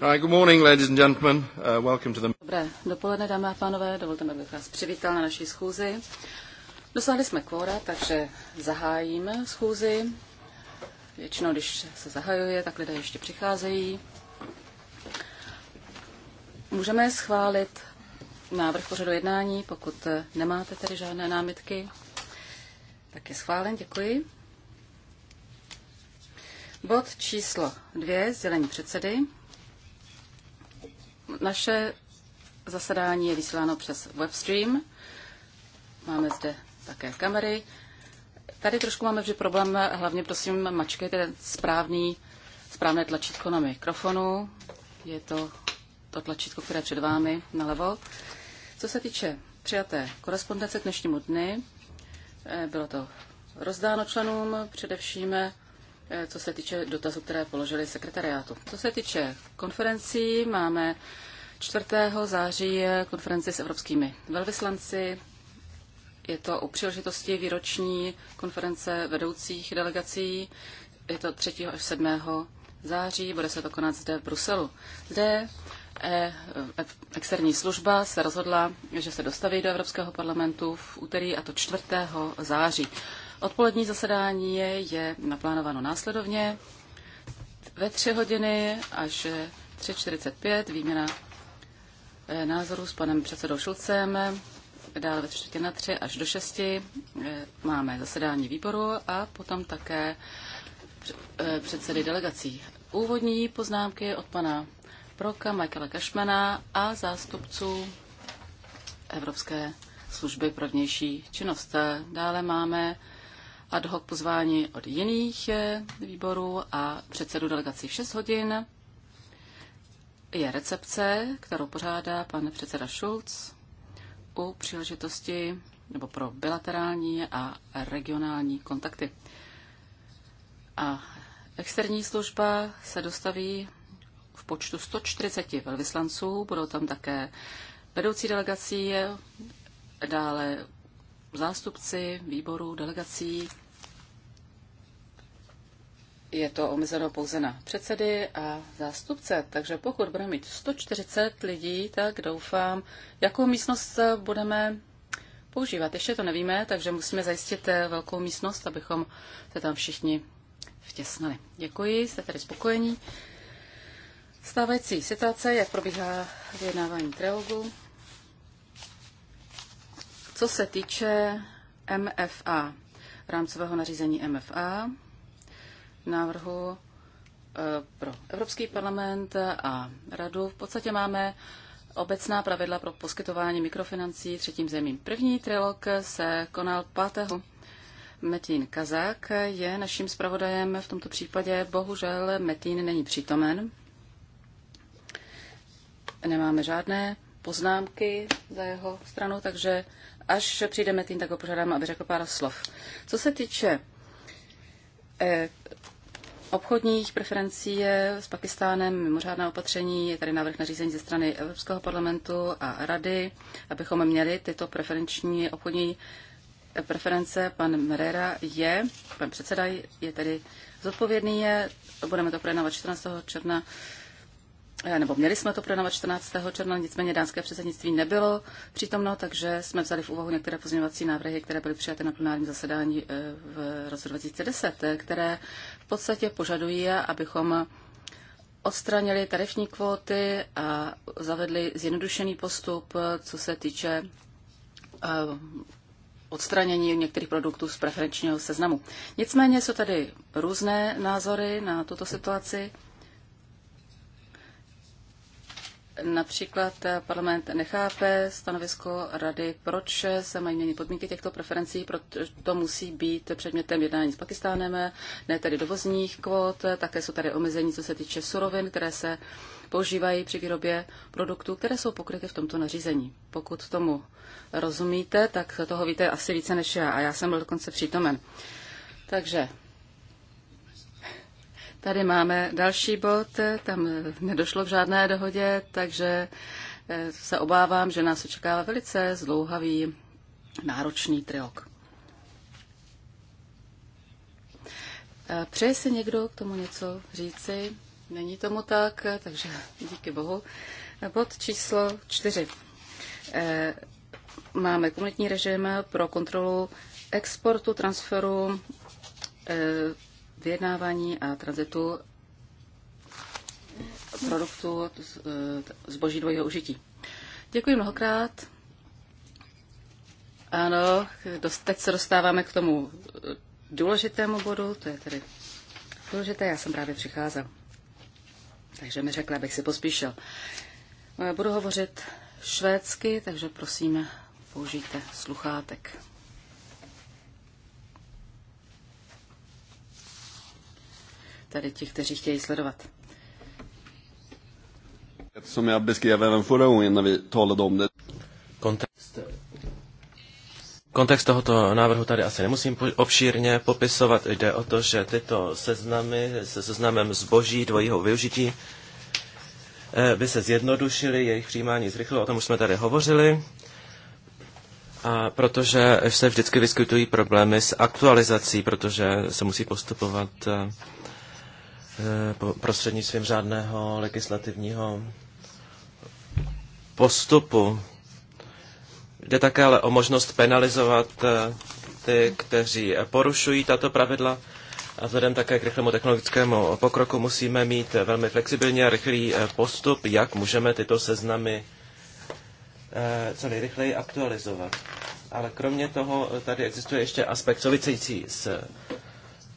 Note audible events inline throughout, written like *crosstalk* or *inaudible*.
Dobré dopoledne, dámy a pánové. Dovolte mi, abych vás přivítal na naší schůzi. Dosáhli jsme kvóra, takže zahájíme schůzi. Většinou, když se zahajuje, tak lidé ještě přicházejí. Můžeme schválit návrh pořadu jednání, pokud nemáte tady žádné námitky. Tak je schválen, děkuji. Bod číslo dvě, sdělení předsedy. Naše zasedání je vysíláno přes webstream. Máme zde také kamery. Tady trošku máme vždy problém, hlavně prosím, mačkejte ten správný, správné tlačítko na mikrofonu. Je to to tlačítko, které je před vámi nalevo. Co se týče přijaté korespondence k dnešnímu dny, eh, bylo to rozdáno členům, především Eh, co se týče dotazů, které položili sekretariátu. Co se týče konferencí, máme 4. září konferenci s evropskými velvyslanci. Je to u příležitosti výroční konference vedoucích delegací. Je to 3. až 7. září, bude se to konat zde v Bruselu. Zde eh, externí služba se rozhodla, že se dostaví do Evropského parlamentu v úterý, a to 4. září. Odpolední zasedání je naplánováno následovně. Ve 3 hodiny až 3.45 výměna eh, názorů s panem předsedou Šulcem. Dále ve čtvrtě na 3 až do 6 eh, máme zasedání výboru a potom také eh, předsedy delegací. Úvodní poznámky od pana Broka, Michaela Kašmana a zástupců Evropské služby pro vnější činnost. Dále máme ad hoc pozvání od jiných eh, výborů a předsedu delegací v 6 hodin. Je recepce, kterou pořádá pan předseda Schulz u příležitosti nebo pro bilaterální a regionální kontakty. A externí služba se dostaví v počtu 140 velvyslanců, budou tam také vedoucí delegací, dále zástupci výborů, delegací, je to omezeno pouze na předsedy a zástupce, takže pokud budeme mít 140 lidí, tak doufám, jakou místnost budeme používat. Ještě to nevíme, takže musíme zajistit eh, velkou místnost, abychom se tam všichni vtěsnali. Děkuji, jste tady spokojení. Stávající situace, jak probíhá vyjednávání trialogu. Co se týče MFA, rámcového nařízení MFA, návrhu eh, pro Evropský parlament a radu. V podstatě máme obecná pravidla pro poskytování mikrofinancí třetím zemím. První trilog se konal 5. Metín Kazák je naším zpravodajem v tomto případě. Bohužel Metín není přítomen. Nemáme žádné poznámky za jeho stranu, takže až přijde Metín, tak ho požádám, aby řekl pár slov. Co se týče eh, obchodních preferencí s Pakistánem, mimořádná opatření, je tady návrh na řízení ze strany Evropského parlamentu a Rady, abychom měli tyto preferenční obchodní preference. Pan Merera je, pan předseda je tedy zodpovědný, je, budeme to projednávat 14. června Eh, nebo měli jsme to projednávat 14. června, nicméně dánské předsednictví nebylo přítomno, takže jsme vzali v úvahu některé pozměňovací návrhy, které byly přijaty na plenárním zasedání eh, v roce 2010, eh, které v podstatě požadují, abychom odstranili tarifní kvóty a zavedli zjednodušený postup, co se týče odstranění některých produktů z preferenčního seznamu. Nicméně jsou tady různé názory na tuto situaci. Například parlament nechápe stanovisko rady, proč se mají měnit podmínky těchto preferencí, protože to musí být předmětem jednání s Pakistánem, ne tedy dovozních kvót, také jsou tady omezení, co se týče surovin, které se používají při výrobě produktů, které jsou pokryty v tomto nařízení. Pokud tomu rozumíte, tak toho víte asi více než já a já jsem byl dokonce přítomen. Takže Tady máme další bod, tam nedošlo v žádné dohodě, takže eh, se obávám, že nás očekává velice zdlouhavý, náročný triok. Eh, přeje si někdo k tomu něco říci? Není tomu tak, eh, takže *laughs* díky bohu. Bod číslo čtyři. Máme komunitní režim pro kontrolu exportu, transferu vyjednávání a tranzitu produktů e, zboží dvojího užití. Děkuji mnohokrát. Ano, teď se dostáváme k tomu e, důležitému bodu, to je tedy důležité, já jsem právě přicházel. Takže mi řekla, abych si pospíšil. E, budu hovořit švédsky, takže prosím, použijte sluchátek. Tady ti, kteří chtějí sledovat. Som jag beskrev även förra gången när vi talade om det. Kontext. Kontext tohoto návrhu tady asi nemusím obšírně popisovat. Jde o to, že tyto seznamy se seznamem zboží dvojího využití eh, by se zjednodušily, jejich přijímání zrychlo. o tom už jsme tady hovořili. A protože se vždycky vyskytují problémy s aktualizací, protože se musí postupovat eh, Eh, prostřednictvím řádného legislativního postupu. Jde také ale o možnost penalizovat eh, ty, kteří porušují tato pravidla. A vzhledem také k rychlému technologickému pokroku musíme mít velmi flexibilní a rychlý eh, postup, jak můžeme tyto seznamy co nejrychleji aktualizovat. Ale kromě toho tady existuje ještě aspekt související s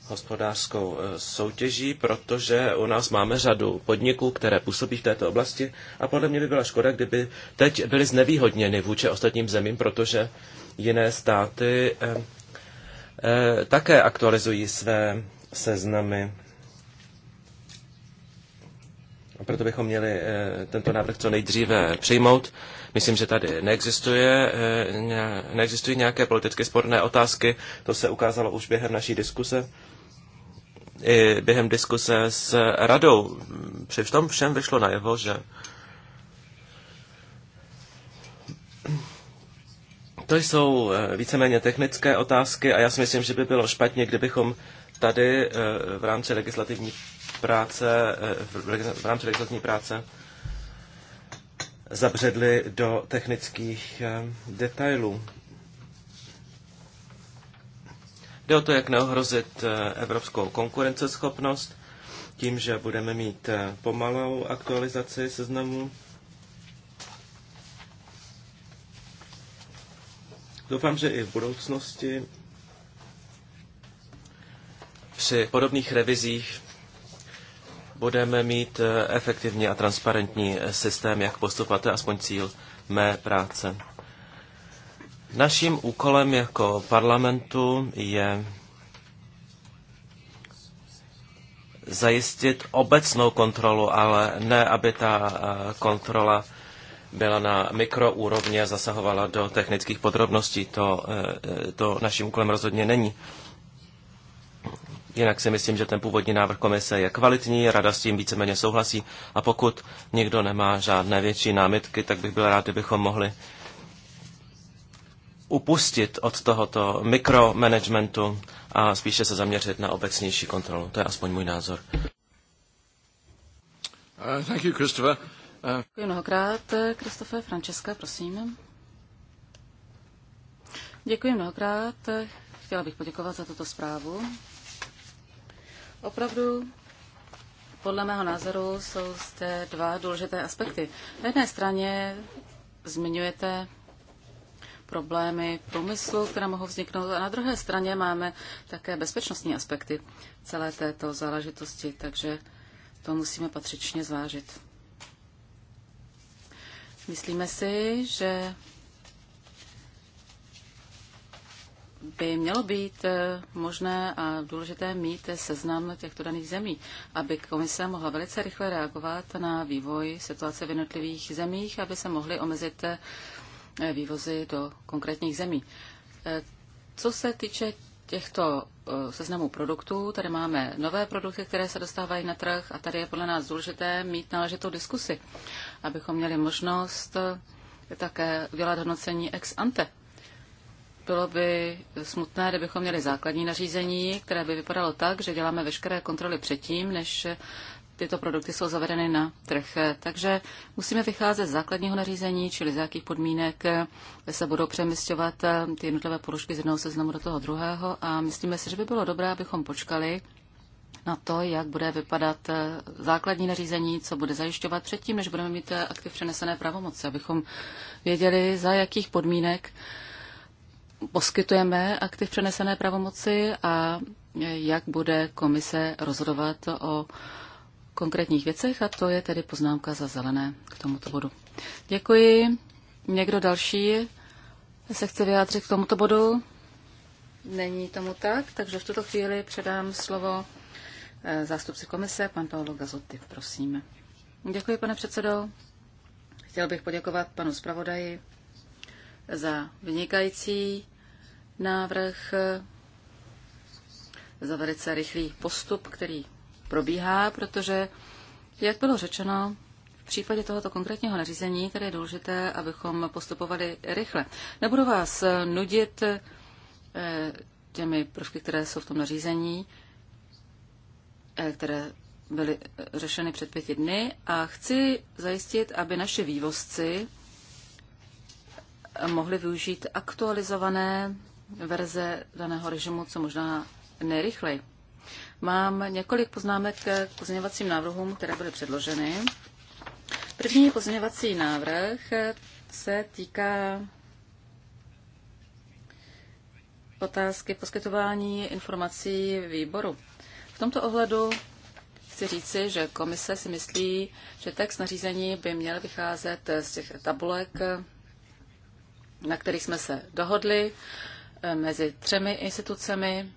hospodářskou eh, soutěží, protože u nás máme řadu podniků, které působí v této oblasti a podle mě by byla škoda, kdyby teď byly znevýhodněny vůči ostatním zemím, protože jiné státy eh, eh, také aktualizují své seznamy. A proto bychom měli tento návrh co nejdříve přijmout. Myslím, že tady neexistuje, neexistují nějaké politicky sporné otázky. To se ukázalo už během naší diskuse i během diskuse s radou. Při tom všem vyšlo najevo, že to jsou eh, víceméně technické otázky a já si myslím, že by bylo špatně, kdybychom tady eh, v rámci legislativní práce, eh, v rámci legislativní práce zabředli do technických detailů. Jde o to, jak neohrozit eh, evropskou konkurenceschopnost tím, že budeme mít eh, pomalou aktualizaci seznamu. Doufám, že i v budoucnosti při podobných revizích budeme mít eh, efektivní a transparentní systém, jak postupovat, aspoň cíl mé práce. Naším úkolem jako parlamentu je zajistit obecnou kontrolu, ale ne, aby ta eh, kontrola byla na mikroúrovni a zasahovala do technických podrobností. To, eh, to naším úkolem rozhodně není. Jinak si myslím, že ten původní návrh komise je kvalitní, rada s tím víceméně souhlasí a pokud někdo nemá žádné větší námitky, tak bych byl rád, kdybychom mohli upustit od tohoto mikromanagementu a spíše se zaměřit na obecnější kontrolu. To je aspoň můj názor. Uh, thank you, Christopher. Uh, Děkuji mnohokrát, Kristofe. Francesca, prosím. Děkuji mnohokrát. Chtěla bych poděkovat za tuto zprávu. Opravdu, podle mého názoru, jsou zde dva důležité aspekty. Na jedné straně zmiňujete problémy průmyslu, které mohou vzniknout. A na druhé straně máme také bezpečnostní aspekty celé této záležitosti, takže to musíme patřičně zvážit. Myslíme si, že by mělo být eh, možné a důležité mít seznam těchto daných zemí, aby komise mohla velice rychle reagovat na vývoj situace v jednotlivých zemích, aby se mohly omezit eh, Eh, vývozy do konkrétních zemí. Eh, co se týče těchto eh, seznamů produktů, tady máme nové produkty, které se dostávají na trh a tady je podle nás důležité mít náležitou diskusi, abychom měli možnost také udělat hodnocení ex ante. Bylo by smutné, kdybychom měli základní nařízení, které by vypadalo tak, že děláme veškeré kontroly předtím, než tyto produkty jsou zavedeny na trh. Takže musíme vycházet z základního nařízení, čili z jakých podmínek se budou přemysťovat eh, ty jednotlivé porušky z jednoho seznamu do toho druhého a myslíme si, že by bylo dobré, abychom počkali na to, jak bude vypadat eh, základní nařízení, co bude zajišťovat předtím, než budeme mít eh, aktiv přenesené pravomoci, abychom věděli, za jakých podmínek poskytujeme aktiv přenesené pravomoci a jak bude komise rozhodovat o konkrétních věcech a to je tedy poznámka za zelené k tomuto bodu. Děkuji. Někdo další se chce vyjádřit k tomuto bodu? Není tomu tak, takže v tuto chvíli předám slovo eh, zástupci komise, pan Paolo Gazotti, prosím. Děkuji, pane předsedo. Chtěl bych poděkovat panu zpravodaji za vynikající návrh, eh, za velice rychlý postup, který probíhá, protože, jak bylo řečeno, v případě tohoto konkrétního nařízení které je důležité, abychom postupovali rychle. Nebudu vás nudit eh, těmi prvky, které jsou v tom nařízení, eh, které byly eh, řešeny před pěti dny a chci zajistit, aby naše vývozci mohli využít aktualizované verze daného režimu co možná nejrychleji. Mám několik poznámek k pozměňovacím návrhům, které byly předloženy. První pozměňovací návrh se týká otázky poskytování informací výboru. V tomto ohledu chci říci, že komise si myslí, že text nařízení by měl vycházet z těch tabulek, na kterých jsme se dohodli mezi třemi institucemi,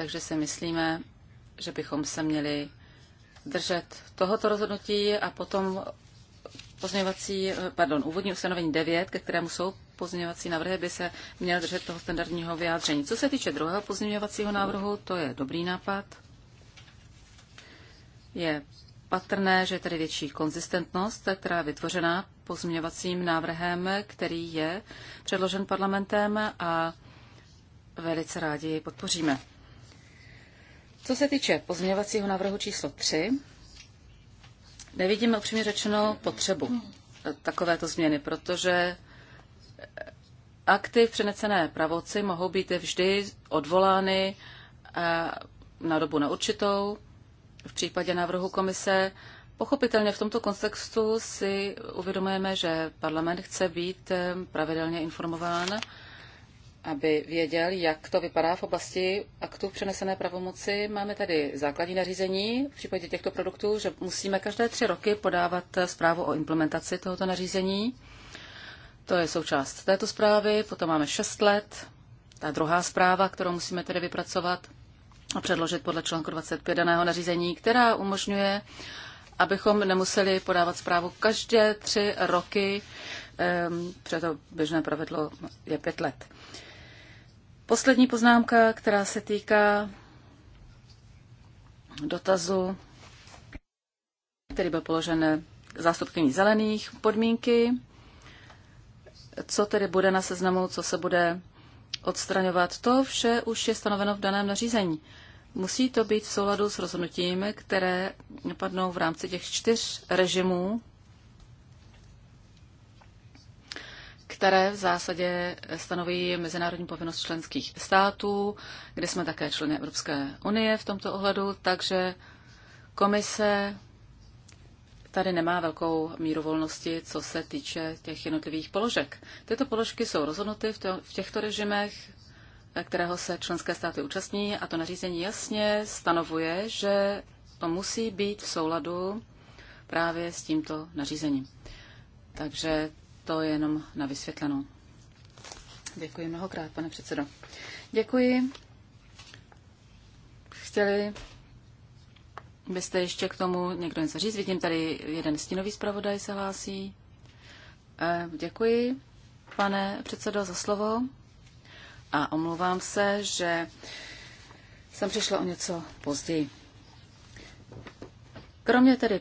takže si myslíme, že bychom se měli držet tohoto rozhodnutí a potom pozměňovací, pardon, úvodní ustanovení 9, ke kterému jsou pozměňovací návrhy, by se měl držet toho standardního vyjádření. Co se týče druhého pozměňovacího návrhu, to je dobrý nápad. Je patrné, že je tady větší konzistentnost, která je vytvořena pozměňovacím návrhem, který je předložen parlamentem a velice rádi jej podpoříme. Co se týče pozměňovacího návrhu číslo 3, nevidíme upřímně řečeno potřebu takovéto změny, protože akty v přenecené pravoci mohou být vždy odvolány eh, na dobu na určitou. V případě návrhu komise Pochopitelně v tomto kontextu si uvědomujeme, že parlament chce být eh, pravidelně informován aby věděl, jak to vypadá v oblasti aktu v přenesené pravomoci. Máme tady základní nařízení v případě těchto produktů, že musíme každé tři roky podávat zprávu o implementaci tohoto nařízení. To je součást této zprávy, potom máme 6 let, ta druhá zpráva, kterou musíme tedy vypracovat a předložit podle článku 25 daného nařízení, která umožňuje, abychom nemuseli podávat zprávu každé tři roky, ehm, protože to běžné pravidlo je pět let. Poslední poznámka, která se týká dotazu, který byl položen zástupkyní zelených, podmínky, co tedy bude na seznamu, co se bude odstraňovat. To vše už je stanoveno v daném nařízení. Musí to být v souladu s rozhodnutím, které padnou v rámci těch čtyř režimů, které v zásadě stanoví mezinárodní povinnost členských států, kde jsme také členy Evropské unie v tomto ohledu, takže komise tady nemá velkou míru volnosti, co se týče těch jednotlivých položek. Tyto položky jsou rozhodnuty v těchto režimech, kterého se členské státy účastní a to nařízení jasně stanovuje, že to musí být v souladu právě s tímto nařízením. Takže to je jenom na vysvětlenou. Děkuji mnohokrát, pane předsedo. Děkuji. Chtěli byste ještě k tomu někdo něco říct? Vidím tady jeden stínový zpravodaj se hlásí. E, děkuji, pane předsedo, za slovo. A omlouvám se, že jsem přišla o něco později. Kromě tedy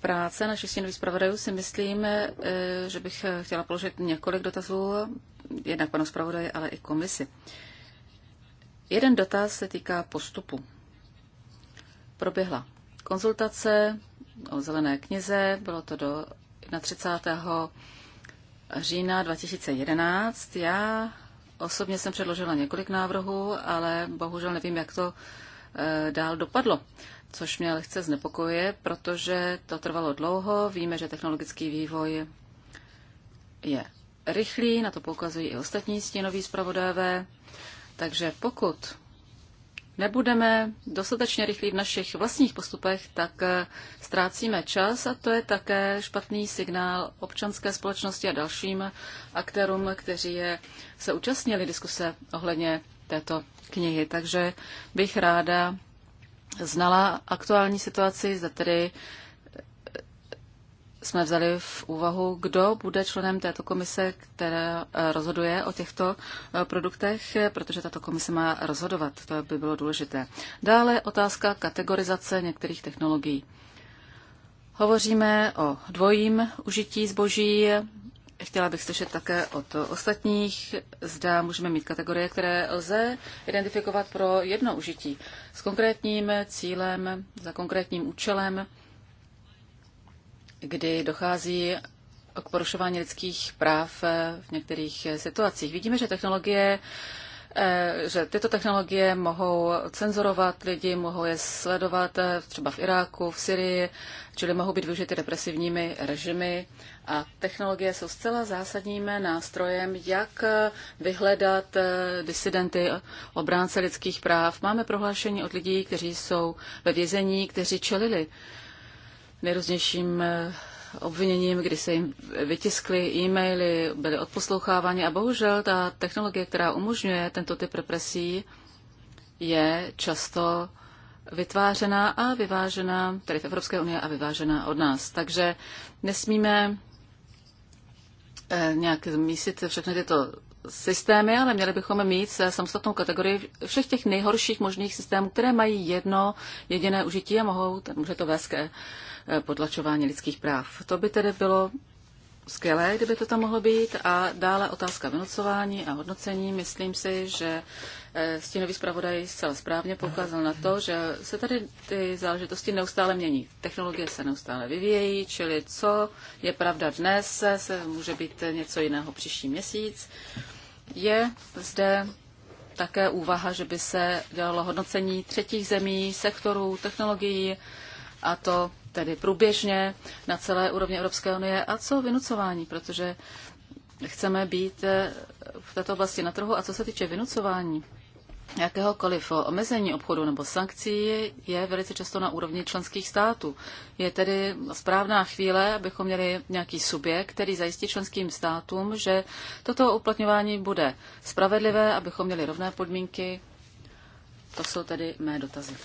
práce našich stínových zpravodajů si myslím, eh, že bych eh, chtěla položit několik dotazů, jednak panu zpravodaji, ale i komisi. Jeden dotaz se týká postupu. Proběhla konzultace o zelené knize, bylo to do 31. října 2011. Já osobně jsem předložila několik návrhů, ale bohužel nevím, jak to eh, dál dopadlo což mě lehce znepokojuje, protože to trvalo dlouho. Víme, že technologický vývoj je rychlý, na to poukazují i ostatní stěnoví zpravodajové. Takže pokud nebudeme dostatečně rychlí v našich vlastních postupech, tak eh, ztrácíme čas a to je také špatný signál občanské společnosti a dalším aktérům, kteří je, se účastnili diskuse ohledně této knihy. Takže bych ráda znala aktuální situaci, zda tedy eh, jsme vzali v úvahu, kdo bude členem této komise, která eh, rozhoduje o těchto eh, produktech, protože tato komise má rozhodovat. To by bylo důležité. Dále otázka kategorizace některých technologií. Hovoříme o dvojím užití zboží, Chtěla bych slyšet také od ostatních. Zda můžeme mít kategorie, které lze identifikovat pro jedno užití s konkrétním cílem, za konkrétním účelem, kdy dochází k porušování lidských práv v některých situacích. Vidíme, že technologie Eh, že tyto technologie mohou cenzurovat lidi, mohou je sledovat eh, třeba v Iráku, v Syrii, čili mohou být využity represivními režimy. A technologie jsou zcela zásadním nástrojem, jak eh, vyhledat disidenty, obránce lidských práv. Máme prohlášení od lidí, kteří jsou ve vězení, kteří čelili nejrůznějším obviněním, kdy se jim vytiskly e-maily, byly odposloucháváni a bohužel ta technologie, která umožňuje tento typ represí, je často vytvářena a vyvážena, tedy v Evropské unii a vyvážena od nás. Takže nesmíme eh, nějak mísit všechny tyto systémy, ale měli bychom mít samostatnou kategorii všech těch nejhorších možných systémů, které mají jedno jediné užití a mohou, může to vést ke potlačování lidských práv. To by tedy bylo skvělé, kdyby to tam mohlo být. A dále otázka vynocování a hodnocení. Myslím si, že eh, stínový zpravodaj zcela správně poukázal na to, že se tady ty záležitosti neustále mění. Technologie se neustále vyvíjejí, čili co je pravda dnes, se může být něco jiného příští měsíc. Je zde také úvaha, že by se dělalo hodnocení třetích zemí, sektorů, technologií a to tedy průběžně na celé úrovni Evropské unie a co vynucování, protože chceme být eh, v této oblasti na trhu. A co se týče vynucování, jakéhokoliv omezení obchodu nebo sankcí je velice často na úrovni členských států. Je tedy správná chvíle, abychom měli nějaký subjekt, který zajistí členským státům, že toto uplatňování bude spravedlivé, abychom měli rovné podmínky. To jsou tedy mé dotazy.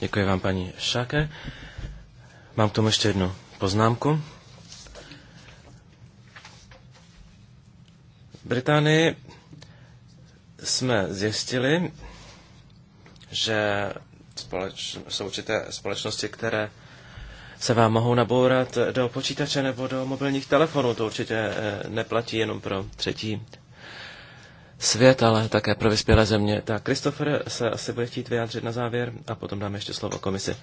Děkuji vám, paní Šáke. Mám k tomu ještě jednu poznámku. V Británii jsme zjistili, že společ, jsou určité společnosti, které se vám mohou nabourat do počítače nebo do mobilních telefonů. To určitě eh, neplatí jenom pro třetí svět, ale také pro vyspělé země. Tak Christopher se asi bude chtít vyjádřit na závěr a potom dáme ještě slovo komisi.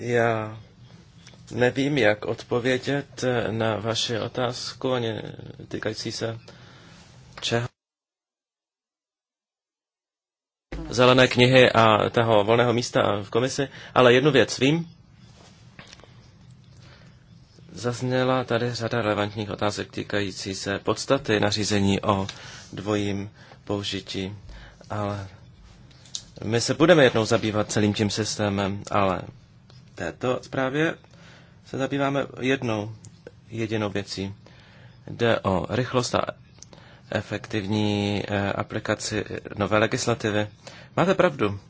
Já nevím, jak odpovědět na vaši otázku, ani týkající se čeho zelené knihy a toho volného místa v komisi, ale jednu věc vím. Zazněla tady řada relevantních otázek týkající se podstaty nařízení o dvojím použití, ale my se budeme jednou zabývat celým tím systémem, ale v této zprávě se zabýváme jednou jedinou věcí. Jde o rychlost a efektivní eh, aplikaci nové legislativy. Máte pravdu,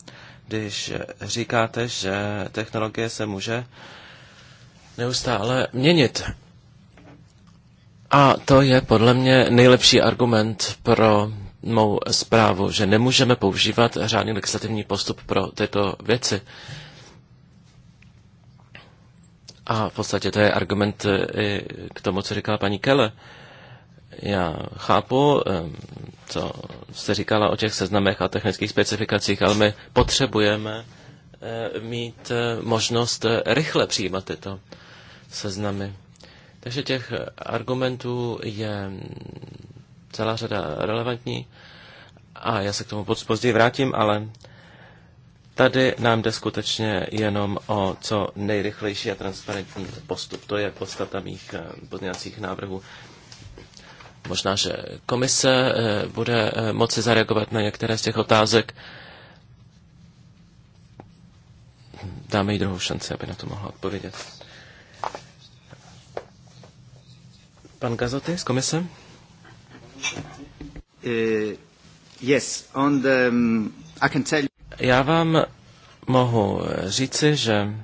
když říkáte, že technologie se může neustále měnit. A to je podle mě nejlepší argument pro mou zprávu, že nemůžeme používat řádný legislativní postup pro tyto věci. A v podstatě to je argument eh, i k tomu, co říkala paní Kelle. Já chápu, co jste říkala o těch seznamech a technických specifikacích, ale my potřebujeme eh, mít eh, možnost eh, rychle přijímat tyto seznamy. Takže těch argumentů je mm, celá řada relevantní a já se k tomu později vrátím, ale tady nám jde skutečně jenom o co nejrychlejší a transparentní postup. To je podstata mých pozměňovacích návrhů. Možná, že komise eh, bude eh, moci zareagovat na některé z těch otázek. Dáme jí druhou šanci, aby na to mohla odpovědět. Pan Gazoty z komise? Uh, yes, on the, um, I can tell Já vám mohu říci, že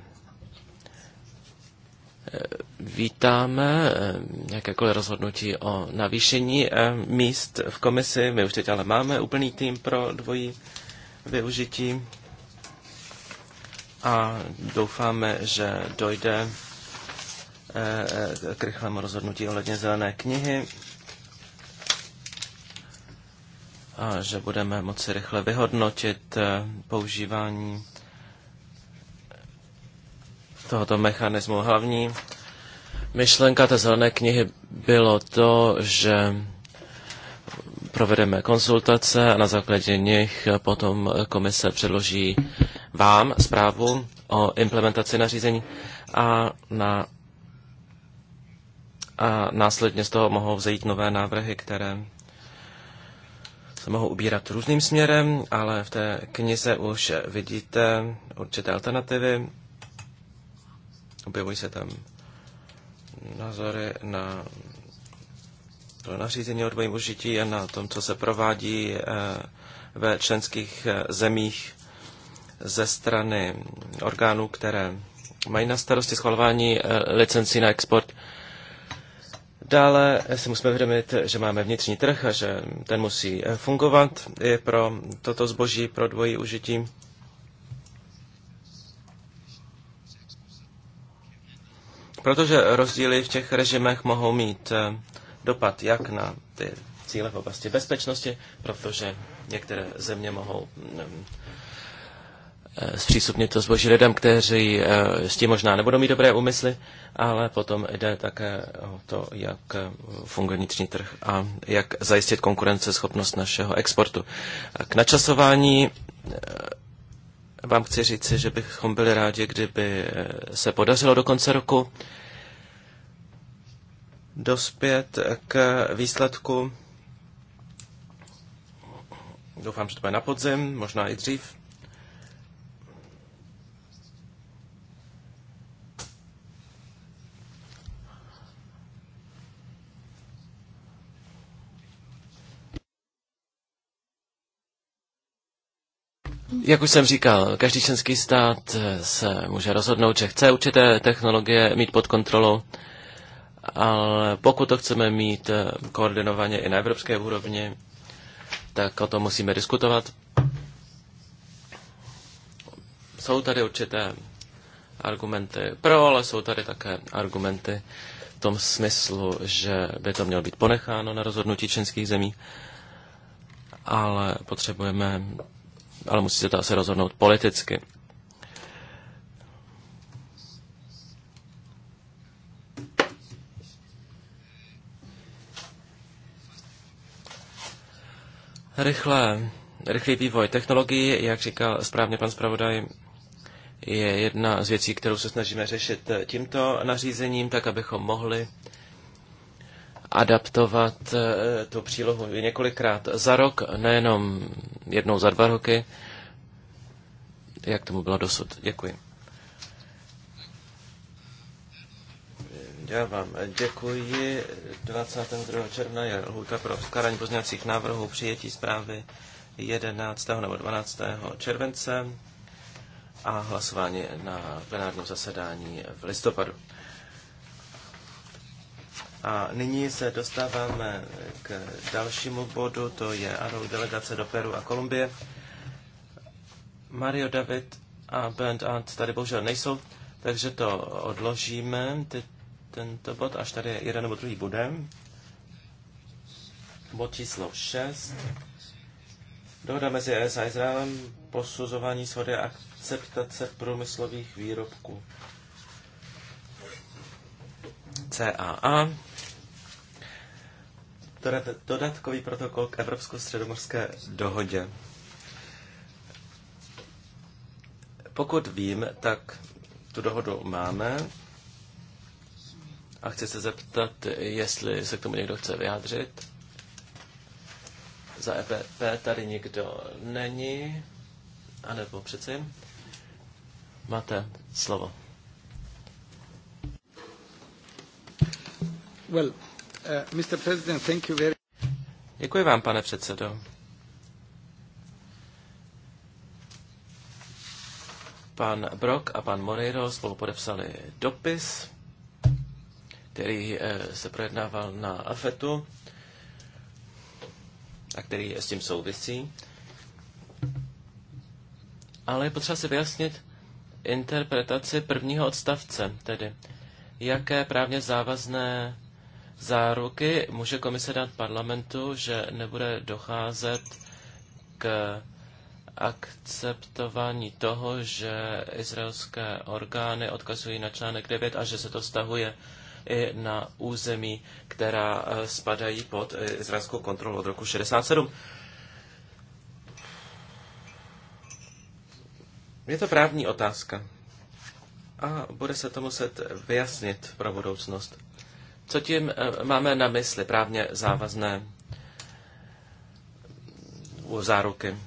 vítáme eh, jakékoliv rozhodnutí o navýšení eh, míst v komisi. My už teď ale máme úplný tým pro dvojí využití a doufáme, že dojde eh, k rychlému rozhodnutí ohledně zelené knihy a že budeme moci rychle vyhodnotit používání tohoto mechanismu. Hlavní Myšlenka té zelené knihy bylo to, že provedeme konzultace a na základě nich potom komise předloží vám zprávu o implementaci nařízení a, na, a následně z toho mohou vzejít nové návrhy, které se mohou ubírat různým směrem, ale v té knize už vidíte určité alternativy. Objevují se tam názory na to nařízení o dvojím užití a na tom, co se provádí eh, ve členských eh, zemích ze strany orgánů, které mají na starosti schvalování eh, licencí na export. Dále si musíme vědomit, že máme vnitřní trh a že ten musí fungovat i pro toto zboží, pro dvojí užití. protože rozdíly v těch režimech mohou mít eh, dopad jak na ty cíle v oblasti bezpečnosti, protože některé země mohou mm, mm, eh, zpřístupnit to zboží lidem, kteří eh, s tím možná nebudou mít dobré úmysly, ale potom jde také o to, jak funguje vnitřní trh a jak zajistit konkurenceschopnost našeho exportu. K načasování vám chci říci, že bychom byli rádi, kdyby eh, se podařilo do konce roku dospět eh, k výsledku. Doufám, že to bude na podzim, možná i dřív. Jak už jsem říkal, každý členský stát eh, se může rozhodnout, že chce určité technologie mít pod kontrolou, ale pokud to chceme mít eh, koordinovaně i na evropské úrovni, tak o tom musíme diskutovat. Jsou tady určité argumenty pro, ale jsou tady také argumenty v tom smyslu, že by to mělo být ponecháno na rozhodnutí členských zemí, ale potřebujeme ale musí se to asi rozhodnout politicky. Rychle, rychlý vývoj technologií, jak říkal správně pan zpravodaj, je jedna z věcí, kterou se snažíme řešit tímto nařízením, tak abychom mohli adaptovat eh, tu přílohu několikrát za rok, nejenom jednou za dva roky, jak tomu bylo dosud. Děkuji. Já vám děkuji. 22. června je lhůta pro vzkládání pozměňovacích návrhů přijetí zprávy 11. nebo 12. července a hlasování na plenárním zasedání v listopadu. A nyní se dostáváme k dalšímu bodu, to je ano, delegace do Peru a Kolumbie. Mario David a Bernd Ant tady bohužel nejsou, takže to odložíme, ty, tento bod, až tady jeden nebo druhý bude. Bod číslo 6. Dohoda mezi ES a Izraelem, posuzování shody a akceptace průmyslových výrobků. CAA dodatkový protokol k Evropsko-středomorské dohodě. Pokud vím, tak tu dohodu máme a chci se zeptat, jestli se k tomu někdo chce vyjádřit. Za EPP tady nikdo není, anebo přeci. Máte slovo. Well, Uh, Děkuji vám, pane předsedo. Pan Brok a pan Moreiro spolu podepsali dopis, který eh, se projednával na AFETu a který s tím souvisí. Ale je potřeba si vyjasnit interpretaci prvního odstavce, tedy jaké právně závazné záruky může komise dát parlamentu, že nebude docházet k akceptování toho, že izraelské orgány odkazují na článek 9 a že se to stahuje i na území, která eh, spadají pod eh, izraelskou kontrolu od roku 67. Je to právní otázka a bude se to muset vyjasnit pro budoucnost. Co tím eh, máme na mysli právně závazné záruky?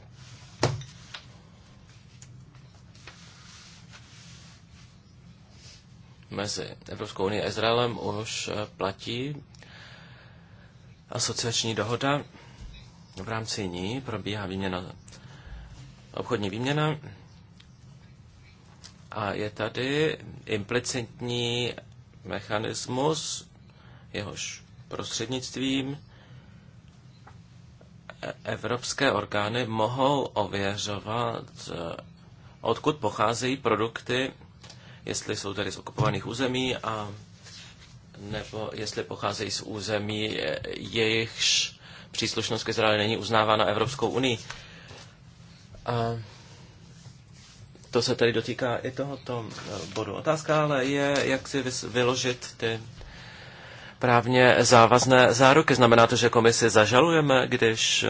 Mezi Evropskou unii a Izraelem už eh, platí asociační dohoda. V rámci ní probíhá výměna, obchodní výměna a je tady implicitní mechanismus jehož prostřednictvím evropské orgány mohou ověřovat, eh, odkud pocházejí produkty, jestli jsou tady z okupovaných území a nebo jestli pocházejí z území, eh, jejichž příslušnost k Izraeli není uznávána Evropskou unii. A to se tedy dotýká i tohoto bodu. Otázka ale je, jak si vyložit ty právně závazné záruky. Znamená to, že komisi zažalujeme, když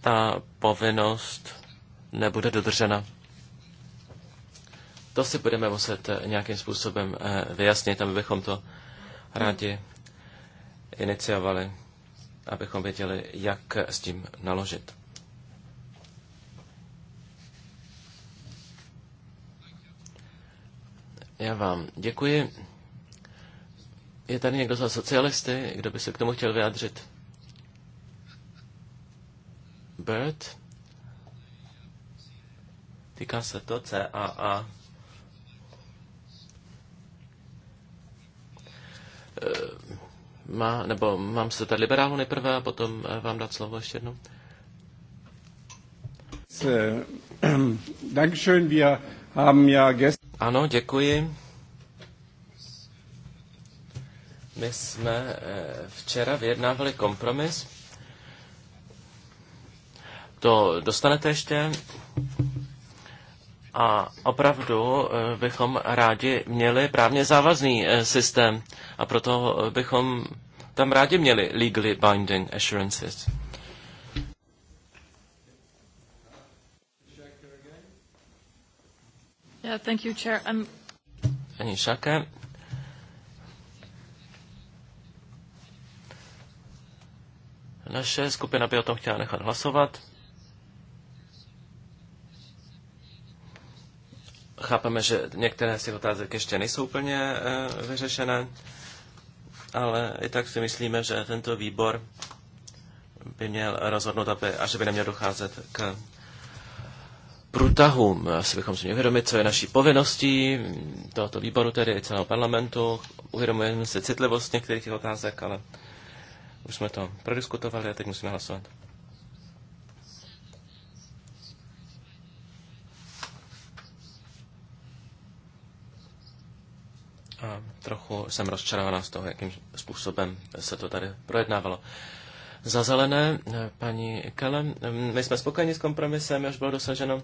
ta povinnost nebude dodržena. To si budeme muset eh, nějakým způsobem eh, vyjasnit, aby bychom to rádi iniciovali, abychom věděli, jak s tím naložit. Já vám děkuji. Je tady někdo za socialisty, kdo by se k tomu chtěl vyjádřit? Bert, Týká se to CAA. E, má, nebo mám se tady liberálu nejprve a potom e, vám dát slovo ještě jednou. Ano, děkuji. My jsme eh, včera vyjednávali kompromis. To dostanete ještě. A opravdu eh, bychom rádi měli právně závazný eh, systém a proto bychom tam rádi měli legally binding assurances. Yeah, thank you, Chair. I'm... Ani Šake. Naše skupina by o tom chtěla nechat hlasovat. Chápeme, že některé z těch otázek ještě nejsou úplně eh, vyřešené, ale i tak si myslíme, že tento výbor by měl rozhodnout, aby, a že by neměl docházet k průtahům. Asi bychom si měli uvědomit, co je naší povinností tohoto výboru, tedy i celého parlamentu. Uvědomujeme si citlivost některých těch otázek, ale už jsme to prodiskutovali a teď musíme hlasovat. A trochu jsem rozčarovaná z toho, jakým způsobem se to tady projednávalo. Za zelené, paní Kele, my jsme spokojeni s kompromisem, už bylo dosaženo.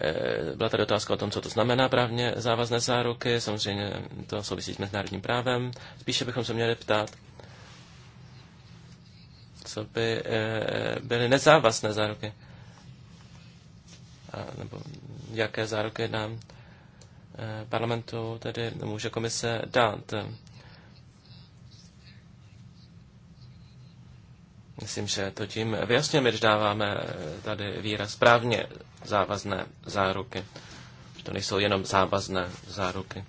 Eh, byla tady otázka o tom, co to znamená právně závazné záruky, samozřejmě to souvisí s mezinárodním právem. Spíše bychom se měli ptát, co by eh, byly nezávazné záruky. A, nebo jaké záruky nám eh, parlamentu tedy může komise dát. Myslím, že to tím vyjasněme, když dáváme eh, tady výraz správně závazné záruky. Že to nejsou jenom závazné záruky.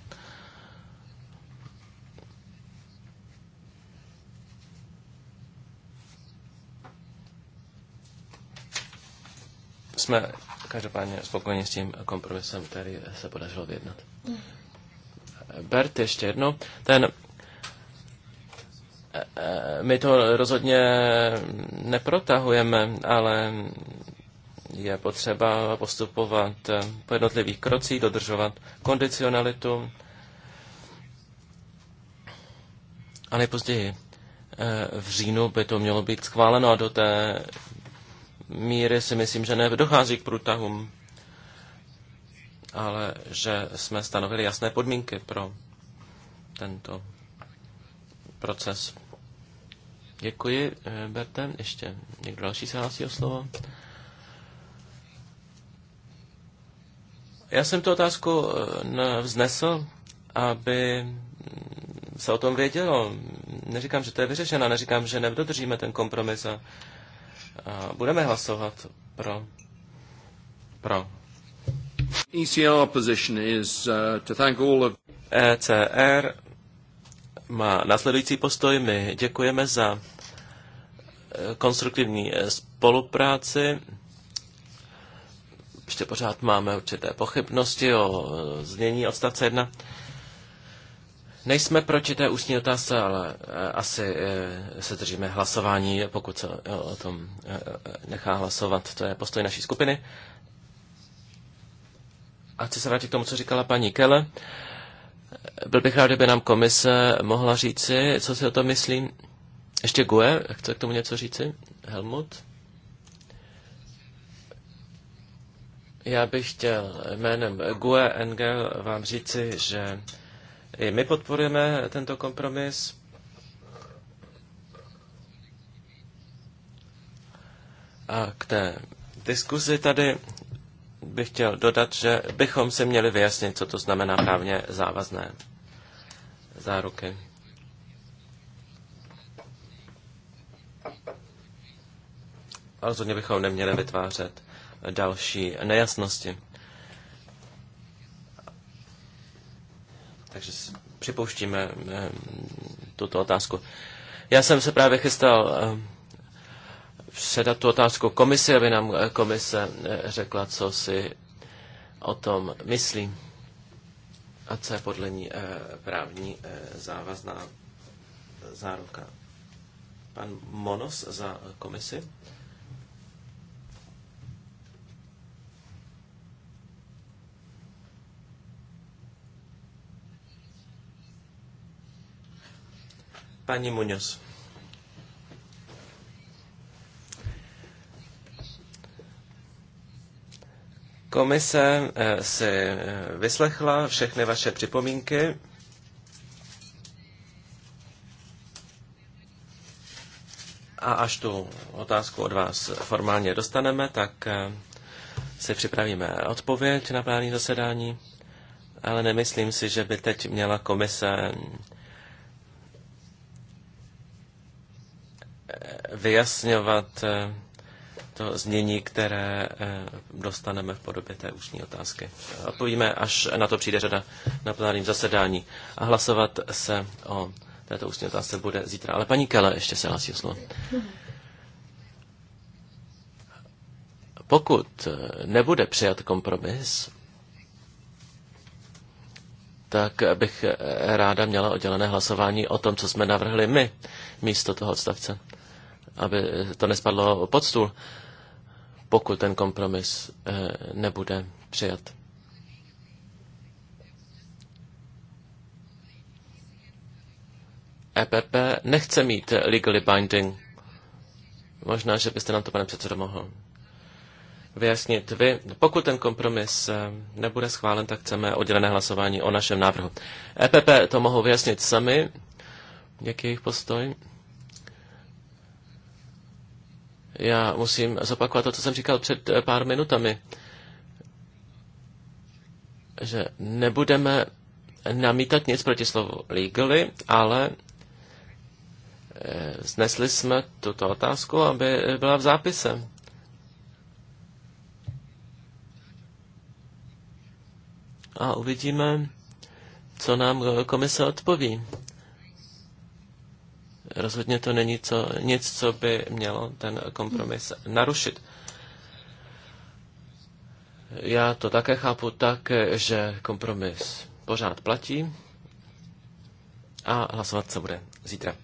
jsme každopádně spokojeni s tím kompromisem, který se podařilo vyjednat. Bert, ještě jedno. Ten, e, e, my to rozhodně neprotahujeme, ale je potřeba postupovat po jednotlivých krocích, dodržovat kondicionalitu, ale později e, v říjnu by to mělo být schváleno a do té míry si myslím, že nedochází k průtahům, ale že jsme stanovili jasné podmínky pro tento proces. Děkuji, eh, Berte. Ještě někdo další se hlásí o slovo? Já jsem tu otázku eh, vznesl, aby se o tom vědělo. Neříkám, že to je vyřešeno, neříkám, že nedodržíme ten kompromis a budeme hlasovat pro. pro. ECR position is uh, to thank all of... ECR má následující postoj. My děkujeme za uh, konstruktivní uh, spolupráci. Ještě pořád máme určité pochybnosti o znění odstavce 1. Nejsme proti té ústní otázce, ale eh, asi eh, se držíme hlasování, pokud se eh, o tom nechá hlasovat. To je postoj naší skupiny. A chci se vrátit k tomu, co říkala paní Kele. Byl bych rád, kdyby nám komise mohla říci, co si o tom myslí. Ještě Gue, chce k tomu něco říci? Helmut? Já bych chtěl jménem GUE Engel vám říci, že i my podporujeme tento kompromis. A k té diskuzi tady bych chtěl dodat, že bychom si měli vyjasnit, co to znamená právně závazné záruky. A rozhodně bychom neměli vytvářet další nejasnosti. Takže připouštíme eh, tuto otázku. Já jsem se právě chystal eh, předat tu otázku komisi, aby nám eh, komise řekla, co si o tom myslí a co je podle ní právní závazná záruka. Pan Monos za komisi. Paní Muñoz, Komise eh, si eh, vyslechla všechny vaše připomínky. A až tu otázku od vás formálně dostaneme, tak eh, si připravíme odpověď na plánní zasedání. Ale nemyslím si, že by teď měla komise vyjasňovat eh, to změní, které eh, dostaneme v podobě té ústní otázky. Odpovíme, až na to přijde řada na plenárním zasedání. A hlasovat se o této ústní otázce bude zítra. Ale paní Kele ještě se hlasí o slovo. Pokud eh, nebude přijat kompromis, tak bych ráda měla oddělené hlasování o tom, co jsme navrhli my, místo toho odstavce aby to nespadlo pod stůl, pokud ten kompromis eh, nebude přijat. EPP nechce mít legally binding. Možná, že byste nám to, pane předsedo, mohl vyjasnit vy. Pokud ten kompromis eh, nebude schválen, tak chceme oddělené hlasování o našem návrhu. EPP to mohou vyjasnit sami, jaký je jejich postoj. Já musím zopakovat to, co jsem říkal před eh, pár minutami, že nebudeme namítat nic proti slovu legally, ale eh, znesli jsme tuto otázku, aby byla v zápise. A uvidíme, co nám eh, komise odpoví rozhodně to není co, nic, co by mělo ten kompromis narušit. Já to také chápu tak, že kompromis pořád platí a hlasovat se bude zítra.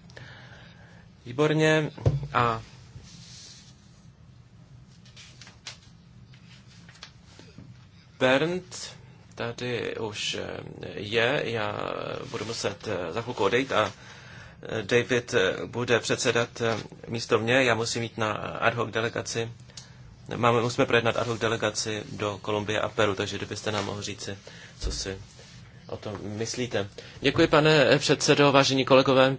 Výborně a Bernd tady už je, já budu muset za chvilku odejít a David eh, bude předsedat eh, místo mě, já musím jít na ad hoc delegaci. Máme, musíme projednat ad hoc delegaci do Kolumbie a Peru, takže kdybyste nám mohl říci, co si o tom myslíte. Děkuji, pane eh, předsedo, vážení kolegové.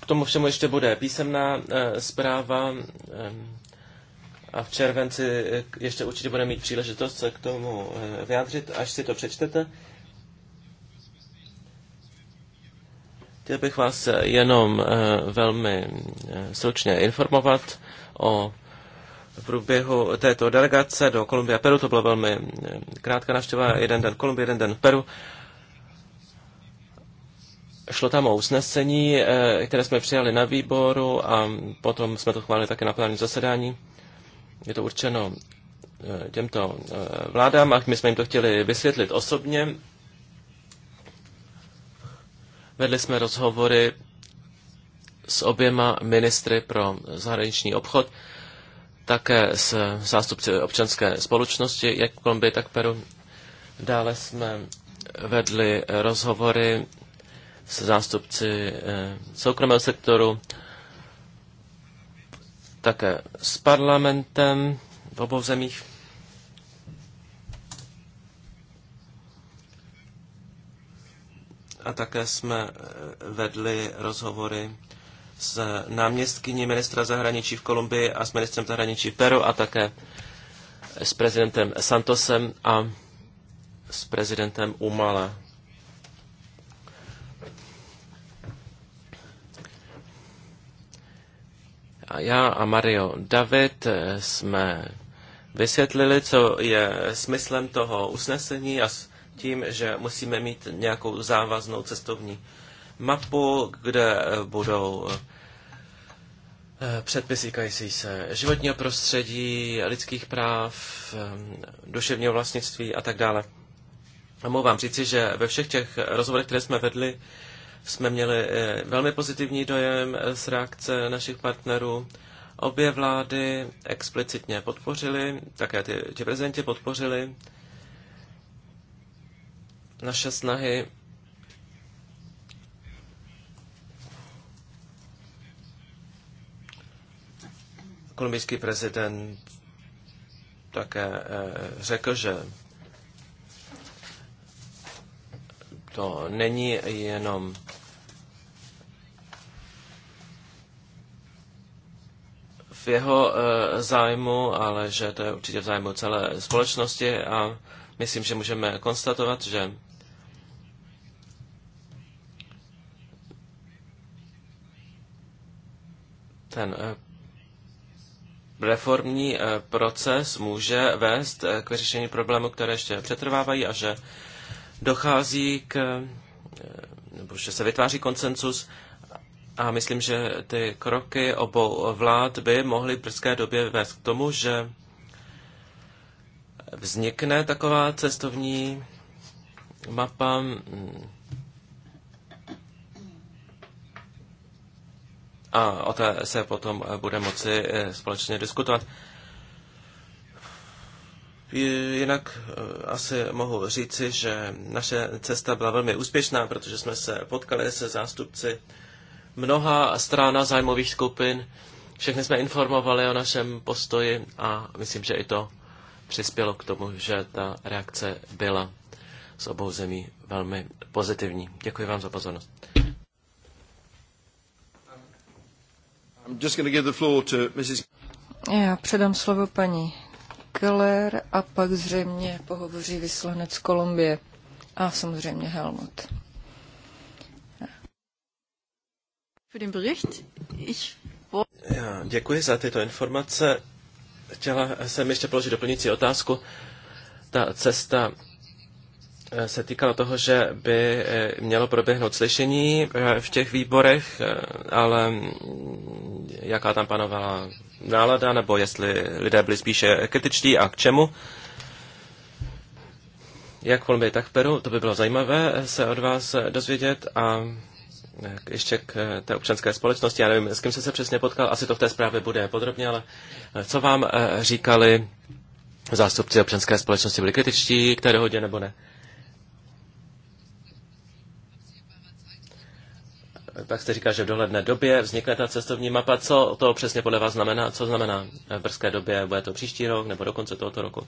K tomu všemu ještě bude písemná zpráva a v červenci ještě určitě bude mít příležitost se k tomu vyjádřit, až si to přečtete. Chtěl bych vás jenom eh, velmi eh, stručně informovat o průběhu této delegace do Kolumbie a Peru. To bylo velmi eh, krátká návštěva, jeden den Kolumbie, jeden den Peru. Šlo tam o usnesení, které jsme přijali na výboru a potom jsme to chválili také na plenárním zasedání. Je to určeno těmto vládám a my jsme jim to chtěli vysvětlit osobně Vedli jsme rozhovory s oběma ministry pro zahraniční obchod, také s zástupci občanské společnosti, jak v Kolumbii, tak v Peru. Dále jsme vedli rozhovory s zástupci eh, soukromého sektoru, také s parlamentem v obou zemích. a také jsme eh, vedli rozhovory s náměstkyní ministra zahraničí v Kolumbii a s ministrem zahraničí v Peru a také s prezidentem Santosem a s prezidentem Umala. A já a Mario David eh, jsme vysvětlili, co je smyslem toho usnesení a tím, že musíme mít nějakou závaznou cestovní mapu, kde eh, budou eh, předpisy kající se životního prostředí, lidských práv, eh, duševního vlastnictví a tak dále. A mohu vám říci, že ve všech těch rozhovorech, které jsme vedli, jsme měli velmi pozitivní dojem z reakce našich partnerů. Obě vlády explicitně podpořili, také ty, ty prezidenti podpořili naše snahy kolumbijský prezident také eh, řekl, že to není jenom v jeho eh, zájmu, ale že to je určitě v zájmu celé společnosti a myslím, že můžeme konstatovat, že Ten eh, reformní eh, proces může vést eh, k vyřešení problémů, které ještě přetrvávají a že dochází k, nebo že se vytváří koncensus a myslím, že ty kroky obou vlád by mohly v brzké době vést k tomu, že vznikne taková cestovní mapa mm, a o té se potom eh, bude moci eh, společně diskutovat. Jinak eh, asi mohu říci, že naše cesta byla velmi úspěšná, protože jsme se potkali se zástupci mnoha stran zájmových skupin. Všechny jsme informovali o našem postoji a myslím, že i to přispělo k tomu, že ta reakce byla z obou zemí velmi pozitivní. Děkuji vám za pozornost. Já předám slovo paní Keller a pak zřejmě pohovoří vyslanec Kolumbie a samozřejmě Helmut. Für den Bericht. Ich... Já děkuji za tyto informace. Chtěla jsem ještě položit doplňující otázku. Ta cesta eh, se týkala toho, že by eh, mělo proběhnout slyšení eh, v těch výborech, ale mm, jaká tam panovala nálada, nebo jestli lidé byli spíše kritičtí a k čemu. Jak v tak v Peru, to by bylo zajímavé se od vás dozvědět a eh, ještě k eh, té občanské společnosti, já nevím, s kým jste se přesně potkal, asi to v té zprávě bude podrobně, ale eh, co vám říkali zástupci občanské společnosti, byli kritičtí k té dohodě nebo ne? tak jste říkal, že v dohledné době vznikne ta cestovní mapa. Co to přesně podle vás znamená? Co znamená v brzké době? Bude to příští rok nebo do konce tohoto roku?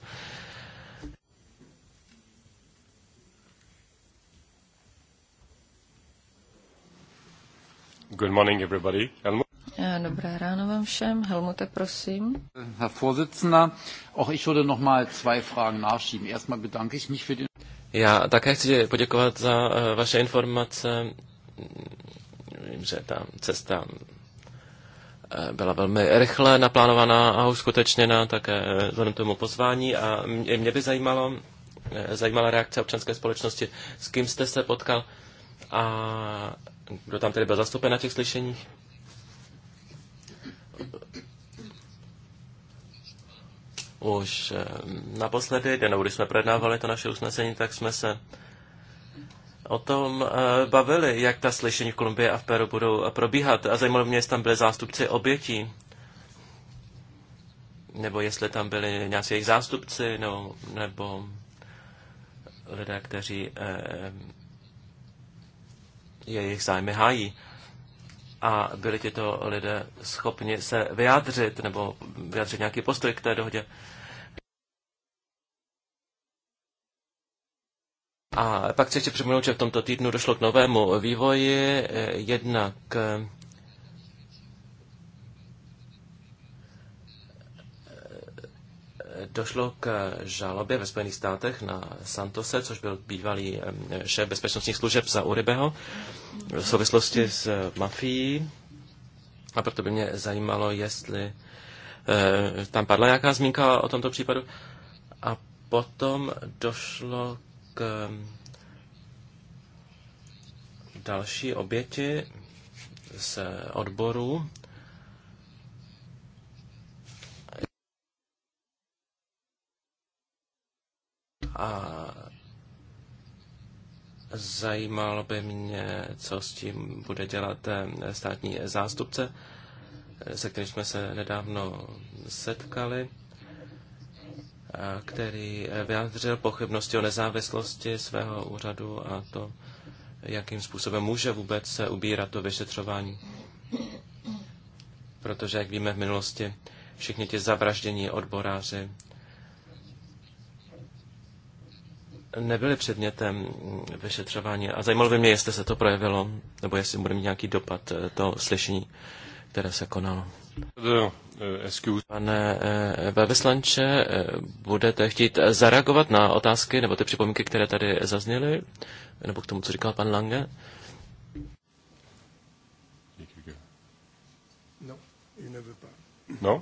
Good morning, everybody. Helmut. Eh, dobré ráno vám všem. Helmute, prosím. Herr Vorsitzender, auch ich würde noch mal zwei Fragen nachschieben. Erstmal bedanke ich mich für den... Já také chci poděkovat za eh, vaše informace Vím, že ta cesta eh, byla velmi rychle naplánovaná a uskutečněna také eh, vzhledem tomu pozvání a mě, by zajímalo, eh, zajímala reakce občanské společnosti, s kým jste se potkal a kdo tam tedy byl zastoupen na těch slyšeních. Už naposledy, den, když jsme projednávali to naše usnesení, tak jsme se o tom eh, bavili, jak ta slyšení v Kolumbii a v Peru budou eh, probíhat. A zajímalo mě, jestli tam byli zástupci obětí, nebo jestli tam byli nějací jejich zástupci, nebo, nebo lidé, kteří eh, jejich zájmy hájí. A byli tito lidé schopni se vyjádřit nebo vyjádřit nějaký postoj k té dohodě. Eh, A pak chci ještě připomenout, že v tomto týdnu došlo k novému vývoji, eh, jednak eh, došlo k žalobě ve Spojených státech na Santose, což byl bývalý eh, šéf bezpečnostních služeb za Uribeho v souvislosti s mafií. A proto by mě zajímalo, jestli tam padla nějaká zmínka o tomto případu. A potom došlo k um, další oběti z odboru. A zajímalo by mě, co s tím bude dělat um, státní zástupce, se kterým jsme se nedávno setkali který eh, vyjádřil pochybnosti o nezávislosti svého úřadu a to, jakým způsobem může vůbec se ubírat to vyšetřování. Protože, jak víme v minulosti, všichni ti zavraždění odboráři nebyly předmětem mm, vyšetřování. A zajímalo by mě, jestli se to projevilo, nebo jestli bude mít nějaký dopad eh, to slyšení, které se konalo. Eh, Pane eh, Veveslanče, eh, budete chtít zareagovat na otázky nebo ty připomínky, které tady zazněly, nebo k tomu, co říkal pan Lange? No? no? no,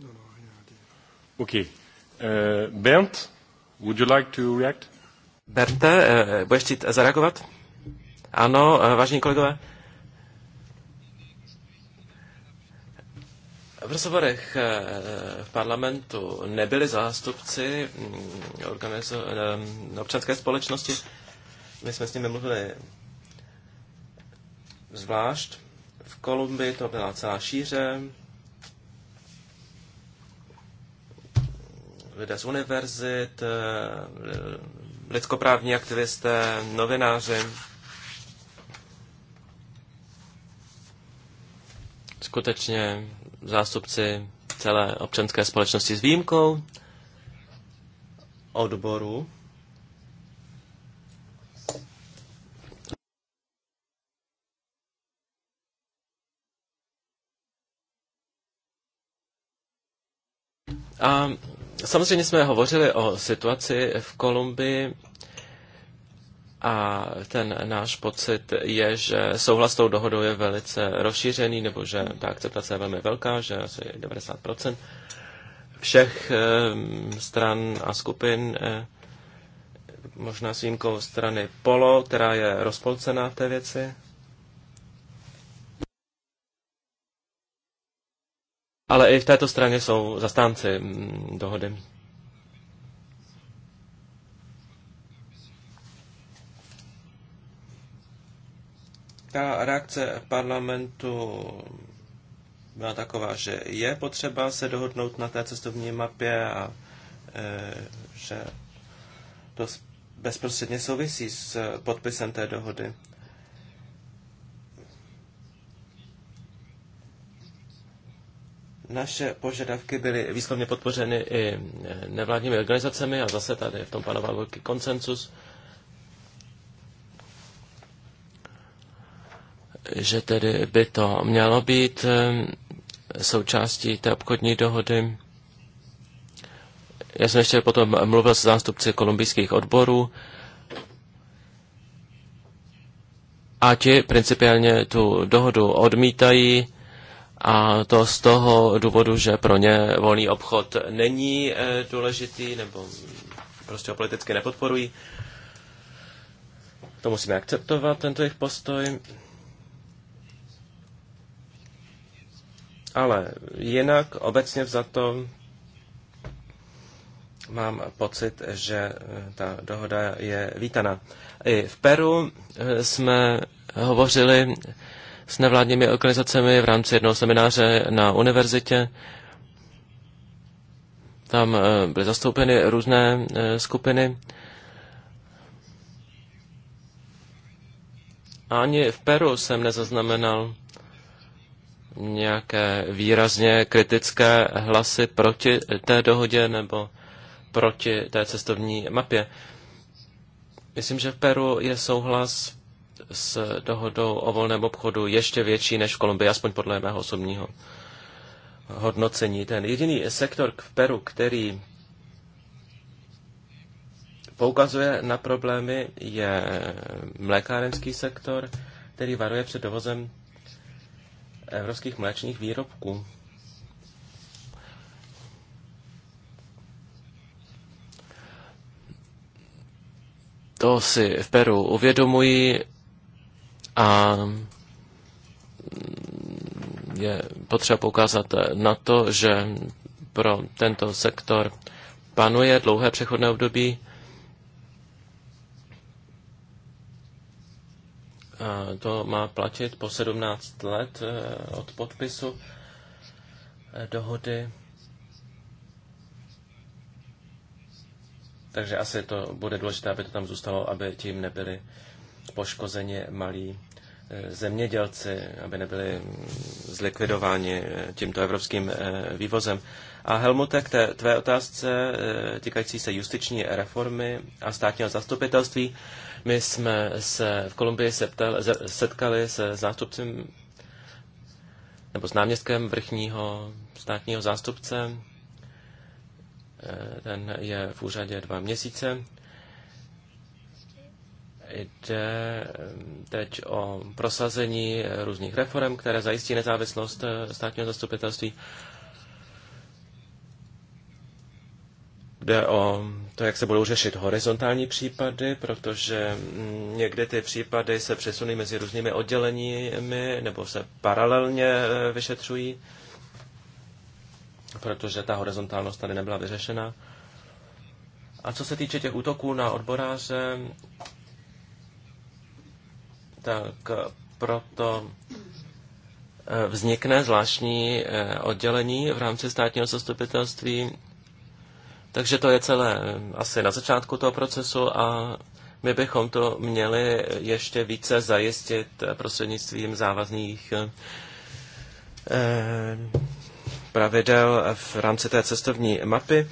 no okay. Uh, Bernd, would you like to react? Bernte, budeš chtít zareagovat? Ano, vážení kolegové. V rozhovorech eh, v parlamentu nebyli zástupci mm, organizo- eh, občanské společnosti. My jsme s nimi mluvili zvlášť. V Kolumbii to byla celá šíře. Lidé z univerzit, eh, lidskoprávní aktivisté, novináři. Skutečně zástupci celé občanské společnosti s výjimkou odboru. A samozřejmě jsme hovořili o situaci v Kolumbii a ten náš pocit je, že souhlas s tou dohodou je velice rozšířený, nebo že ta akceptace je velmi velká, že asi 90% všech eh, stran a skupin, eh, možná s výjimkou strany Polo, která je rozpolcená v té věci. Ale i v této straně jsou zastánci mm, dohody. Ta reakce parlamentu byla taková, že je potřeba se dohodnout na té cestovní mapě a e, že to bezprostředně souvisí s podpisem té dohody. Naše požadavky byly výslovně podpořeny i nevládními organizacemi a zase tady v tom panoval velký koncensus. E, že tedy by to mělo být eh, součástí té obchodní dohody. Já jsem ještě potom mluvil s zástupci kolumbijských odborů a ti principiálně tu dohodu odmítají a to z toho důvodu, že pro ně volný obchod není eh, důležitý nebo prostě ho politicky nepodporují. To musíme akceptovat, tento jejich postoj. Ale jinak obecně vzato mám pocit, že eh, ta dohoda je vítaná. I v Peru eh, jsme hovořili s nevládními organizacemi v rámci jednoho semináře na univerzitě. Tam eh, byly zastoupeny různé skupiny. A ani v Peru jsem nezaznamenal nějaké výrazně kritické hlasy proti té dohodě nebo proti té cestovní mapě. Myslím, že v Peru je souhlas s dohodou o volném obchodu ještě větší než v Kolumbii, aspoň podle mého osobního hodnocení. Ten jediný sektor v Peru, který poukazuje na problémy, je mlékárenský sektor, který varuje před dovozem evropských mléčných výrobků. To si v Peru uvědomují a je potřeba poukázat na to, že pro tento sektor panuje dlouhé přechodné období to má platit po 17 let eh, od podpisu eh, dohody. Takže asi to bude důležité, aby to tam zůstalo, aby tím nebyli poškozeně malí eh, zemědělci, aby nebyli mm, zlikvidováni tímto evropským vývozem. A Helmute, k té tvé otázce týkající se justiční reformy a státního zastupitelství, my jsme se v Kolumbii septal, setkali se zástupcem nebo s náměstkem vrchního státního zástupce. Eh, ten je v úřadě dva měsíce. Jde eh, teď o prosazení různých reform, které zajistí nezávislost eh, státního zastupitelství Jde o to, jak se budou řešit horizontální případy, protože mm, někdy ty případy se přesunují mezi různými odděleními nebo se paralelně e, vyšetřují, protože ta horizontálnost tady nebyla vyřešena. A co se týče těch útoků na odboráře, tak proto e, vznikne zvláštní e, oddělení v rámci státního zastupitelství, takže to je celé eh, asi na začátku toho procesu a my bychom to měli ještě více zajistit eh, prostřednictvím závazných eh, pravidel v rámci té cestovní mapy.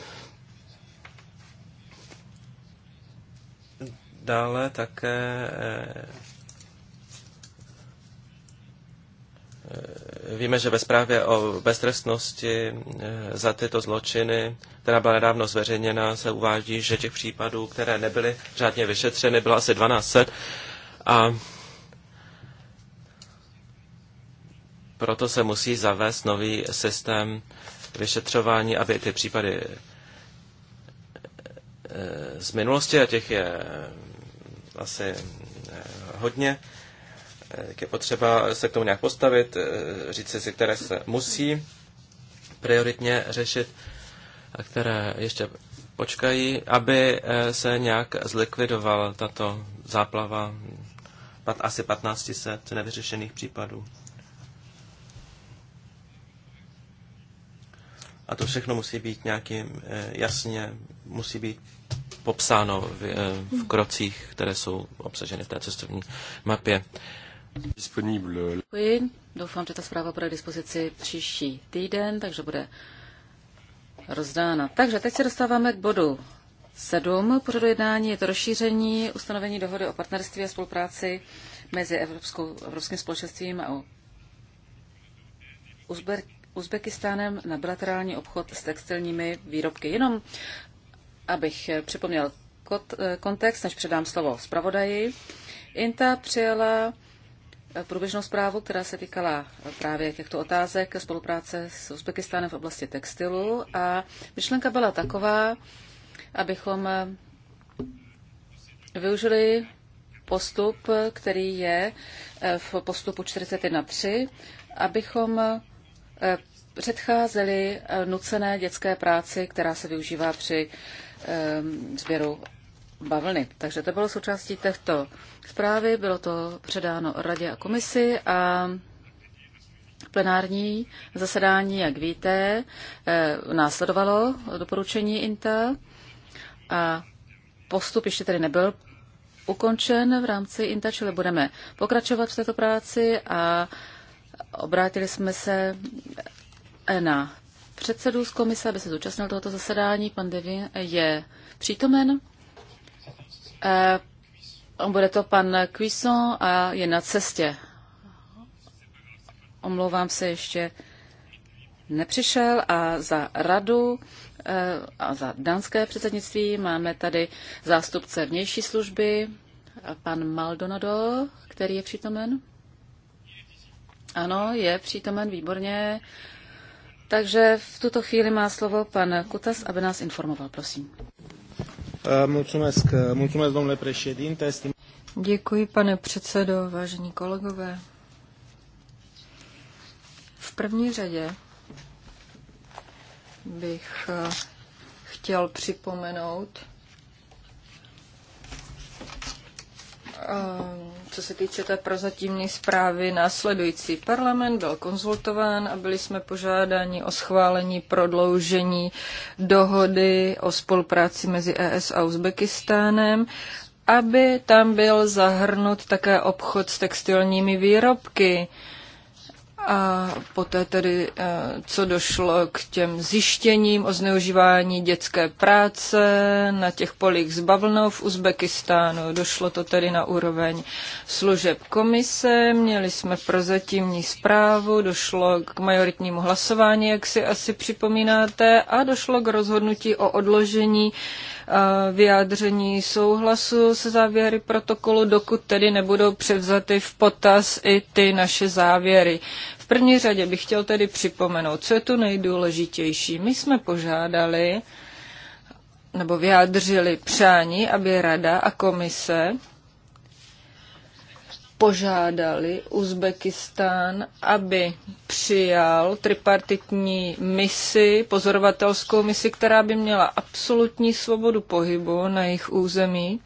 Dále také Víme, že ve zprávě o beztrestnosti eh, za tyto zločiny, která byla nedávno zveřejněna, se uvádí, že těch případů, které nebyly řádně vyšetřeny, bylo asi 1200. A proto se musí zavést nový systém vyšetřování, aby ty případy eh, z minulosti, a těch je eh, asi hodně, je potřeba se k tomu nějak postavit, eh, říct si, které se musí prioritně řešit a které ještě počkají, aby eh, se nějak zlikvidovala tato záplava asi 1500 nevyřešených případů. A to všechno musí být nějakým eh, jasně, musí být popsáno v, v krocích, které jsou obsaženy v té cestovní mapě. Děkuji. Doufám, že ta zpráva bude k dispozici příští týden, takže bude rozdána. Takže teď se dostáváme k bodu 7 pořadu jednání. Je to rozšíření ustanovení dohody o partnerství a spolupráci mezi Evropskou, Evropským společenstvím a Uzber, Uzbekistánem na bilaterální obchod s textilními výrobky. Jenom abych připomněl eh, kontext, než předám slovo zpravodaji. INTA přijala průběžnou zprávu, která se týkala právě těchto otázek spolupráce s Uzbekistánem v oblasti textilu. A myšlenka byla taková, abychom využili postup, který je eh, v postupu 41.3, abychom eh, předcházeli eh, nucené dětské práci, která se využívá při sběru bavlny. Takže to bylo součástí těchto zprávy, bylo to předáno radě a komisi a plenární zasedání, jak víte, eh, následovalo doporučení INTA a postup ještě tedy nebyl ukončen v rámci INTA, čili budeme pokračovat v této práci a obrátili jsme se na předsedu z komise, aby se zúčastnil tohoto zasedání. Pan Devin je přítomen. Eh, bude to pan Cuisson a je na cestě. Omlouvám se ještě nepřišel a za radu eh, a za dánské předsednictví máme tady zástupce vnější služby, pan Maldonado, který je přítomen. Ano, je přítomen, výborně. Takže v tuto chvíli má slovo pan Kutas, aby nás informoval, prosím. Eh, mulțumesc, eh, mulțumesc domnule președinte. Děkuji, pane předsedo, vážení kolegové. V první řadě bych eh, chtěl připomenout co se týče té prozatímní zprávy, následující parlament byl konzultován a byli jsme požádáni o schválení prodloužení dohody o spolupráci mezi ES a Uzbekistánem aby tam byl zahrnut také obchod s textilními výrobky. A poté tedy, eh, co došlo k těm zjištěním o zneužívání dětské práce na těch polích s bavlnou v Uzbekistánu. Došlo to tedy na úroveň služeb komise, měli jsme prozatímní zprávu, došlo k majoritnímu hlasování, jak si asi připomínáte, a došlo k rozhodnutí o odložení eh, vyjádření souhlasu se závěry protokolu, dokud tedy nebudou převzaty v potaz i ty naše závěry první řadě bych chtěl tedy připomenout, co je tu nejdůležitější. My jsme požádali nebo vyjádřili přání, aby Rada a komise požádali Uzbekistán, aby přijal tripartitní misi, pozorovatelskou misi, která by měla absolutní svobodu pohybu na jejich území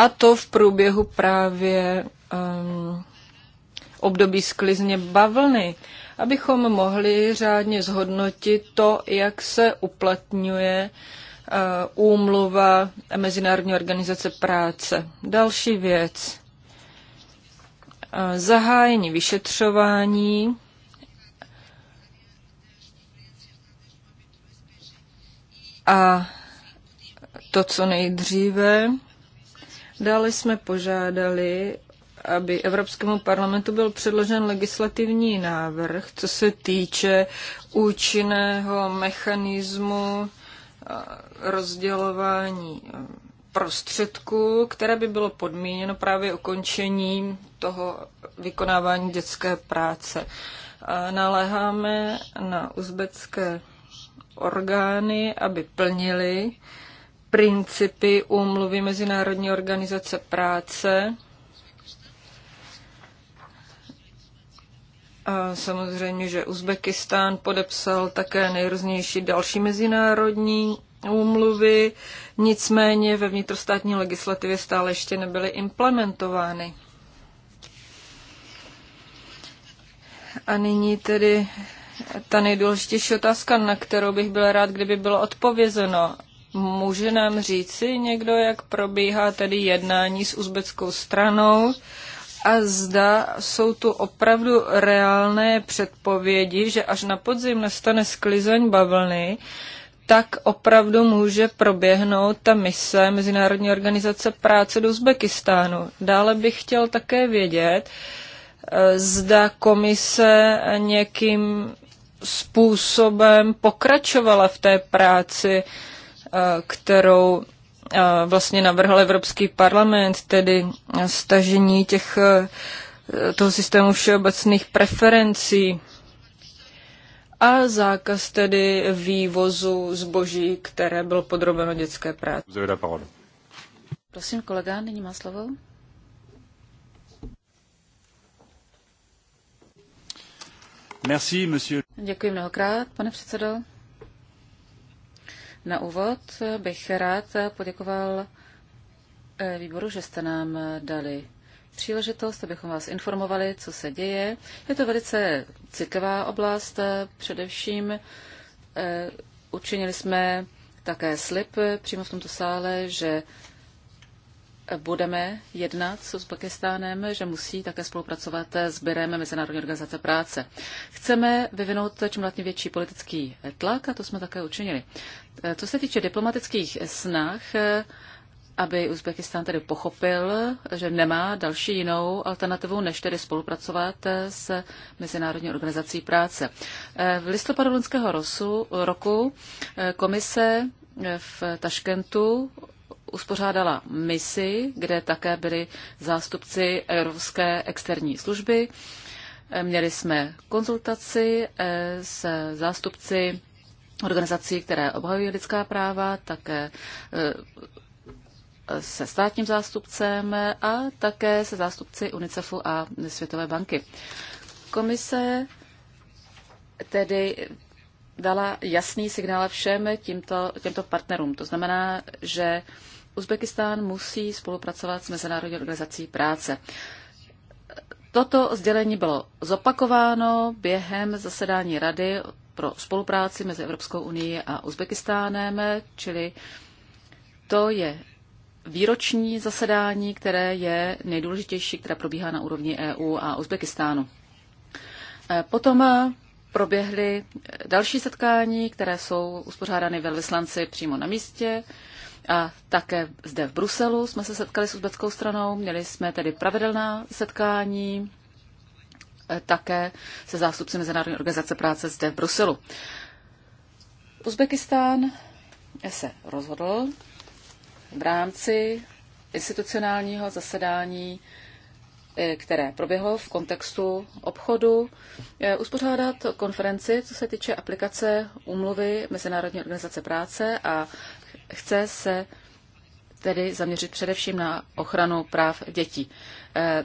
A to v průběhu právě um, období sklizně bavlny, abychom mohli řádně zhodnotit to, jak se uplatňuje uh, úmluva Mezinárodní organizace práce. Další věc. Uh, zahájení vyšetřování a to, co nejdříve. Dále jsme požádali, aby Evropskému parlamentu byl předložen legislativní návrh, co se týče účinného mechanismu rozdělování prostředků, které by bylo podmíněno právě ukončením toho vykonávání dětské práce. Naléháme na uzbecké orgány, aby plnili principy úmluvy Mezinárodní organizace práce. A samozřejmě, že Uzbekistán podepsal také nejrůznější další mezinárodní úmluvy, nicméně ve vnitrostátní legislativě stále ještě nebyly implementovány. A nyní tedy ta nejdůležitější otázka, na kterou bych byl rád, kdyby bylo odpovězeno. Může nám říci někdo, jak probíhá tedy jednání s uzbeckou stranou a zda jsou tu opravdu reálné předpovědi, že až na podzim nastane sklizeň bavlny, tak opravdu může proběhnout ta mise Mezinárodní organizace práce do Uzbekistánu. Dále bych chtěl také vědět, eh, zda komise někým způsobem pokračovala v té práci Eh, kterou eh, vlastně navrhl Evropský parlament, tedy stažení těch, eh, toho systému všeobecných preferencí a zákaz tedy vývozu zboží, které bylo podrobeno dětské práci. Prosím, kolega, nyní má slovo. Merci, monsieur. Děkuji mnohokrát, pane předsedo. Na úvod bych rád poděkoval eh, výboru, že jste nám dali příležitost, abychom vás informovali, co se děje. Je to velice citlivá oblast, především eh, učinili jsme také slib přímo v tomto sále, že budeme jednat s Uzbekistánem, že musí také spolupracovat s Birem Mezinárodní organizace práce. Chceme vyvinout čím dál větší politický tlak a to jsme také učinili. E, co se týče diplomatických snah, e, aby Uzbekistán tedy pochopil, že nemá další jinou alternativu, než tedy spolupracovat s Mezinárodní organizací práce. E, v listopadu loňského roku komise v Taškentu uspořádala misi, kde také byli zástupci Evropské externí služby. Eh, měli jsme konzultaci eh, s zástupci organizací, které obhajují lidská práva, také eh, se státním zástupcem a také se zástupci UNICEFu a Světové banky. Komise tedy dala jasný signál všem tímto, těmto partnerům. To znamená, že Uzbekistán musí spolupracovat s Mezinárodní organizací práce. Toto sdělení bylo zopakováno během zasedání Rady pro spolupráci mezi Evropskou unii a Uzbekistánem, čili to je výroční zasedání, které je nejdůležitější, které probíhá na úrovni EU a Uzbekistánu. E, potom proběhly další setkání, které jsou uspořádány velvyslanci přímo na místě. A také zde v Bruselu jsme se setkali s uzbeckou stranou, měli jsme tedy pravidelná setkání e, také se zástupci Mezinárodní organizace práce zde v Bruselu. Uzbekistán se rozhodl v rámci institucionálního zasedání, e, které proběhlo v kontextu obchodu, e, uspořádat konferenci, co se týče aplikace úmluvy Mezinárodní organizace práce a Chce se tedy zaměřit především na ochranu práv dětí. Eh,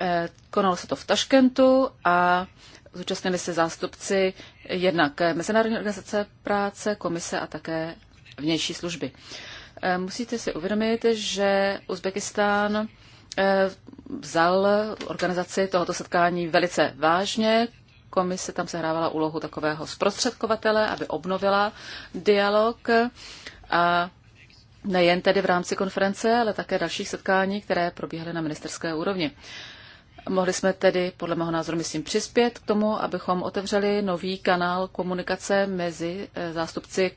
eh, konalo se to v Taškentu a zúčastnili se zástupci jednak Mezinárodní organizace práce, komise a také vnější služby. Eh, musíte si uvědomit, že Uzbekistán vzal organizaci tohoto setkání velice vážně. Komise tam sehrávala úlohu takového zprostředkovatele, aby obnovila dialog a nejen tedy v rámci konference, ale také dalších setkání, které probíhaly na ministerské úrovni. Mohli jsme tedy, podle mého názoru, myslím, přispět k tomu, abychom otevřeli nový kanál komunikace mezi eh, zástupci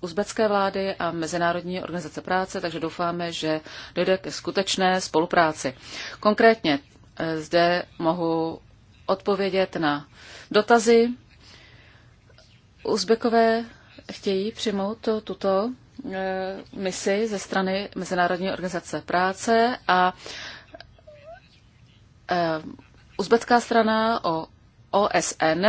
uzbecké vlády a Mezinárodní organizace práce, takže doufáme, že dojde ke skutečné spolupráci. Konkrétně eh, zde mohu odpovědět na dotazy. Uzbekové chtějí přijmout tuto e, misi ze strany Mezinárodní organizace práce a e, uzbecká strana o OSN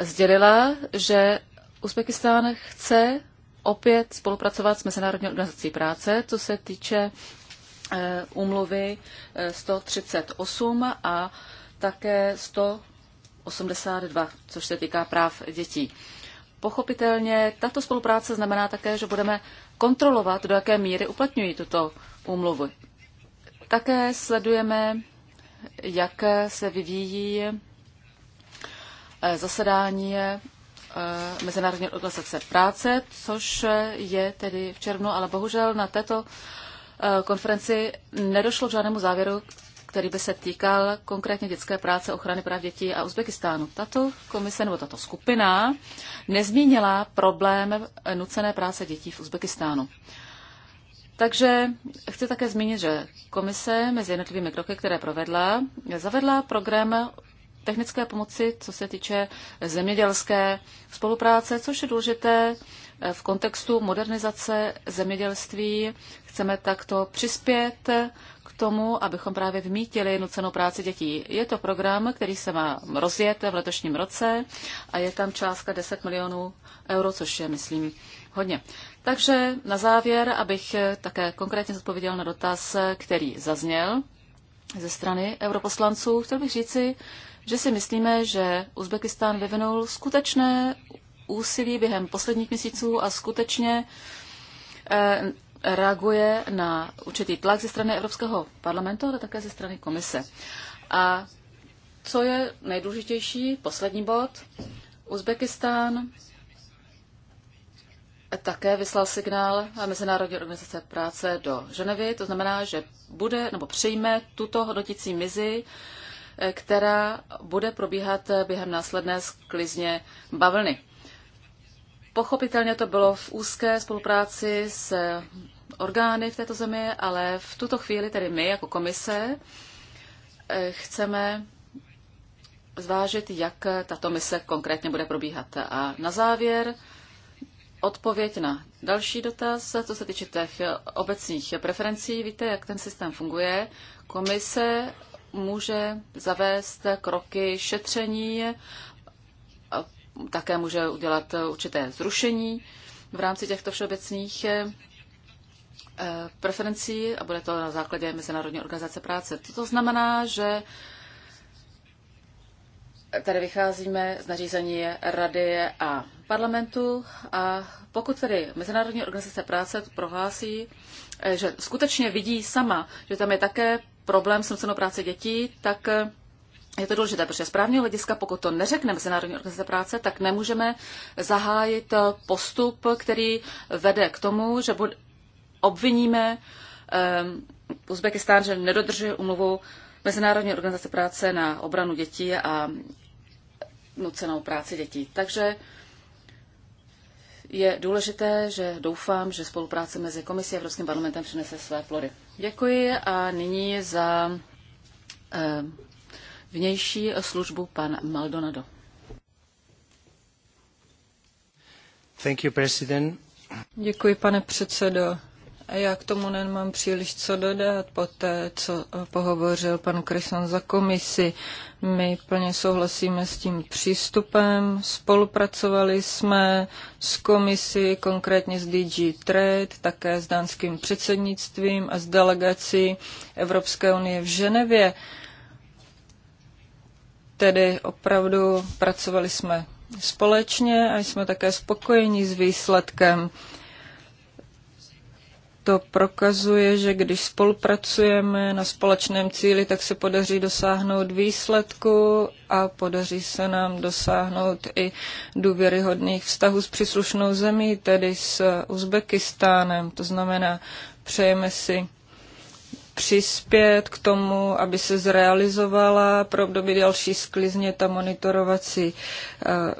sdělila, že Uzbekistán chce opět spolupracovat s Mezinárodní organizací práce, co se týče e, úmluvy 138 a také 182, což se týká práv dětí pochopitelně tato spolupráce znamená také, že budeme kontrolovat, do jaké míry uplatňují tuto úmluvu. Také sledujeme, jak se vyvíjí eh, zasedání eh, Mezinárodní organizace práce, což je tedy v červnu, ale bohužel na této eh, konferenci nedošlo k žádnému závěru, který by se týkal konkrétně dětské práce, ochrany práv dětí a Uzbekistánu. Tato komise nebo tato skupina nezmínila problém nucené práce dětí v Uzbekistánu. Takže chci také zmínit, že komise mezi jednotlivými kroky, které provedla, zavedla program technické pomoci, co se týče zemědělské spolupráce, což je důležité v kontextu modernizace zemědělství. Chceme takto přispět tomu, abychom právě vmítili nucenou práci dětí. Je to program, který se má rozjet v letošním roce a je tam částka 10 milionů euro, což je, myslím, hodně. Takže na závěr, abych také konkrétně zodpověděl na dotaz, který zazněl ze strany europoslanců, chtěl bych říci, že si myslíme, že Uzbekistán vyvinul skutečné úsilí během posledních měsíců a skutečně eh, reaguje na určitý tlak ze strany Evropského parlamentu, ale také ze strany komise. A co je nejdůležitější, poslední bod, Uzbekistán také vyslal signál Mezinárodní organizace práce do Ženevy, to znamená, že bude nebo přijme tuto hodnotící mizi, která bude probíhat během následné sklizně bavlny. Pochopitelně to bylo v úzké spolupráci s orgány v této zemi, ale v tuto chvíli tedy my jako komise eh, chceme zvážit, jak tato mise konkrétně bude probíhat. A na závěr odpověď na další dotaz, co se týče těch obecných preferencí. Víte, jak ten systém funguje? Komise může zavést kroky šetření, také může udělat určité zrušení v rámci těchto všeobecných Eh, preferencí a bude to na základě Mezinárodní organizace práce. To znamená, že tady vycházíme z nařízení Rady a parlamentu a pokud tedy Mezinárodní organizace práce prohlásí, eh, že skutečně vidí sama, že tam je také problém s cenou práce dětí, tak eh, je to důležité, protože z právního hlediska, pokud to neřekne Mezinárodní organizace práce, tak nemůžeme zahájit postup, který vede k tomu, že obviníme ehm, Uzbekistán, že nedodržuje umluvu Mezinárodní organizace práce na obranu dětí a nucenou práci dětí. Takže je důležité, že doufám, že spolupráce mezi Komisí a Evropským parlamentem přinese své plody. Děkuji a nyní za eh, vnější službu pan Maldonado. Thank you, president. Děkuji, pane předsedo. Já k tomu nemám příliš co dodat po té, co pohovořil pan Kryson za komisi. My plně souhlasíme s tím přístupem, spolupracovali jsme s komisí, konkrétně s DG Trade, také s dánským předsednictvím a s delegací Evropské unie v Ženevě. Tedy opravdu pracovali jsme společně a jsme také spokojeni s výsledkem to prokazuje, že když spolupracujeme na společném cíli, tak se podaří dosáhnout výsledku a podaří se nám dosáhnout i důvěryhodných vztahů s příslušnou zemí, tedy s Uzbekistánem. To znamená, přejeme si přispět k tomu, aby se zrealizovala pro období další sklizně ta monitorovací eh,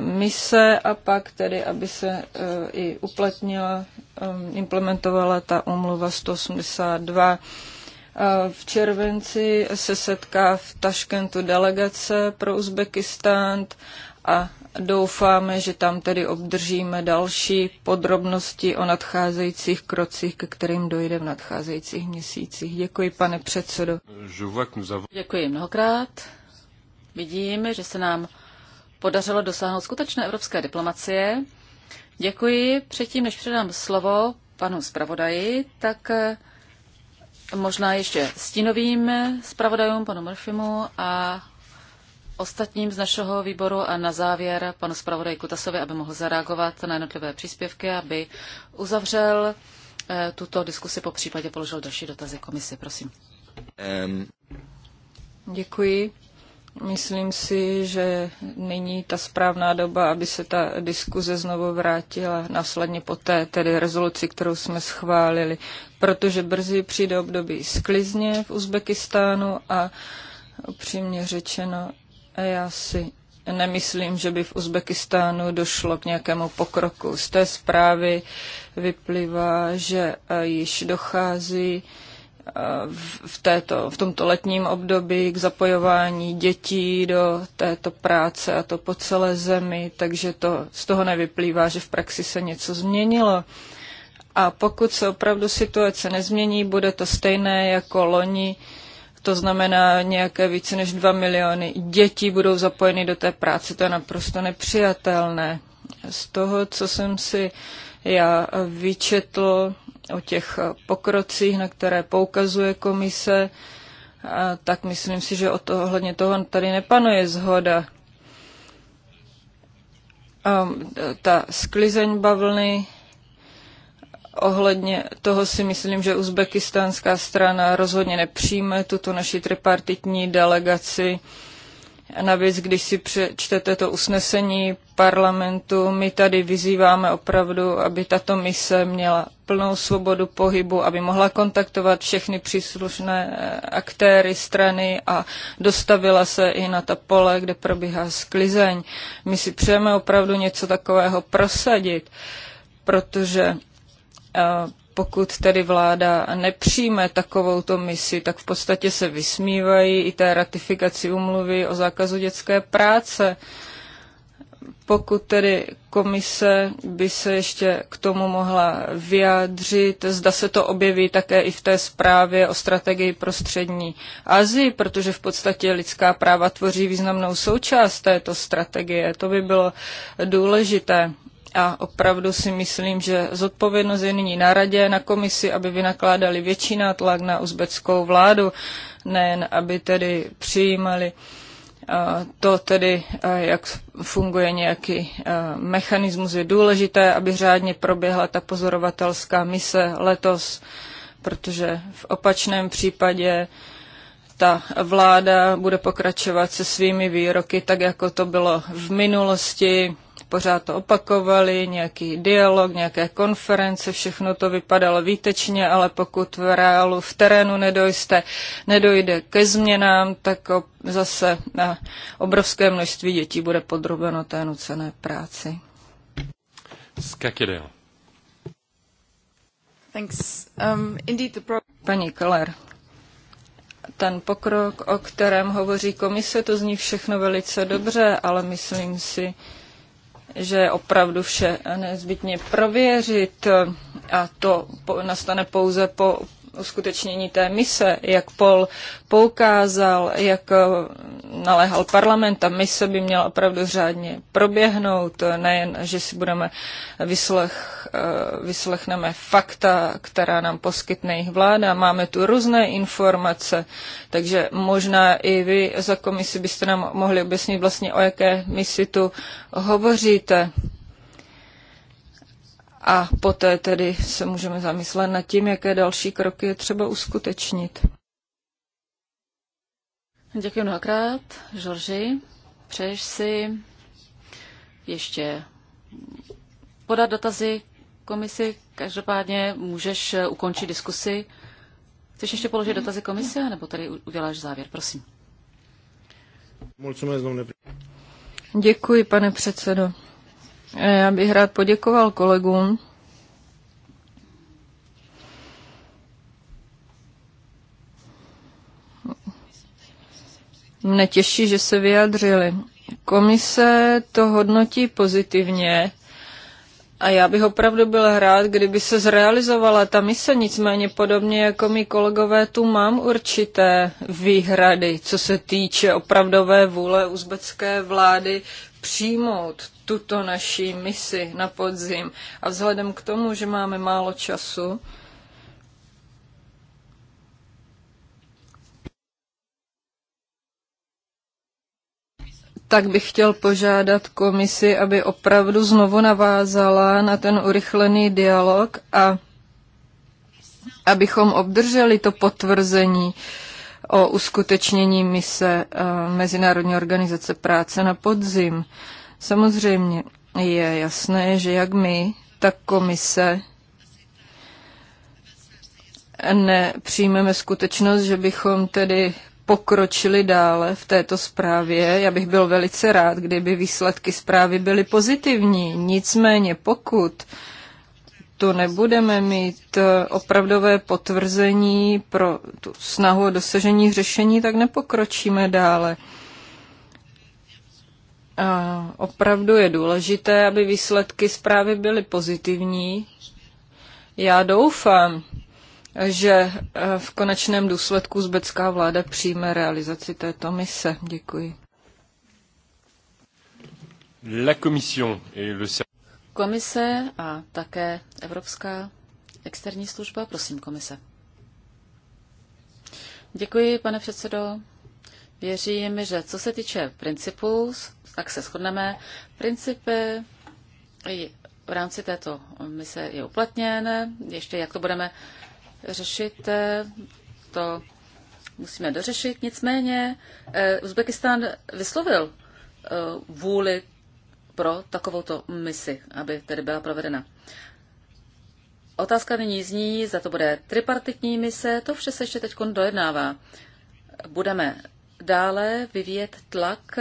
mise a pak tedy, aby se e, i uplatnila, um, implementovala ta umluva 182. E, v červenci se setká v Taškentu delegace pro Uzbekistán a doufáme, že tam tedy obdržíme další podrobnosti o nadcházejících krocích, ke kterým dojde v nadcházejících měsících. Děkuji, pane předsedo. Děkuji mnohokrát. Vidím, že se nám podařilo dosáhnout skutečné evropské diplomacie. Děkuji. Předtím, než předám slovo panu zpravodaji, tak eh, možná ještě stínovým zpravodajům, panu Murphymu a ostatním z našeho výboru a na závěr panu zpravodaji Kutasovi, aby mohl zareagovat na jednotlivé příspěvky, aby uzavřel eh, tuto diskusi, po případě položil další dotazy komisi. Prosím. Um. Děkuji. Myslím si, že není ta správná doba, aby se ta diskuze znovu vrátila následně po té tedy rezoluci, kterou jsme schválili, protože brzy přijde období sklizně v Uzbekistánu a upřímně řečeno, já si nemyslím, že by v Uzbekistánu došlo k nějakému pokroku. Z té zprávy vyplývá, že již dochází uh, v, této, v tomto letním období k zapojování dětí do této práce a to po celé zemi, takže to z toho nevyplývá, že v praxi se něco změnilo. A pokud se opravdu situace nezmění, bude to stejné jako loni, to znamená nějaké více než 2 miliony dětí budou zapojeny do té práce, to je naprosto nepřijatelné. Z toho, co jsem si já vyčetl, o těch eh, pokrocích, na které poukazuje komise, eh, tak myslím si, že o to, ohledně toho tady nepanuje zhoda. A ehm, ta sklizeň bavlny, ohledně toho si myslím, že uzbekistánská strana rozhodně nepřijme tuto naši tripartitní delegaci Navíc, když si přečtete to usnesení parlamentu, my tady vyzýváme opravdu, aby tato mise měla plnou svobodu pohybu, aby mohla kontaktovat všechny příslušné eh, aktéry strany a dostavila se i na ta pole, kde probíhá sklizeň. My si přejeme opravdu něco takového prosadit, protože eh, pokud tedy vláda nepřijme takovouto misi, tak v podstatě se vysmívají i té ratifikaci umluvy o zákazu dětské práce. Pokud tedy komise by se ještě k tomu mohla vyjádřit, zda se to objeví také i v té zprávě o strategii pro střední Azii, protože v podstatě lidská práva tvoří významnou součást této strategie. To by bylo důležité. A opravdu si myslím, že zodpovědnost je nyní na radě, na komisi, aby vynakládali větší nátlak na uzbeckou vládu, nejen aby tedy přijímali to tedy, jak funguje nějaký mechanismus, je důležité, aby řádně proběhla ta pozorovatelská mise letos, protože v opačném případě ta vláda bude pokračovat se svými výroky, tak jako to bylo v minulosti. Pořád to opakovali, nějaký dialog, nějaké konference, všechno to vypadalo výtečně, ale pokud v reálu, v terénu nedojste, nedojde ke změnám, tak zase na obrovské množství dětí bude podrobeno té nucené práci. Thanks. Um, indeed the pro- Paní Keller, ten pokrok, o kterém hovoří komise, to zní všechno velice dobře, ale myslím si, že je opravdu vše nezbytně prověřit a to nastane pouze po uskutečnění té mise. Jak Pol poukázal, jak eh, naléhal parlament, ta mise by měla opravdu řádně proběhnout, nejen, že si budeme vyslech, eh, vyslechneme fakta, která nám poskytne jejich vláda. Máme tu různé informace, takže možná i vy za komisi byste nám mohli objasnit vlastně, o jaké misi tu hovoříte a poté tedy se můžeme zamyslet nad tím, jaké další kroky je třeba uskutečnit. Děkuji mnohokrát, Žorži. Přeješ si ještě podat dotazy komisi? Každopádně můžeš eh, ukončit diskusi. Chceš ještě položit dotazy komise, nebo tady uděláš závěr, prosím. Děkuji, pane předsedo. Eh, já bych rád poděkoval kolegům. Mne těší, že se vyjadřili. Komise to hodnotí pozitivně a já bych opravdu byl rád, kdyby se zrealizovala ta mise, nicméně podobně jako mi kolegové tu mám určité výhrady, co se týče opravdové vůle uzbecké vlády přijmout tuto naší misi na podzim. A vzhledem k tomu, že máme málo času, tak bych chtěl požádat komisi, aby opravdu znovu navázala na ten urychlený dialog a abychom obdrželi to potvrzení, o uskutečnění mise eh, Mezinárodní organizace práce na podzim. Samozřejmě je jasné, že jak my, tak komise nepřijmeme skutečnost, že bychom tedy pokročili dále v této zprávě. Já bych byl velice rád, kdyby výsledky zprávy byly pozitivní. Nicméně pokud uh, to nebudeme mít eh, opravdové potvrzení pro tu snahu o dosažení řešení, tak nepokročíme dále. A opravdu je důležité, aby výsledky zprávy byly pozitivní. Já doufám, že eh, v konečném důsledku zbecká vláda přijme realizaci této mise. Děkuji. La commission et le Komise a také Evropská externí služba. Prosím, komise. Děkuji, pane předsedo. Věřím, že co se týče principů, tak se shodneme. Principy v rámci této mise je uplatněné. Ještě jak to budeme řešit, eh, to musíme dořešit. Nicméně eh, Uzbekistán vyslovil eh, vůli pro takovouto misi, aby tedy byla provedena. Otázka nyní zní, za to bude tripartitní mise, to vše se ještě teď dojednává. Budeme dále vyvíjet tlak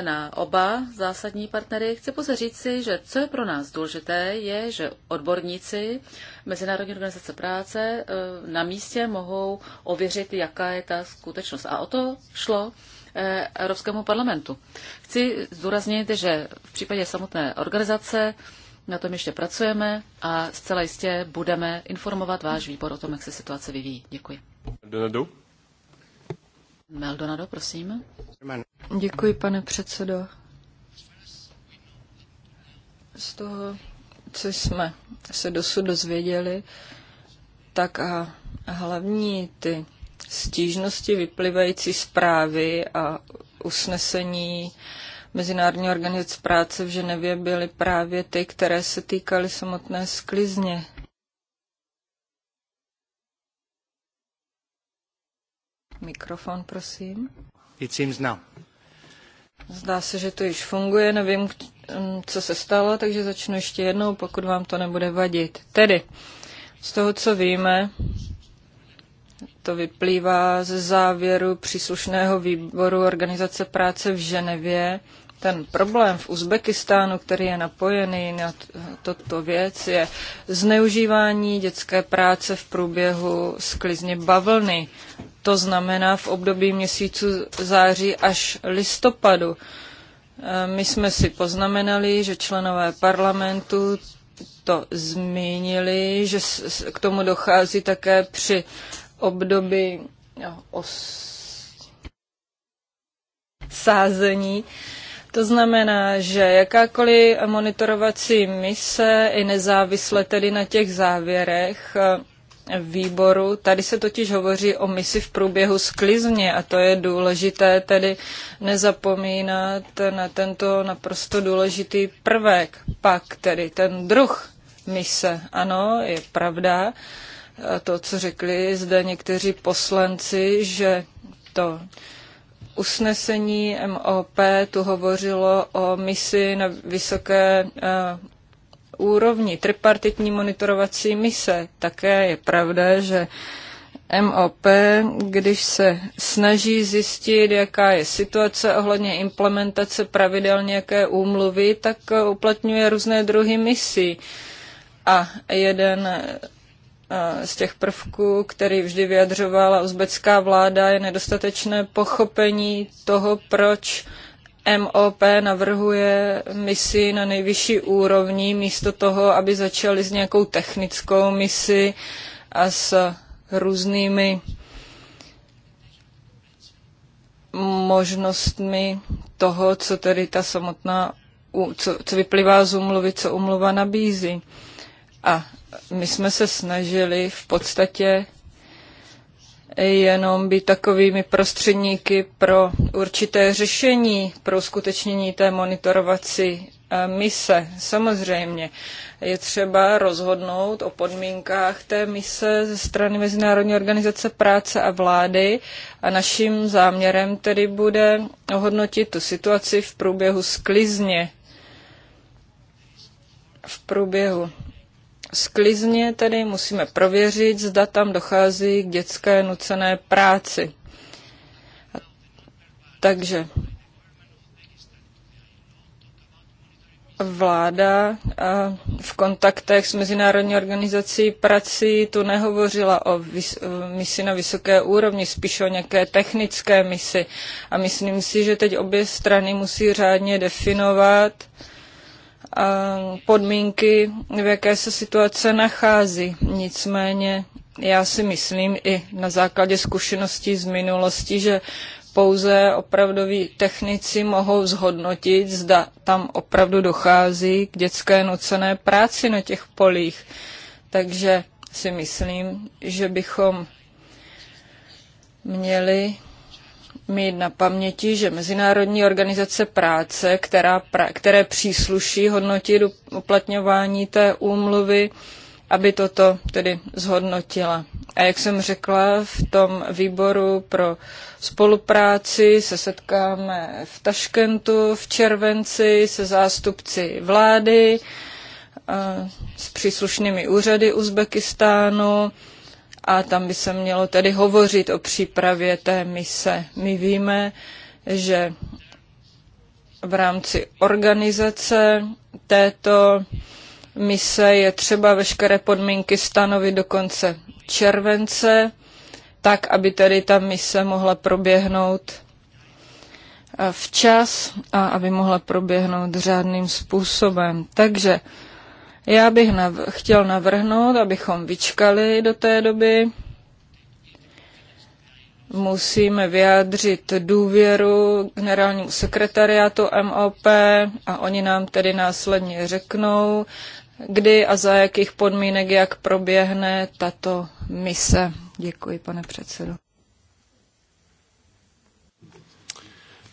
na oba zásadní partnery. Chci pouze říci, že co je pro nás důležité, je, že odborníci Mezinárodní organizace práce eh, na místě mohou ověřit, jaká je ta skutečnost. A o to šlo Eh, Evropskému parlamentu. Chci zdůraznit, že v případě samotné organizace na tom ještě pracujeme a zcela jistě budeme informovat váš výbor o tom, jak se situace vyvíjí. Děkuji. Donado. Meldonado, prosím. Děkuji, pane předsedo. Z toho, co jsme se dosud dozvěděli, tak a hlavní ty stížnosti vyplývající zprávy a usnesení Mezinárodní organizace práce v Ženevě byly právě ty, které se týkaly samotné sklizně. Mikrofon, prosím. It seems now. Zdá se, že to již funguje, nevím, co se stalo, takže začnu ještě jednou, pokud vám to nebude vadit. Tedy, z toho, co víme, to vyplývá ze závěru příslušného výboru Organizace práce v Ženevě. Ten problém v Uzbekistánu, který je napojený na toto věc, je zneužívání dětské práce v průběhu sklizně bavlny. To znamená v období měsíců září až listopadu. E, my jsme si poznamenali, že členové parlamentu to zmínili, že k tomu dochází také při období no, os... sázení. To znamená, že jakákoliv monitorovací mise i nezávisle tedy na těch závěrech eh, výboru. Tady se totiž hovoří o misi v průběhu sklizně a to je důležité tedy nezapomínat na tento naprosto důležitý prvek. Pak tedy ten druh mise, ano, je pravda, to, co řekli zde někteří poslanci, že to usnesení MOP tu hovořilo o misi na vysoké eh, úrovni, tripartitní monitorovací mise. Také je pravda, že MOP, když se snaží zjistit, jaká je situace ohledně implementace pravidel nějaké úmluvy, tak uplatňuje různé druhy misí. A jeden z těch prvků, který vždy vyjadřovala uzbecká vláda, je nedostatečné pochopení toho, proč MOP navrhuje misi na nejvyšší úrovni, místo toho, aby začali s nějakou technickou misi a s různými možnostmi toho, co tedy ta samotná, co, co vyplývá z umluvy, co umluva nabízí. A my jsme se snažili v podstatě jenom být takovými prostředníky pro určité řešení, pro uskutečnění té monitorovací eh, mise. Samozřejmě je třeba rozhodnout o podmínkách té mise ze strany Mezinárodní organizace práce a vlády a naším záměrem tedy bude ohodnotit tu situaci v průběhu sklizně. V průběhu sklizně tedy musíme prověřit, zda tam dochází k dětské nucené práci. Takže vláda v kontaktech s Mezinárodní organizací prací tu nehovořila o misi na vysoké úrovni, spíš o nějaké technické misi. A myslím si, že teď obě strany musí řádně definovat, Eh, podmínky, v jaké se situace nachází. Nicméně já si myslím i na základě zkušeností z minulosti, že pouze opravdoví technici mohou zhodnotit, zda tam opravdu dochází k dětské nucené práci na těch polích. Takže si myslím, že bychom měli mít na paměti, že Mezinárodní organizace práce, která, pra, které přísluší hodnotit uplatňování té úmluvy, aby toto tedy zhodnotila. A jak jsem řekla, v tom výboru pro spolupráci se setkáme v Taškentu v červenci se zástupci vlády, eh, s příslušnými úřady Uzbekistánu, a tam by se mělo tedy hovořit o přípravě té mise. My víme, že v rámci organizace této mise je třeba veškeré podmínky stanovit do konce července, tak, aby tedy ta mise mohla proběhnout eh, včas a aby mohla proběhnout řádným způsobem. Takže já bych nav- chtěl navrhnout, abychom vyčkali do té doby. Musíme vyjádřit důvěru generálnímu sekretariátu MOP a oni nám tedy následně řeknou, kdy a za jakých podmínek, jak proběhne tato mise. Děkuji, pane předsedo.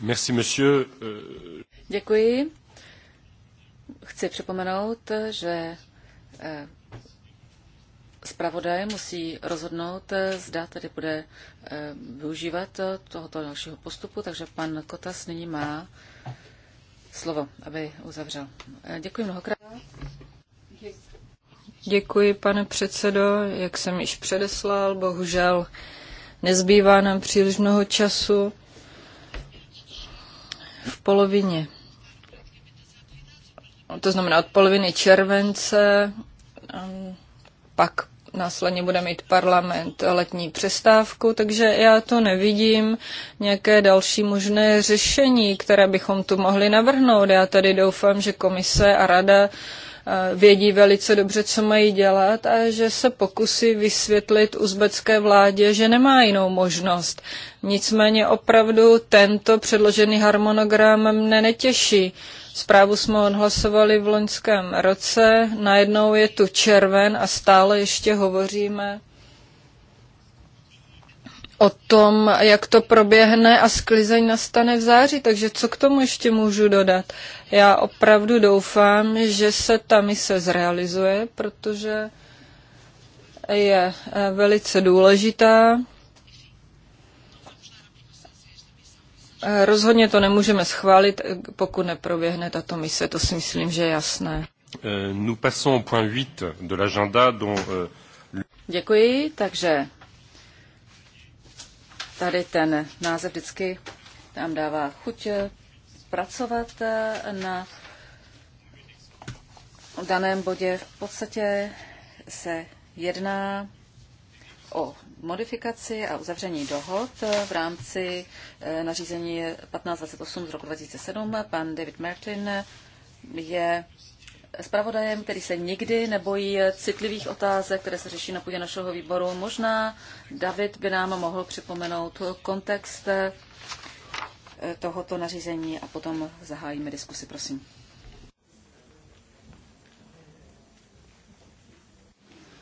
Merci, monsieur. Děkuji. Chci připomenout, že eh, zpravodaj musí rozhodnout, eh, zda tedy bude eh, využívat tohoto dalšího postupu, takže pan Kotas nyní má slovo, aby uzavřel. Děkuji mnohokrát. Děkuji, pane předsedo. Jak jsem již předeslal, bohužel nezbývá nám příliš mnoho času. V polovině to znamená od poloviny července, um, pak následně bude mít parlament letní přestávku, takže já to nevidím nějaké další možné řešení, které bychom tu mohli navrhnout. Já tady doufám, že komise a rada uh, vědí velice dobře, co mají dělat a že se pokusí vysvětlit uzbecké vládě, že nemá jinou možnost. Nicméně opravdu tento předložený harmonogram mne netěší. Zprávu jsme odhlasovali v loňském roce, najednou je tu červen a stále ještě hovoříme o tom, jak to proběhne a sklizeň nastane v září, takže co k tomu ještě můžu dodat? Já opravdu doufám, že se ta mise zrealizuje, protože je eh, velice důležitá Eh, rozhodně to nemůžeme schválit, eh, pokud neproběhne tato mise, to si myslím, že je jasné. Eh, nous passons au point 8 de l'agenda dont... Děkuji, takže tady ten název vždycky nám dává chuť pracovat na daném bodě. V podstatě se jedná o modifikaci a uzavření dohod v rámci eh, nařízení 1528 z roku 2007. Pan David Mertin je zpravodajem, který se nikdy nebojí citlivých otázek, které se řeší na půdě našeho výboru. Možná David by nám mohl připomenout kontext eh, tohoto nařízení a potom zahájíme diskusi, prosím.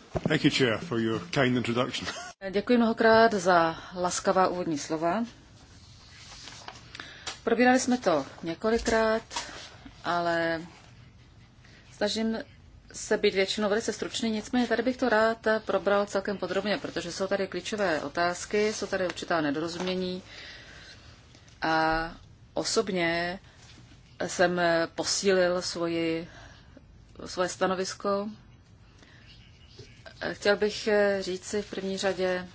Thank you, Chair, for your kind introduction. Děkuji mnohokrát za laskavá úvodní slova. Probírali jsme to několikrát, ale snažím se být většinou velice stručný, nicméně tady bych to rád probral celkem podrobně, protože jsou tady klíčové otázky, jsou tady určitá nedorozumění a osobně jsem posílil svoji, svoje stanovisko Chtěl bych eh, říci v první řadě,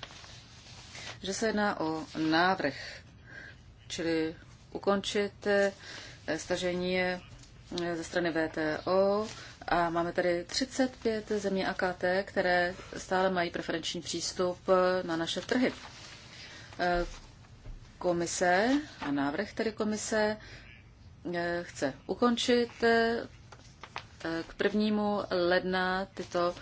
že se jedná o návrh, čili ukončit eh, stažení eh, ze strany VTO a máme tady 35 zemí AKT, které stále mají preferenční přístup na naše trhy. Komise a návrh tedy komise chce ukončit k prvnímu ledna tyto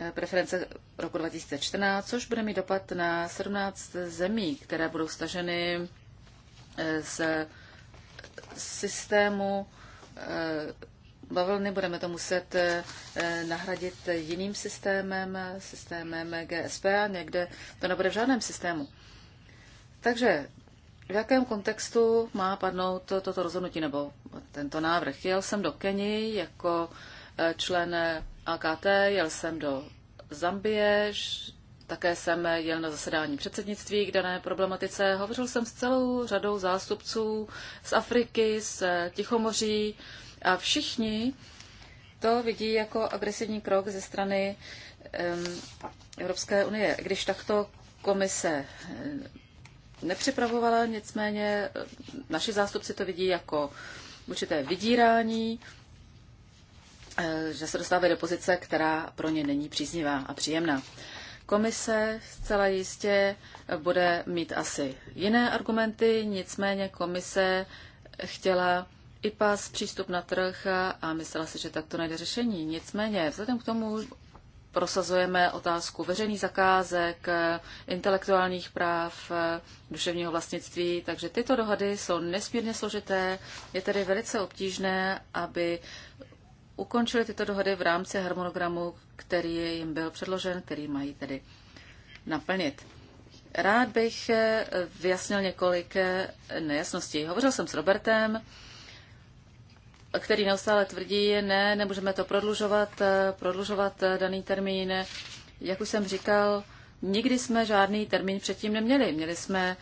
Eh, preference roku 2014, což bude mít dopad na 17 zemí, které budou staženy eh, z systému eh, bavlny. Budeme to muset nahradit jiným systémem, systémem GSP a někde to nebude v žádném systému. Takže v jakém kontextu má padnout toto rozhodnutí nebo tento návrh? Jel jsem do Keni jako člen AKT, jel jsem do Zambie, také jsem jel na zasedání předsednictví k dané problematice. Hovořil jsem s celou řadou zástupců z Afriky, z Tichomoří a všichni to vidí jako agresivní krok ze strany Evropské unie. Když takto komise nepřipravovala, nicméně naši zástupci to vidí jako určité vydírání Eh, že se dostávají do pozice, která pro ně není příznivá a příjemná. Komise zcela jistě bude mít asi jiné argumenty, nicméně komise chtěla i pas přístup na trh a myslela si, že tak to najde řešení. Nicméně, vzhledem k tomu prosazujeme otázku veřejných zakázek, intelektuálních práv, duševního vlastnictví, takže tyto dohady jsou nesmírně složité. Je tedy velice obtížné, aby ukončili tyto dohody v rámci harmonogramu, který jim byl předložen, který mají tedy naplnit. Rád bych eh, vyjasnil několik eh, nejasností. Hovořil jsem s Robertem, který neustále tvrdí, ne, nemůžeme to prodlužovat, eh, prodlužovat daný termín. Jak už jsem říkal, nikdy jsme žádný termín předtím neměli. Měli jsme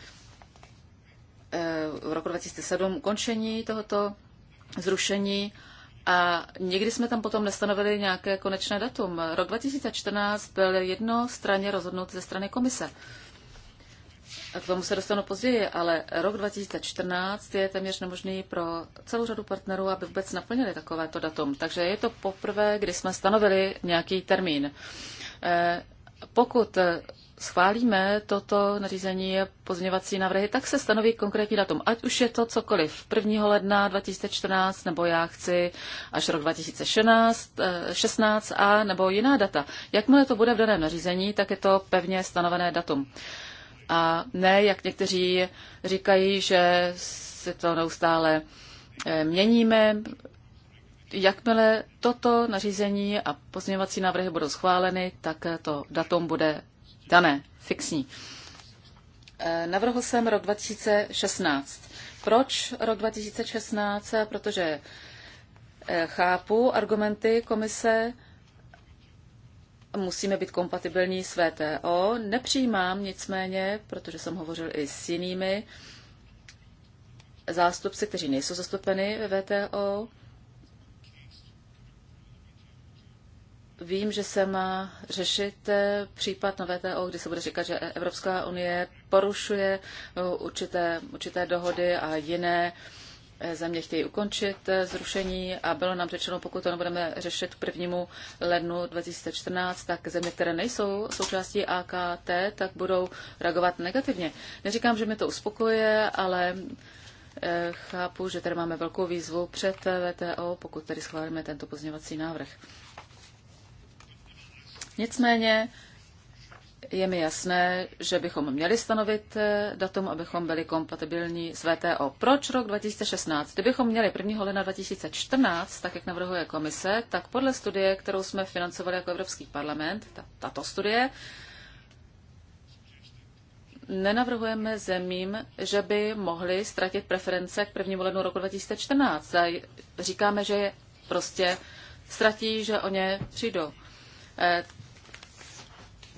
v roku 2007 ukončení tohoto zrušení a nikdy jsme tam potom nestanovili nějaké konečné datum. Rok 2014 byl jednostranně rozhodnut ze strany komise. A k tomu se dostanu později, ale rok 2014 je téměř nemožný pro celou řadu partnerů, aby vůbec naplnili takovéto datum. Takže je to poprvé, kdy jsme stanovili nějaký termín. Eh, pokud schválíme toto nařízení pozměňovací návrhy, tak se stanoví konkrétní datum. Ať už je to cokoliv 1. ledna 2014, nebo já chci až rok 2016 16 eh, a nebo jiná data. Jakmile to bude v daném nařízení, tak je to pevně stanovené datum. A ne, jak někteří říkají, že si to neustále eh, měníme, jakmile toto nařízení a pozměňovací návrhy budou schváleny, tak to datum bude dané, fixní. E, navrhl jsem rok 2016. Proč rok 2016? Protože e, chápu argumenty komise, musíme být kompatibilní s VTO. Nepřijímám nicméně, protože jsem hovořil i s jinými zástupci, kteří nejsou zastoupeni ve VTO, Vím, že se má řešit eh, případ na VTO, kdy se bude říkat, že Evropská unie porušuje eh, určité, určité dohody a jiné eh, země chtějí ukončit zrušení a bylo nám řečeno, pokud to nebudeme řešit k prvnímu lednu 2014, tak země, které nejsou součástí AKT, tak budou reagovat negativně. Neříkám, že mi to uspokojuje, ale chápu, že tady máme velkou výzvu před VTO, pokud tady schválíme tento pozměňovací návrh. Nicméně je mi jasné, že bychom měli stanovit eh, datum, abychom byli kompatibilní s VTO. Proč rok 2016? Kdybychom měli 1. ledna 2014, tak jak navrhuje komise, tak podle studie, kterou jsme financovali jako Evropský parlament, tato studie, nenavrhujeme zemím, že by mohli ztratit preference k 1. lednu roku 2014. říkáme, že je prostě ztratí, že o ně přijdou. Eh,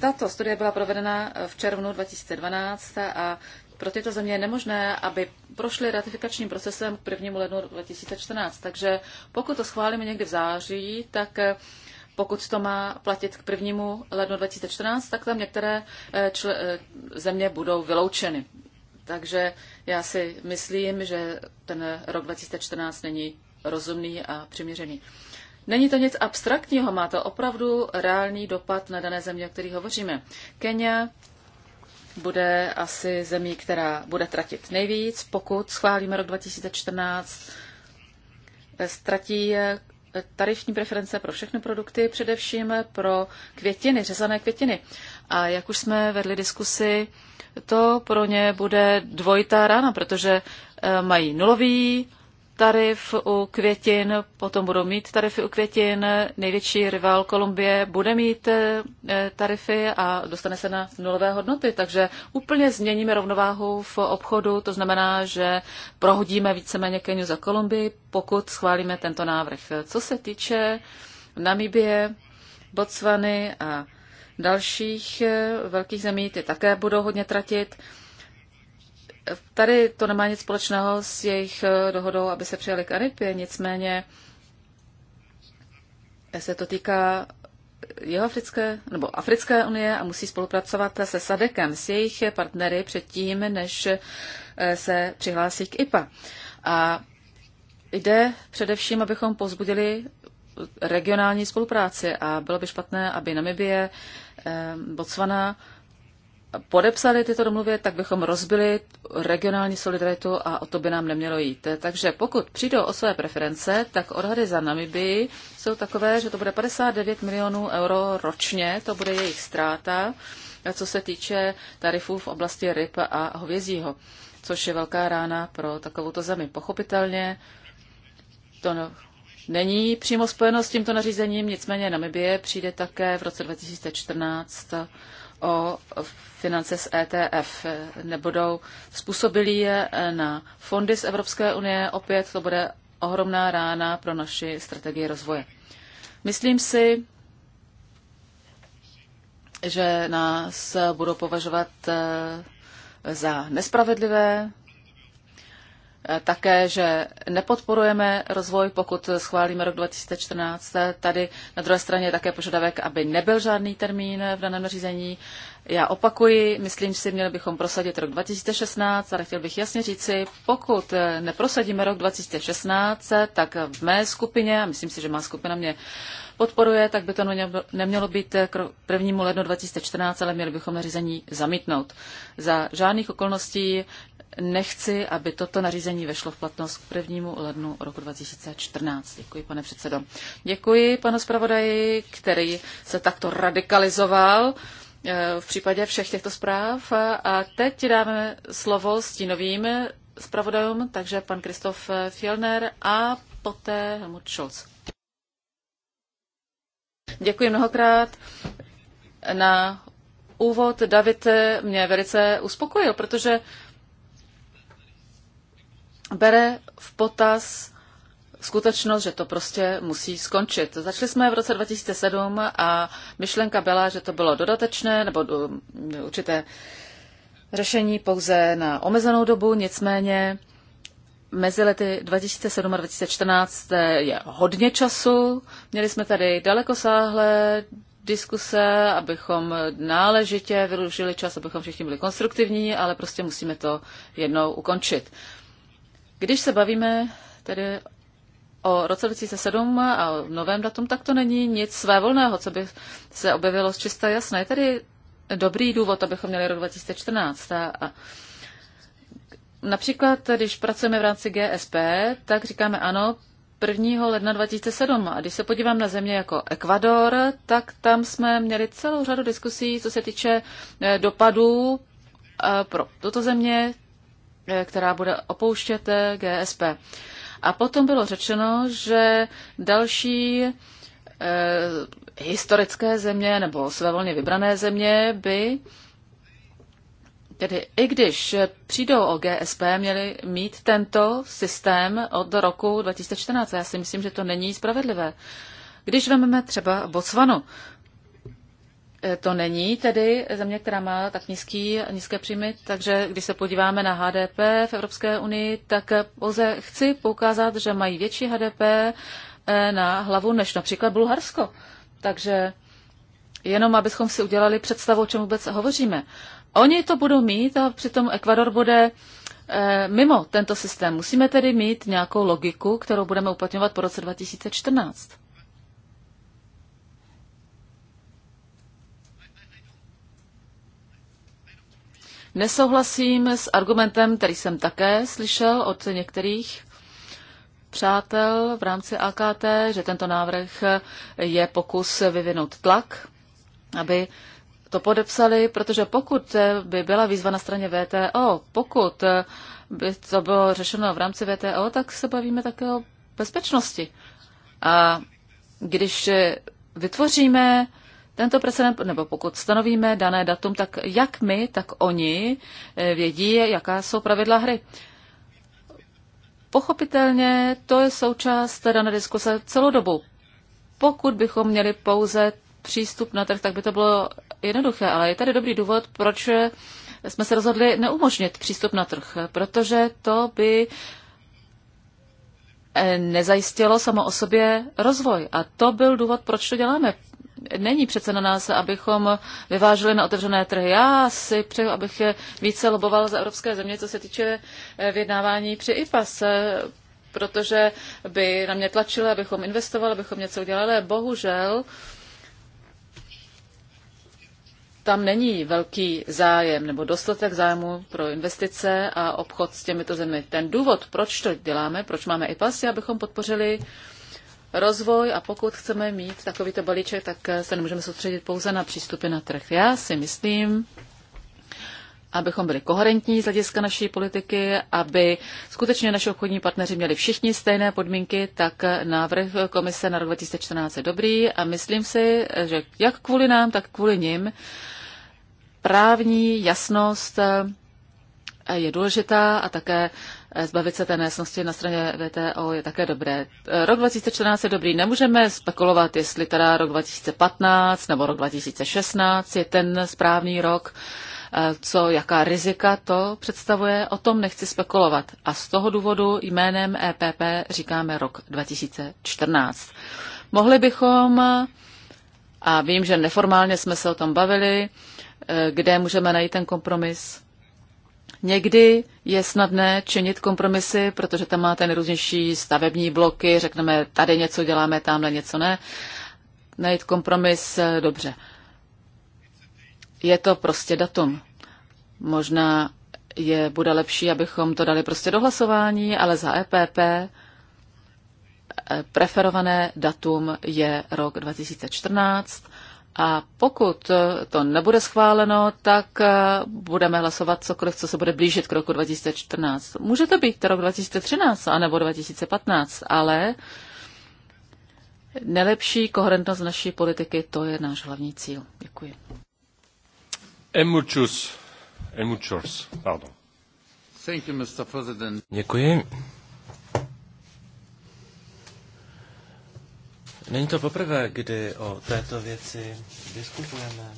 tato studie byla provedena v červnu 2012 a pro tyto země je nemožné, aby prošly ratifikačním procesem k 1. lednu 2014. Takže pokud to schválíme někdy v září, tak eh, pokud to má platit k 1. lednu 2014, tak tam některé eh, eh, země budou vyloučeny. Takže já si myslím, že ten rok 2014 není rozumný a přiměřený. Není to nic abstraktního, má to opravdu reálný dopad na dané země, o kterých hovoříme. Kenya bude asi zemí, která bude tratit nejvíc. Pokud schválíme rok 2014, eh, ztratí eh, tarifní preference pro všechny produkty, především pro květiny, řezané květiny. A jak už jsme vedli diskusi, to pro ně bude dvojitá rána, protože eh, mají nulový tarif u květin, potom budou mít tarify u květin, největší rival Kolumbie bude mít e, tarify a dostane se na nulové hodnoty. Takže úplně změníme rovnováhu v obchodu, to znamená, že prohodíme víceméně Keniu za Kolumbii, pokud schválíme tento návrh. Co se týče Namibie, Botswany a dalších e, velkých zemí, ty také budou hodně tratit. Tady to nemá nic společného s jejich eh, dohodou, aby se přijali k Aripě, nicméně eh, se to týká Jihoafrické nebo Africké unie a musí spolupracovat se SADEKem, s jejich partnery předtím, než eh, se přihlásí k IPA. A jde především, abychom pozbudili regionální spolupráci a bylo by špatné, aby Namibie, Botswana podepsali tyto domluvy, tak bychom rozbili regionální solidaritu a o to by nám nemělo jít. Takže pokud přijdou o své preference, tak odhady za Namibii jsou takové, že to bude 59 milionů euro ročně, to bude jejich ztráta, co se týče tarifů v oblasti ryb a hovězího, což je velká rána pro takovouto zemi. Pochopitelně to no- není přímo spojeno s tímto nařízením, nicméně Namibie přijde také v roce 2014 o finance z ETF. Nebudou způsobili je na fondy z Evropské unie. Opět to bude ohromná rána pro naši strategii rozvoje. Myslím si, že nás budou považovat eh, za nespravedlivé, Eh, také, že nepodporujeme rozvoj, pokud schválíme rok 2014. Tady na druhé straně je také požadavek, aby nebyl žádný termín eh, v daném řízení. Já opakuji, myslím si, měli bychom prosadit rok 2016, ale chtěl bych jasně říci, pokud eh, neprosadíme rok 2016, tak v mé skupině, a myslím si, že má skupina mě podporuje, tak by to nemělo být k 1. lednu 2014, ale měli bychom nařízení zamítnout. Za žádných okolností nechci, aby toto nařízení vešlo v platnost k 1. lednu roku 2014. Děkuji, pane předsedo. Děkuji panu zpravodaji, který se takto radikalizoval eh, v případě všech těchto zpráv. A teď dáme slovo stínovým zpravodajům, takže pan Kristof eh, Fielner a poté Helmut Scholz. Děkuji mnohokrát. Na úvod David mě velice uspokojil, protože bere v potaz skutečnost, že to prostě musí skončit. Začali jsme v roce 2007 a myšlenka byla, že to bylo dodatečné nebo um, určité řešení pouze na omezenou dobu, nicméně mezi lety 2007 a 2014 je hodně času. Měli jsme tady sáhlé diskuse, abychom náležitě vyrušili čas, abychom všichni byli konstruktivní, ale prostě musíme to jednou ukončit. Když se bavíme tedy o roce 2007 a o novém datum, tak to není nic svévolného, co by se objevilo z čista jasné. Je tady dobrý důvod, abychom měli rok 2014. a například, když pracujeme v rámci GSP, tak říkáme ano, 1. ledna 2007. A když se podívám na země jako Ekvador, tak tam jsme měli celou řadu diskusí, co se týče eh, dopadů eh, pro tuto země, Eh, která bude opouštět eh, GSP. A potom bylo řečeno, že další e, historické země nebo svévolně vybrané země by Tedy i když přijdou o GSP, měli mít tento systém od roku 2014. Já si myslím, že to není spravedlivé. Když vezmeme třeba Botswanu, Eh, to není tedy země, která má tak nízký, nízké příjmy, takže když se podíváme na HDP v Evropské unii, tak pouze chci poukázat, že mají větší HDP eh, na hlavu než například Bulharsko. Takže jenom abychom si udělali představu, o čem vůbec hovoříme. Oni to budou mít a přitom Ekvador bude eh, mimo tento systém. Musíme tedy mít nějakou logiku, kterou budeme uplatňovat po roce 2014. Nesouhlasím s argumentem, který jsem také slyšel od některých přátel v rámci AKT, že tento návrh je pokus vyvinout tlak, aby to podepsali, protože pokud by byla výzva na straně VTO, pokud by to bylo řešeno v rámci VTO, tak se bavíme také o bezpečnosti. A když vytvoříme tento precedent, nebo pokud stanovíme dané datum, tak jak my, tak oni eh, vědí, jaká jsou pravidla hry. Pochopitelně to je součást dané diskuse celou dobu. Pokud bychom měli pouze přístup na trh, tak by to bylo jednoduché, ale je tady dobrý důvod, proč eh, jsme se rozhodli neumožnit přístup na trh, protože to by eh, nezajistilo samo o sobě rozvoj. A to byl důvod, proč to děláme není přece na nás, abychom vyváželi na otevřené trhy. Já si přeju, abych je více loboval za evropské země, co se týče eh, vyjednávání při IPAS, eh, protože by na mě tlačili, abychom investovali, abychom něco udělali. Bohužel tam není velký zájem nebo dostatek zájmu pro investice a obchod s těmito zemi. Ten důvod, proč to děláme, proč máme IPAS, je, abychom podpořili uh, rozvoj a pokud chceme mít takovýto balíček, tak se nemůžeme soustředit pouze na přístupy na trh. Já si myslím, abychom byli koherentní z hlediska naší politiky, aby skutečně naši obchodní partneři měli všichni stejné podmínky, tak návrh komise na rok 2014 je dobrý a myslím si, že jak kvůli nám, tak kvůli nim právní jasnost je důležitá a také eh, zbavit se té nejasnosti na straně VTO je také dobré. Eh, rok 2014 je dobrý. Nemůžeme spekulovat, jestli teda rok 2015 nebo rok 2016 je ten správný rok, eh, co, jaká rizika to představuje, o tom nechci spekulovat. A z toho důvodu jménem EPP říkáme rok 2014. Mohli bychom, a vím, že neformálně jsme se o tom bavili, kde můžeme najít ten kompromis, Někdy je snadné činit kompromisy, protože tam máte nejrůznější stavební bloky, řekneme, tady něco děláme, tamhle něco ne. Najít kompromis, dobře. Je to prostě datum. Možná je, bude lepší, abychom to dali prostě do hlasování, ale za EPP eh, preferované datum je rok 2014 a pokud to nebude schváleno, tak eh, budeme hlasovat cokoliv, co se bude blížit k roku 2014. Může to být rok 2013 anebo 2015, ale nelepší koherentnost naší politiky, to je náš hlavní cíl. Děkuji. Emuchus. Emuchus, pardon. Thank you, Mr. President. Děkuji. Není to poprvé, kdy o této věci diskutujeme,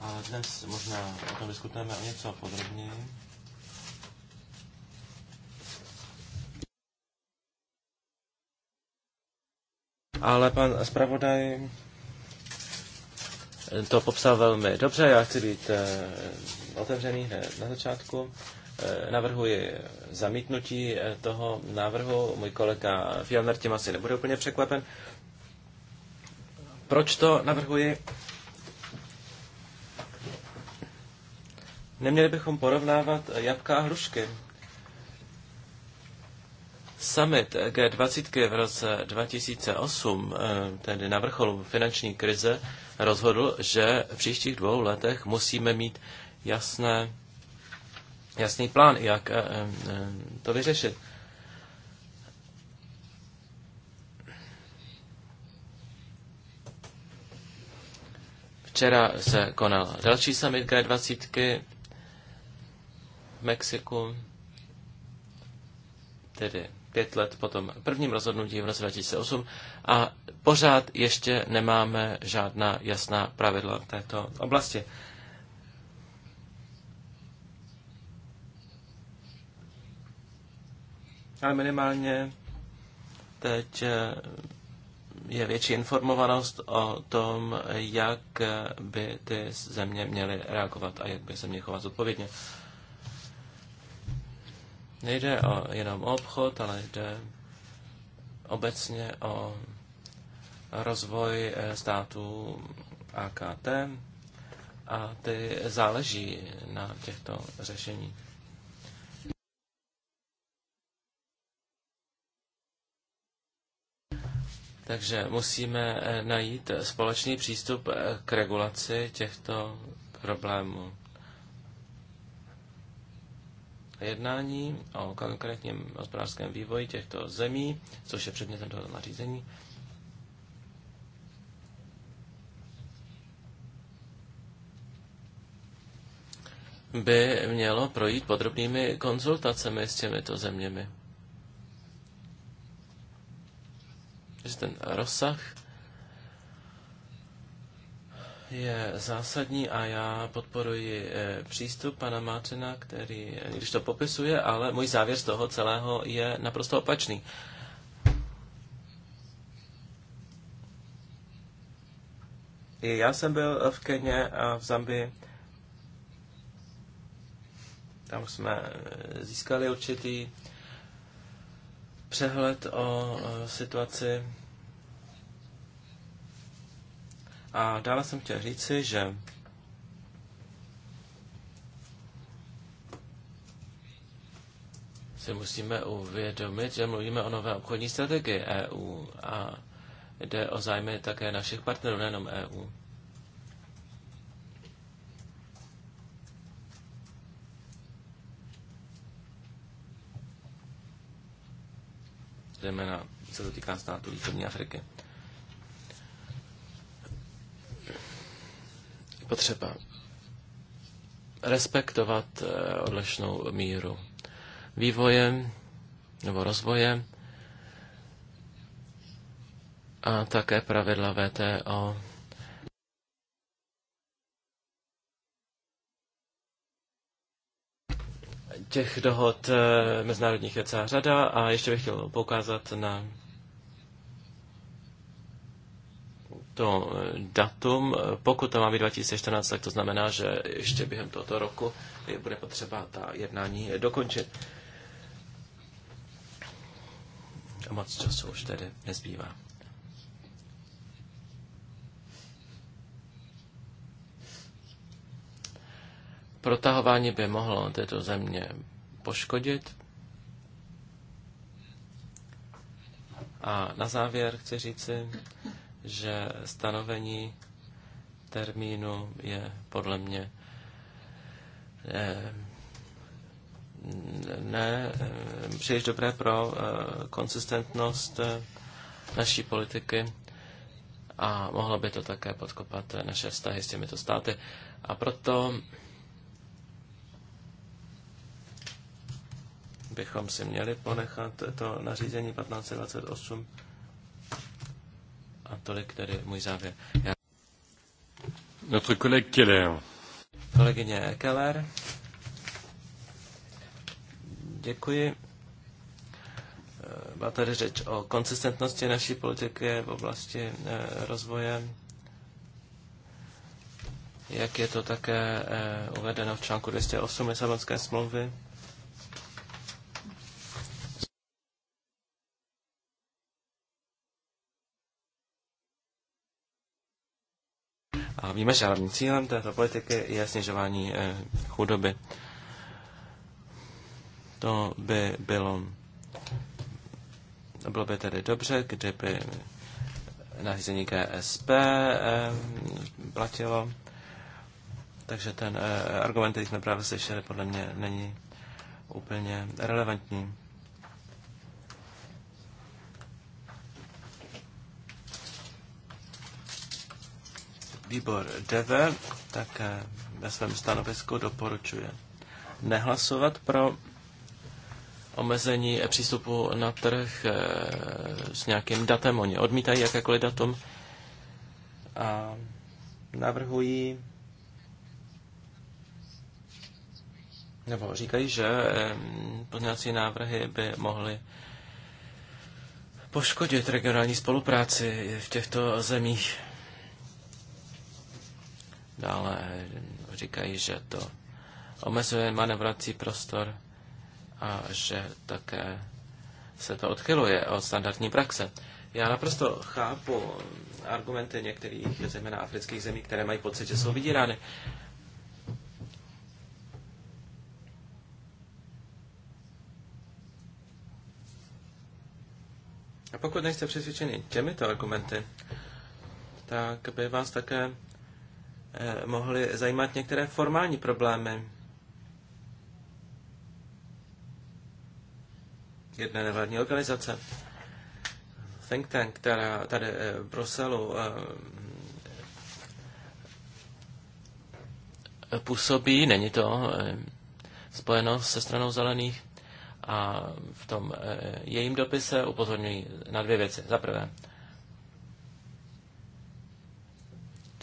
a dnes možná o tom diskutujeme o něco podrobněji. Ale pan zpravodaj to popsal velmi dobře, já chci být eh, otevřený hned na začátku. Eh, navrhuji zamítnutí eh, toho návrhu. Můj kolega Fjellner tím asi nebude úplně překvapen. Proč to navrhuji? Neměli bychom porovnávat jabka a hrušky. Summit G20 v roce 2008, eh, tedy na vrcholu finanční krize, rozhodl, že v příštích dvou letech musíme mít jasné jasný plán, jak eh, eh, to vyřešit. Včera se konal další summit G20 v Mexiku, tedy pět let po tom prvním rozhodnutí v roce 2008 a pořád ještě nemáme žádná jasná pravidla v této oblasti. ale minimálně teď eh, je větší informovanost o tom, jak by ty země měly reagovat a jak by se měly chovat zodpovědně. Nejde o jenom obchod, ale jde obecně o rozvoj eh, států AKT a ty záleží na těchto řešeních. Takže musíme eh, najít společný přístup eh, k regulaci těchto problémů. Jednání o konkrétním hospodářském vývoji těchto zemí, což je předmětem tohoto nařízení, by mělo projít podrobnými konzultacemi s těmito zeměmi. že ten rozsah je zásadní a já podporuji eh, přístup pana Martina, který, eh, když to popisuje, ale můj závěr z toho celého je naprosto opačný. I já jsem byl v Keně a v Zambii. Tam jsme eh, získali určitý přehled o situaci. A dále jsem chtěl říci, že si musíme uvědomit, že mluvíme o nové obchodní strategii EU a jde o zájmy také našich partnerů, nejenom EU. zejména se to týká států východní Afriky. Potřeba respektovat eh, odlišnou míru vývoje nebo rozvoje a také pravidla VTO Těch dohod eh, mezinárodních je celá řada a ještě bych chtěl poukázat na to eh, datum. Pokud to má být 2014, tak to znamená, že ještě během tohoto roku bude potřeba ta jednání dokončit. A moc času už tedy nezbývá. protahování by mohlo této země poškodit. A na závěr chci říci, že stanovení termínu je podle mě eh, ne eh, příliš dobré pro eh, konsistentnost naší politiky a mohlo by to také podkopat naše vztahy s těmito státy. A proto bychom si měli ponechat to nařízení 1528. A tolik tedy můj závěr. Já... Notre collègue Keller. Kolegyně Keller. Děkuji. Byla tady řeč o konsistentnosti naší politiky v oblasti eh, rozvoje. Jak je to také eh, uvedeno v článku 208 Lisabonské smlouvy? víme, že hlavním cílem této politiky je snižování eh, chudoby. To by bylo, bylo by tedy dobře, kdyby nařízení GSP eh, platilo. Takže ten eh, argument, který jsme právě slyšeli, podle mě není úplně relevantní. Výbor DV také eh, ve svém stanovisku doporučuje nehlasovat pro omezení přístupu na trh eh, s nějakým datem. Oni odmítají jakékoliv datum a navrhují nebo říkají, že eh, pozměňovací návrhy by mohly poškodit regionální spolupráci v těchto zemích. Dále eh, říkají, že to omezuje manevrací prostor a že také se to odchyluje od standardní praxe. Já naprosto chápu argumenty některých, zejména afrických zemí, které mají pocit, že jsou vydírány. A pokud nejste přesvědčeni těmito argumenty, tak by vás také Eh, mohly zajímat některé formální problémy. Jedné nevládní organizace, think tank, která tady eh, v Bruselu eh, působí, není to spojeno se stranou zelených, a v tom jejím dopise upozorňují na dvě věci. Za prvé,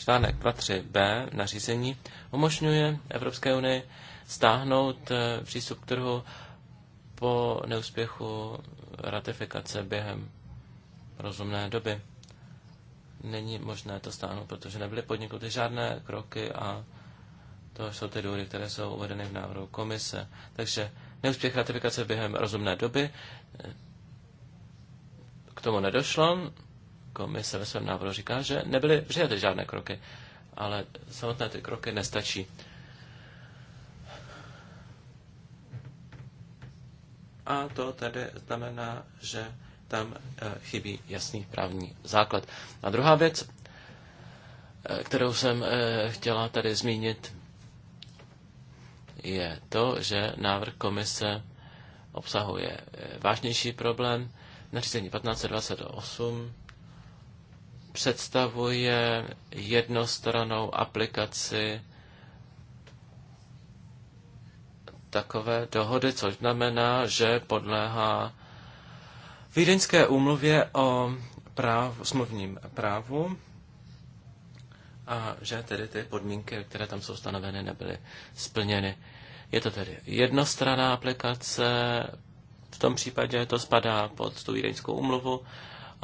článek 23b nařízení umožňuje Evropské unii stáhnout eh, přístup k trhu po neúspěchu ratifikace během rozumné doby. Není možné to stáhnout, protože nebyly podniknuty žádné kroky a to jsou ty důvody, které jsou uvedeny v návrhu komise. Takže neúspěch ratifikace během rozumné doby, eh, k tomu nedošlo, Komise ve svém návrhu říká, že nebyly přijaty žádné kroky, ale samotné ty kroky nestačí. A to tedy znamená, že tam eh, chybí jasný právní základ. A druhá věc, eh, kterou jsem eh, chtěla tady zmínit, je to, že návrh komise obsahuje vážnější problém. Nařízení 1528 představuje jednostranou aplikaci takové dohody, což znamená, že podléhá Vídeňské úmluvě o práv, smluvním právu a že tedy ty podmínky, které tam jsou stanoveny, nebyly splněny. Je to tedy jednostranná aplikace, v tom případě to spadá pod tu Vídeňskou úmluvu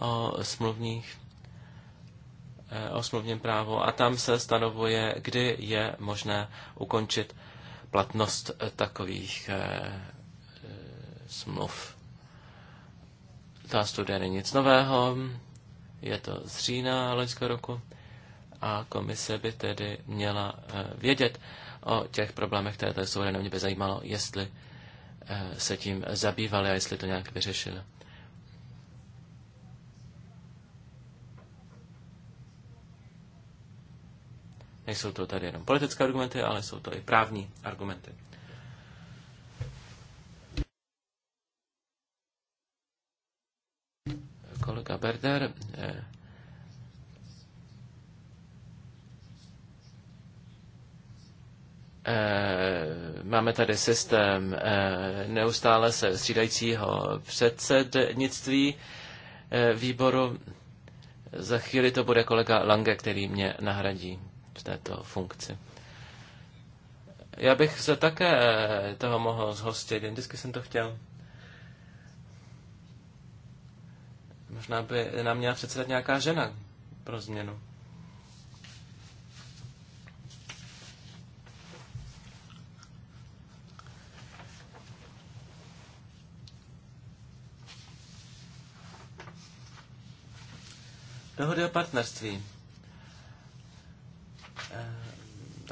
o smluvních Eh, o smluvním právu a tam se stanovuje, kdy je možné ukončit platnost eh, takových eh, smluv. Ta studie není nic nového, je to z října loňského roku a komise by tedy měla vědět o těch problémech, které tady jsou. Jenom mě by zajímalo, jestli se tím zabývali a jestli to nějak vyřešili. Nejsou to tady jenom politické argumenty, ale jsou to i právní argumenty. Kolega Berder eh, eh, máme tady systém eh, neustále se střídajícího předsednictví výboru. Za chvíli to bude kolega Lange, který mě nahradí v této funkci. Já bych se také eh, toho mohl zhostit, jen vždycky jsem to chtěl. Možná by nám měla předsedat nějaká žena pro změnu. Dohody o partnerství. Eh,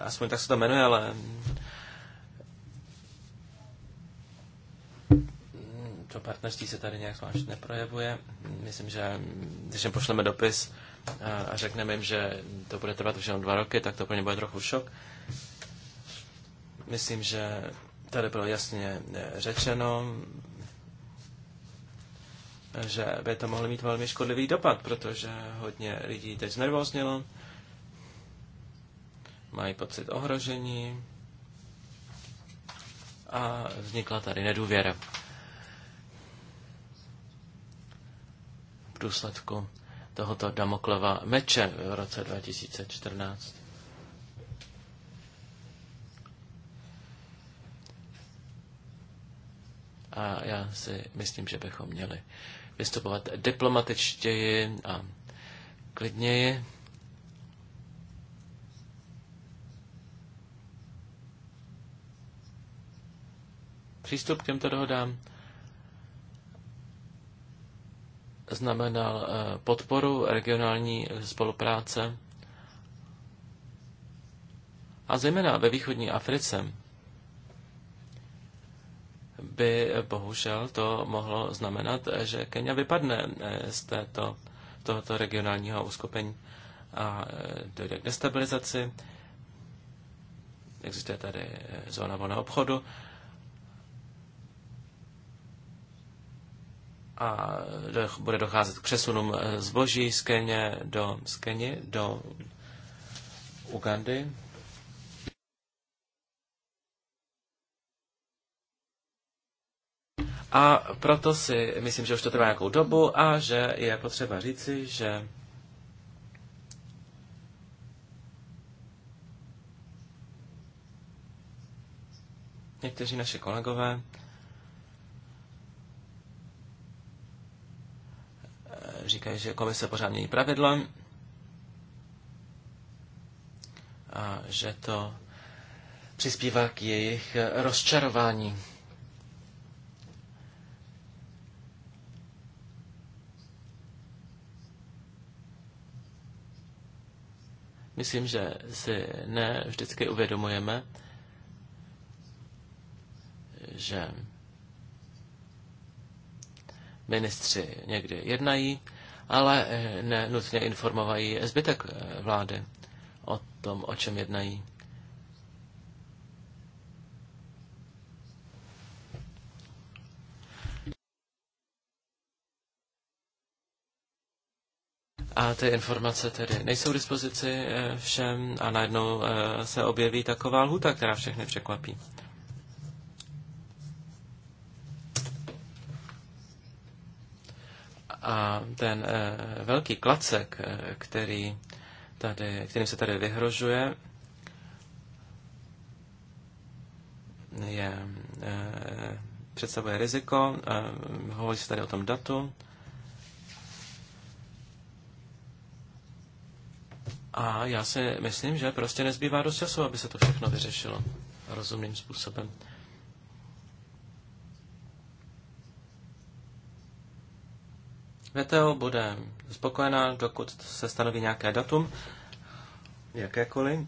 aspoň tak se to jmenuje, ale to partnerství se tady nějak zvlášť neprojevuje. Myslím, že když jim pošleme dopis eh, a řekneme jim, že to bude trvat už jenom dva roky, tak to pro ně bude trochu šok. Myslím, že tady bylo jasně eh, řečeno, že by to mohlo mít velmi škodlivý dopad, protože hodně lidí teď znervoznělo mají pocit ohrožení a vznikla tady nedůvěra. V důsledku tohoto Damokleva meče v roce 2014. A já si myslím, že bychom měli vystupovat diplomatičtěji a klidněji. přístup k těmto dohodám znamenal eh, podporu regionální spolupráce a zejména ve východní Africe by bohužel to mohlo znamenat, že Kenya vypadne eh, z této, tohoto regionálního uskupení a eh, dojde k destabilizaci. Existuje tady zóna volného obchodu a bude docházet k přesunům eh, zboží z Keně do, z Keni do Ugandy. A proto si myslím, že už to trvá nějakou dobu a že je potřeba říci, že někteří naše kolegové říkají, že komise pořád mění pravidla a že to přispívá k jejich rozčarování. Myslím, že si ne vždycky uvědomujeme, že Ministři někdy jednají, ale eh, ne nutně informovají zbytek eh, vlády o tom, o čem jednají. A ty informace tedy nejsou k dispozici eh, všem a najednou se objeví taková lhuta, která všechny překvapí. A ten eh, velký klacek, eh, který tady, kterým se tady vyhrožuje, je, eh, představuje riziko. Hovoří se tady o tom datu. A já si myslím, že prostě nezbývá dost času, aby se to všechno vyřešilo rozumným způsobem. Meteo bude spokojená, dokud se stanoví nějaké datum, jakékoliv.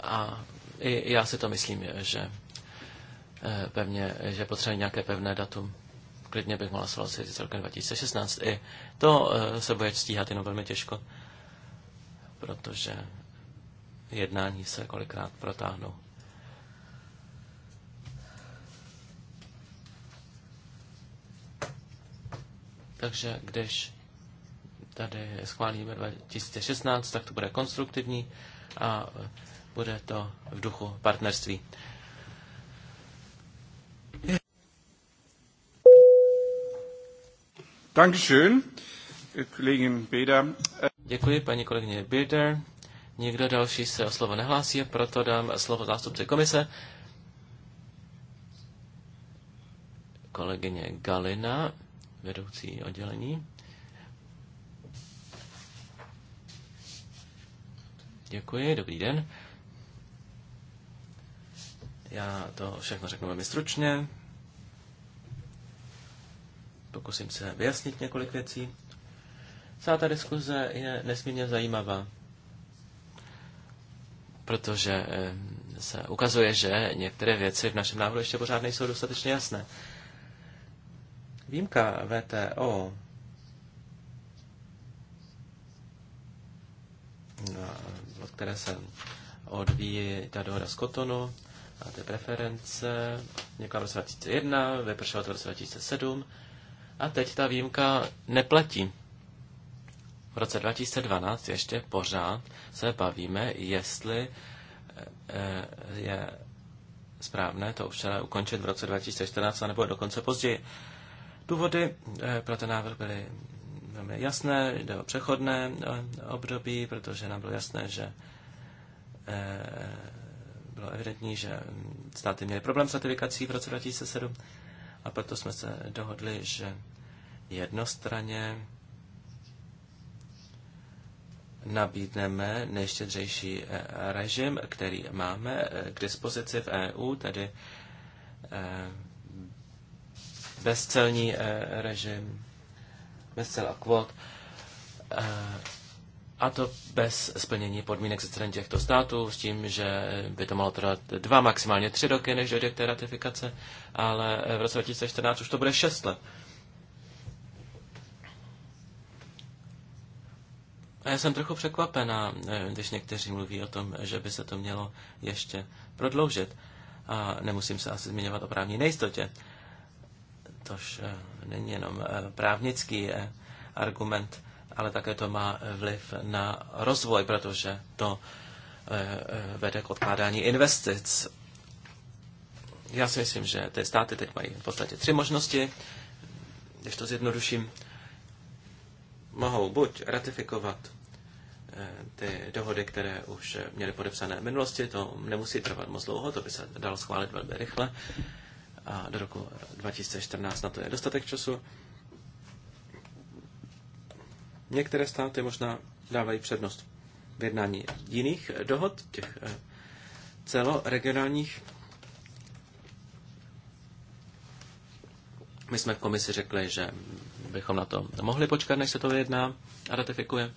A i já si to myslím, že eh, pevně, že potřebuje nějaké pevné datum. Klidně bych mohla souhlasit s rokem 2016. I to eh, se bude stíhat jenom velmi těžko, protože jednání se kolikrát protáhnou. Takže když tady schválíme 2016, tak to bude konstruktivní a bude to v duchu partnerství. Dankeschön, Kollegin Beda. Děkuji, paní kolegyně Beder. Nikdo další se o slovo nehlásí, proto dám slovo zástupci komise. Kolegyně Galina vedoucí oddělení. Děkuji, dobrý den. Já to všechno řeknu velmi stručně. Pokusím se vyjasnit několik věcí. Celá ta diskuze je nesmírně zajímavá, protože eh, se ukazuje, že některé věci v našem návrhu ještě pořád nejsou dostatečně jasné. Výjimka VTO no, od které se odvíjí ta dohoda z Kotonu a ty preference někdo v roce 2001, vypršela to v roce 2007 a teď ta výjimka neplatí. V roce 2012 ještě pořád se bavíme, jestli eh, eh, je správné to už ukončit v roce 2014 nebo dokonce později. Důvody eh, pro ten návrh byly velmi jasné, jde o přechodné eh, období, protože nám bylo jasné, že eh, bylo evidentní, že mm, státy měly problém s ratifikací v roce 2007 a proto jsme se dohodli, že jednostranně nabídneme nejštědřejší režim, který máme k dispozici v EU, tedy bezcelní eh, režim, bezcel a kvot, eh, a to bez splnění podmínek ze strany těchto států, s tím, že by to mohlo trvat dva, maximálně tři roky, než dojde k té ratifikace, ale eh, v roce 2014 už to bude šest let. A já jsem trochu překvapená, když někteří mluví o tom, že by se to mělo ještě prodloužit. A nemusím se asi zmiňovat o právní nejistotě, tož eh, není jenom eh, právnický eh, argument, ale také to má vliv na rozvoj, protože to vede k odkládání investic. Já si myslím, že ty státy teď mají v podstatě tři možnosti. Když to zjednoduším, mohou buď ratifikovat ty dohody, které už měly podepsané v minulosti, to nemusí trvat moc dlouho, to by se dalo schválit velmi rychle a do roku 2014 na to je dostatek času. Některé státy možná dávají přednost v jednání jiných dohod, těch eh, celoregionálních. My jsme v komisi řekli, že bychom na to mohli počkat, než se to vyjedná a ratifikuje.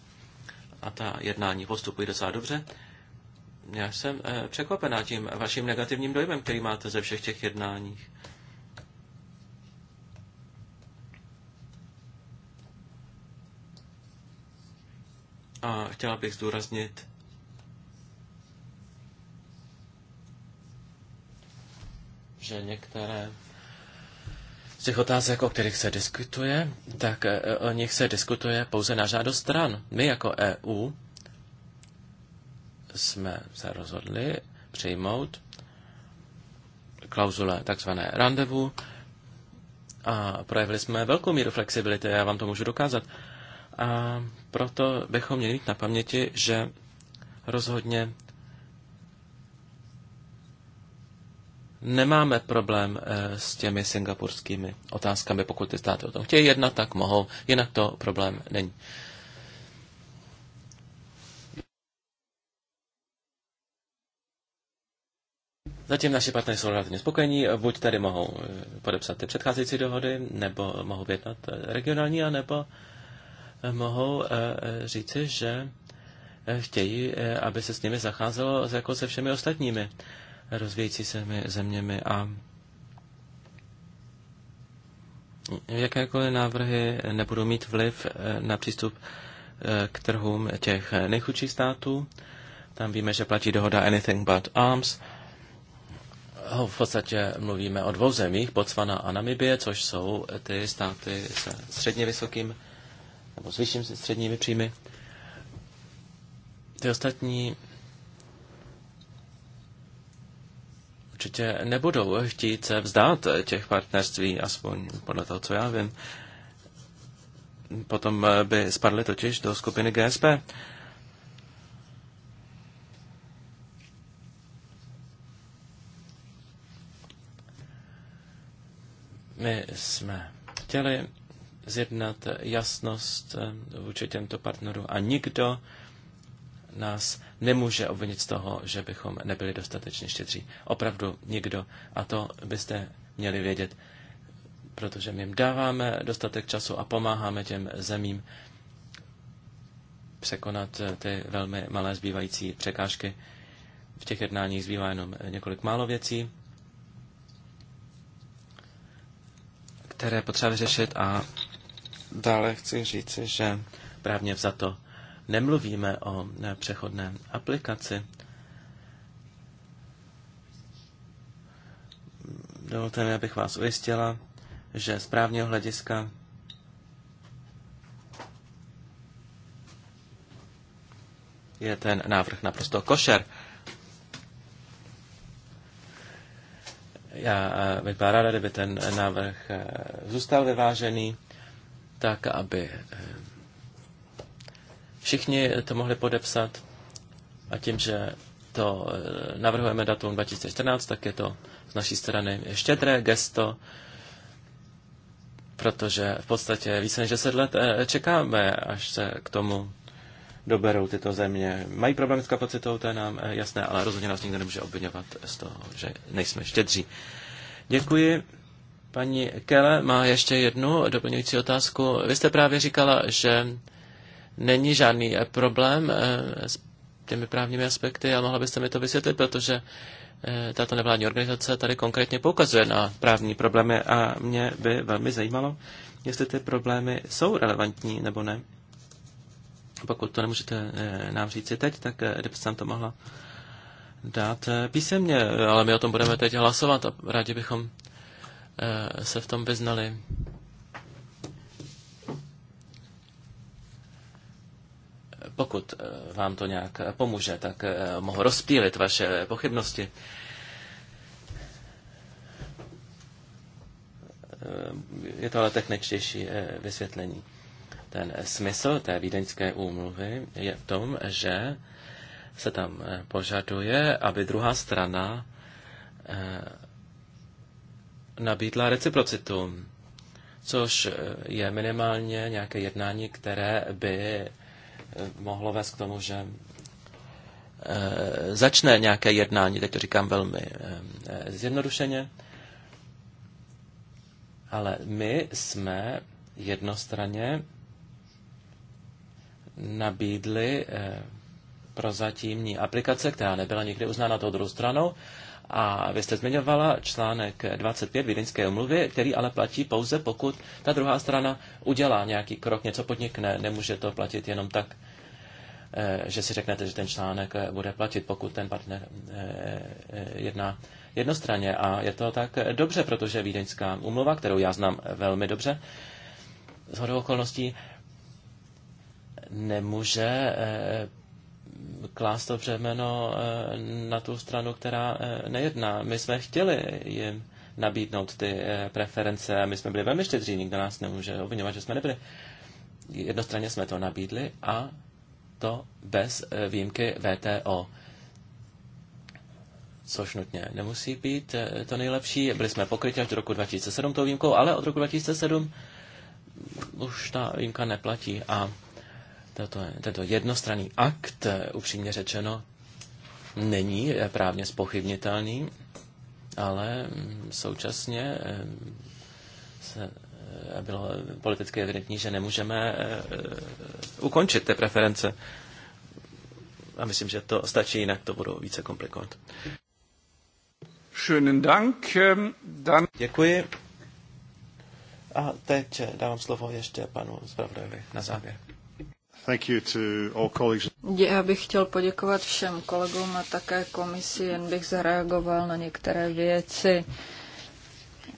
A ta jednání postupují docela dobře. Já jsem eh, překvapená tím vaším negativním dojmem, který máte ze všech těch jednáních. A chtěla bych zdůraznit, že některé z těch otázek, o kterých se diskutuje, tak eh, o nich se diskutuje pouze na žádost stran. My jako EU jsme se rozhodli přijmout klauzule takzvané randevu a projevili jsme velkou míru flexibility, já vám to můžu dokázat. A proto bychom měli mít na paměti, že rozhodně nemáme problém eh, s těmi singapurskými otázkami. Pokud ty státy o tom chtějí jednat, tak mohou, jinak to problém není. Zatím naši partnery jsou relativně spokojení, buď tady mohou eh, podepsat ty předcházející dohody, nebo mohou jednat eh, regionální, nebo mohou eh, eh, říci, že eh, chtějí, aby se s nimi zacházelo jako se všemi ostatními rozvějící se zeměmi a jakékoliv návrhy nebudou mít vliv na přístup k trhům těch nejchudších států. Tam víme, že platí dohoda Anything But Arms. V podstatě mluvíme o dvou zemích, Botswana a Namibie, což jsou ty státy se středně vysokým nebo s vyššími středními příjmy. Ty ostatní určitě nebudou chtít se vzdát těch partnerství, aspoň podle toho, co já vím. Potom by spadly totiž do skupiny GSP. My jsme chtěli zjednat jasnost eh, vůči těmto partnerům a nikdo nás nemůže obvinit z toho, že bychom nebyli dostatečně štědří. Opravdu nikdo. A to byste měli vědět, protože my jim dáváme dostatek času a pomáháme těm zemím překonat eh, ty velmi malé zbývající překážky. V těch jednáních zbývá jenom několik málo věcí, které potřeba vyřešit a Dále chci říci, že právně to nemluvíme o eh, přechodné aplikaci. Dovolte mi, abych vás ujistila, že z právního hlediska je ten návrh naprosto košer. Já eh, bych byla ráda, kdyby ten návrh eh, zůstal vyvážený tak aby eh, všichni to mohli podepsat a tím, že to eh, navrhujeme datum 2014, tak je to z naší strany štědré gesto, protože v podstatě více než 10 let eh, čekáme, až se k tomu doberou tyto země. Mají problém s kapacitou, to je nám jasné, ale rozhodně nás nikdo nemůže obvinovat z toho, že nejsme štědří. Děkuji. Paní Kele má ještě jednu doplňující otázku. Vy jste právě říkala, že není žádný problém eh, s těmi právními aspekty a mohla byste mi to vysvětlit, protože eh, tato nevládní organizace tady konkrétně poukazuje na právní problémy a mě by velmi zajímalo, jestli ty problémy jsou relevantní nebo ne. Pokud to nemůžete eh, nám říci teď, tak kdybyste nám to mohla dát písemně, ale my o tom budeme teď hlasovat a rádi bychom Eh, se v tom vyznali. Pokud eh, vám to nějak eh, pomůže, tak mohu rozpílit vaše pochybnosti. Je to ale techničtější vysvětlení. Ten smysl té vídeňské úmluvy je v tom, že se tam požaduje, aby druhá strana nabídla reciprocitu, což je minimálně nějaké jednání, které by eh, mohlo vést k tomu, že eh, začne nějaké jednání, teď to říkám velmi eh, zjednodušeně, ale my jsme jednostranně nabídli prozatímní aplikace, která nebyla nikdy uznána tou druhou stranou, a vy jste zmiňovala článek 25 Vídeňské umluvy, který ale platí pouze, pokud ta druhá strana udělá nějaký krok, něco podnikne. Nemůže to platit jenom tak, eh, že si řeknete, že ten článek eh, bude platit, pokud ten partner eh, jedná jednostranně. A je to tak dobře, protože Vídeňská umluva, kterou já znám velmi dobře, z hodou okolností nemůže klást to břemeno eh, na tu stranu, která eh, nejedná. My jsme chtěli jim nabídnout ty eh, preference a my jsme byli velmi štědří, nikdo nás nemůže obvinovat, že jsme nebyli. Jednostranně jsme to nabídli a to bez výjimky VTO což nutně nemusí být to nejlepší. Byli jsme pokryti až do roku 2007 tou výjimkou, ale od roku 2007 už ta výjimka neplatí a tato, tento jednostranný akt, upřímně řečeno, není eh, právně spochybnitelný, ale mm, současně eh, se eh, bylo politicky evidentní, že nemůžeme ukončit ty preference. A myslím, že to stačí, jinak to budou více komplikovat. Schönen Dank. Ehm, Dan... Děkuji. A teď dávám slovo ještě panu zpravodajovi na závěr. Já bych chtěl poděkovat všem kolegům a také komisi, jen bych zareagoval na některé věci.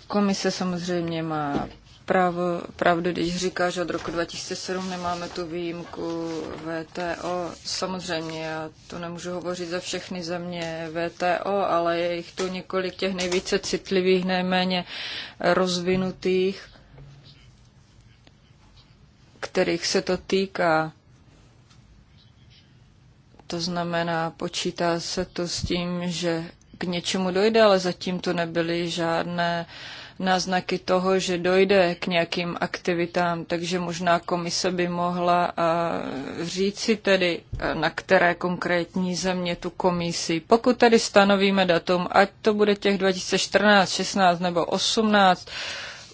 Komise samozřejmě má právo, pravdu, když říká, že od roku 2007 nemáme tu výjimku VTO. Samozřejmě, já to nemůžu hovořit za všechny země VTO, ale je jich tu několik těch nejvíce citlivých, nejméně rozvinutých kterých se to týká. To znamená, počítá se to s tím, že k něčemu dojde, ale zatím to nebyly žádné náznaky toho, že dojde k nějakým aktivitám, takže možná komise by mohla říci tedy, na které konkrétní země tu komisi. Pokud tedy stanovíme datum, ať to bude těch 2014, 16 nebo 18,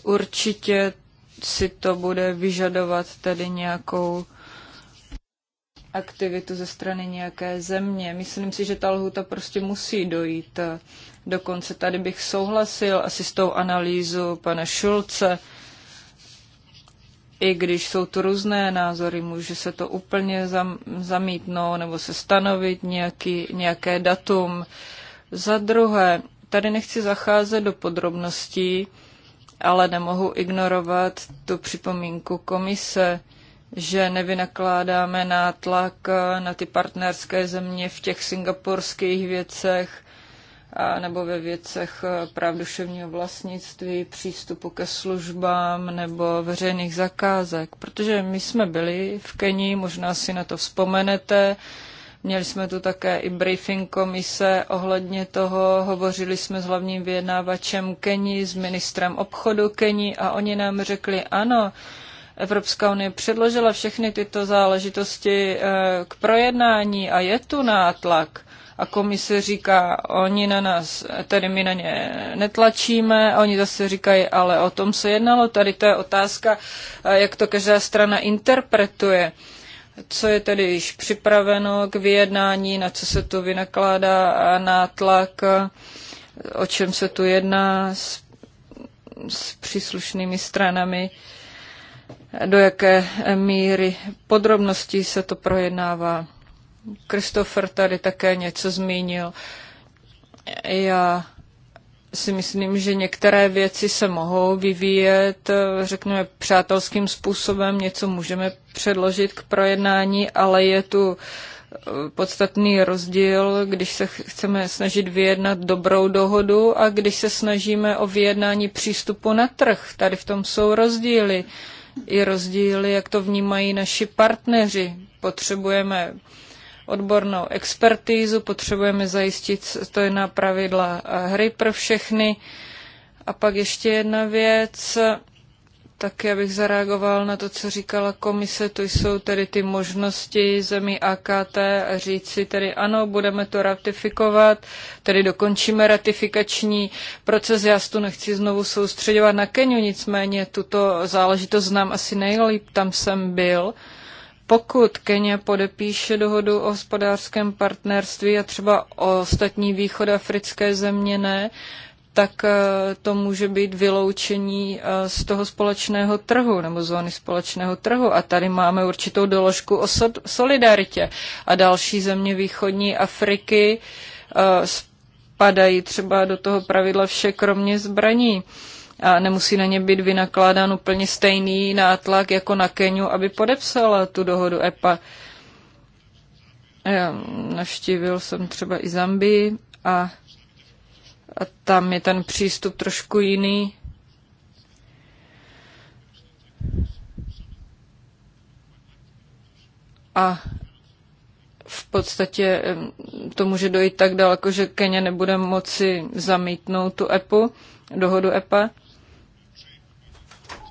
určitě si to bude vyžadovat tedy nějakou aktivitu ze strany nějaké země. Myslím si, že ta lhuta prostě musí dojít. Dokonce tady bych souhlasil asi s tou analýzu pana Šulce, i když jsou tu různé názory, může se to úplně zam, zamítnout nebo se stanovit nějaký, nějaké datum. Za druhé, tady nechci zacházet do podrobností, ale nemohu ignorovat tu připomínku komise, že nevynakládáme nátlak na ty partnerské země v těch singapurských věcech a nebo ve věcech práv duševního vlastnictví, přístupu ke službám nebo veřejných zakázek. Protože my jsme byli v Kenii, možná si na to vzpomenete, Měli jsme tu také i briefing komise ohledně toho. Hovořili jsme s hlavním vyjednávačem Keni, s ministrem obchodu Keni a oni nám řekli ano, Evropská unie předložila všechny tyto záležitosti eh, k projednání a je tu nátlak. A komise říká, oni na nás, tedy my na ně netlačíme, a oni zase říkají, ale o tom se jednalo, tady to je otázka, eh, jak to každá strana interpretuje co je tedy již připraveno k vyjednání, na co se tu vynakládá a nátlak, o čem se tu jedná s, s příslušnými stranami, do jaké míry podrobností se to projednává. Christopher tady také něco zmínil. Já si myslím, že některé věci se mohou vyvíjet, eh, řekněme, přátelským způsobem, něco můžeme předložit k projednání, ale je tu eh, podstatný rozdíl, když se chceme snažit vyjednat dobrou dohodu a když se snažíme o vyjednání přístupu na trh. Tady v tom jsou rozdíly. I rozdíly, jak to vnímají naši partneři. Potřebujeme odbornou expertízu, potřebujeme zajistit stojná pravidla hry pro všechny. A pak ještě jedna věc, já bych zareagoval na to, co říkala komise, to jsou tedy ty možnosti zemí AKT a říci tedy ano, budeme to ratifikovat, tedy dokončíme ratifikační proces. Já se tu nechci znovu soustředovat na Keniu, nicméně tuto záležitost znám asi nejlíp, tam jsem byl. Pokud Kenya podepíše dohodu o hospodářském partnerství a třeba o ostatní východoafrické země ne, tak eh, to může být vyloučení eh, z toho společného trhu nebo zóny společného trhu. A tady máme určitou doložku o solidaritě. A další země východní Afriky eh, spadají třeba do toho pravidla vše kromě zbraní a nemusí na ně být vynakládán úplně stejný nátlak jako na Keniu, aby podepsala tu dohodu EPA. Já navštívil jsem třeba i Zambii a, a tam je ten přístup trošku jiný. A v podstatě to může dojít tak daleko, že Kenya nebude moci zamítnout tu EPU, dohodu EPA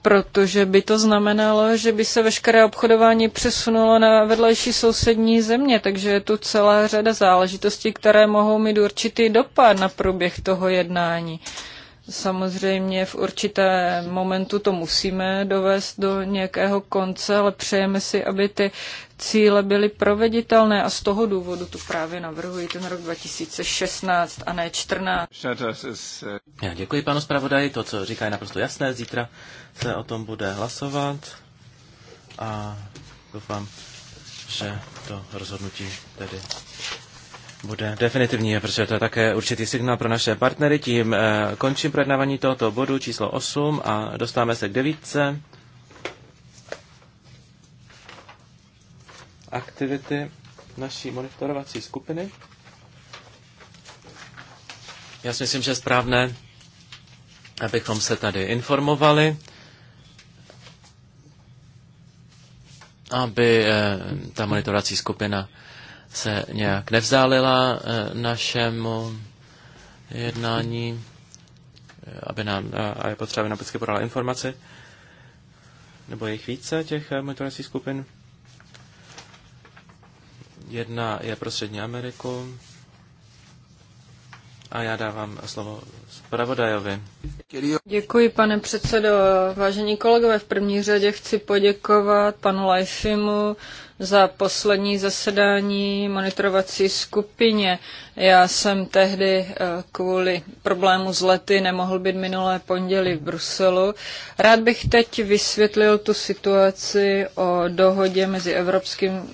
protože by to znamenalo, že by se veškeré obchodování přesunulo na vedlejší sousední země, takže je tu celá řada záležitostí, které mohou mít určitý dopad na průběh toho jednání. Samozřejmě v určité momentu to musíme dovést do nějakého konce, ale přejeme si, aby ty cíle byly proveditelné a z toho důvodu tu právě navrhuji ten rok 2016 a ne 14. Já děkuji panu zpravodaji, to, co říká, je naprosto jasné. Zítra se o tom bude hlasovat a doufám, že to rozhodnutí tedy bude definitivní, protože to je také určitý signál pro naše partnery. Tím eh, končím projednávání tohoto bodu číslo 8 a dostáváme se k devítce. aktivity naší monitorovací skupiny. Já si myslím, že je správné, abychom se tady informovali, aby eh, ta monitorovací skupina se nějak nevzdálila eh, našemu jednání, eh, aby nám, a je potřeba, aby nám vždycky podala informace, nebo jejich více, těch monitorovacích skupin. Jedna je pro Střední Ameriku a já dávám slovo zpravodajovi. Děkuji, pane předsedo. Vážení kolegové, v první řadě chci poděkovat panu Lajfimu za poslední zasedání monitorovací skupině. Já jsem tehdy eh, kvůli problému z lety nemohl být minulé pondělí v Bruselu. Rád bych teď vysvětlil tu situaci o dohodě mezi Evropským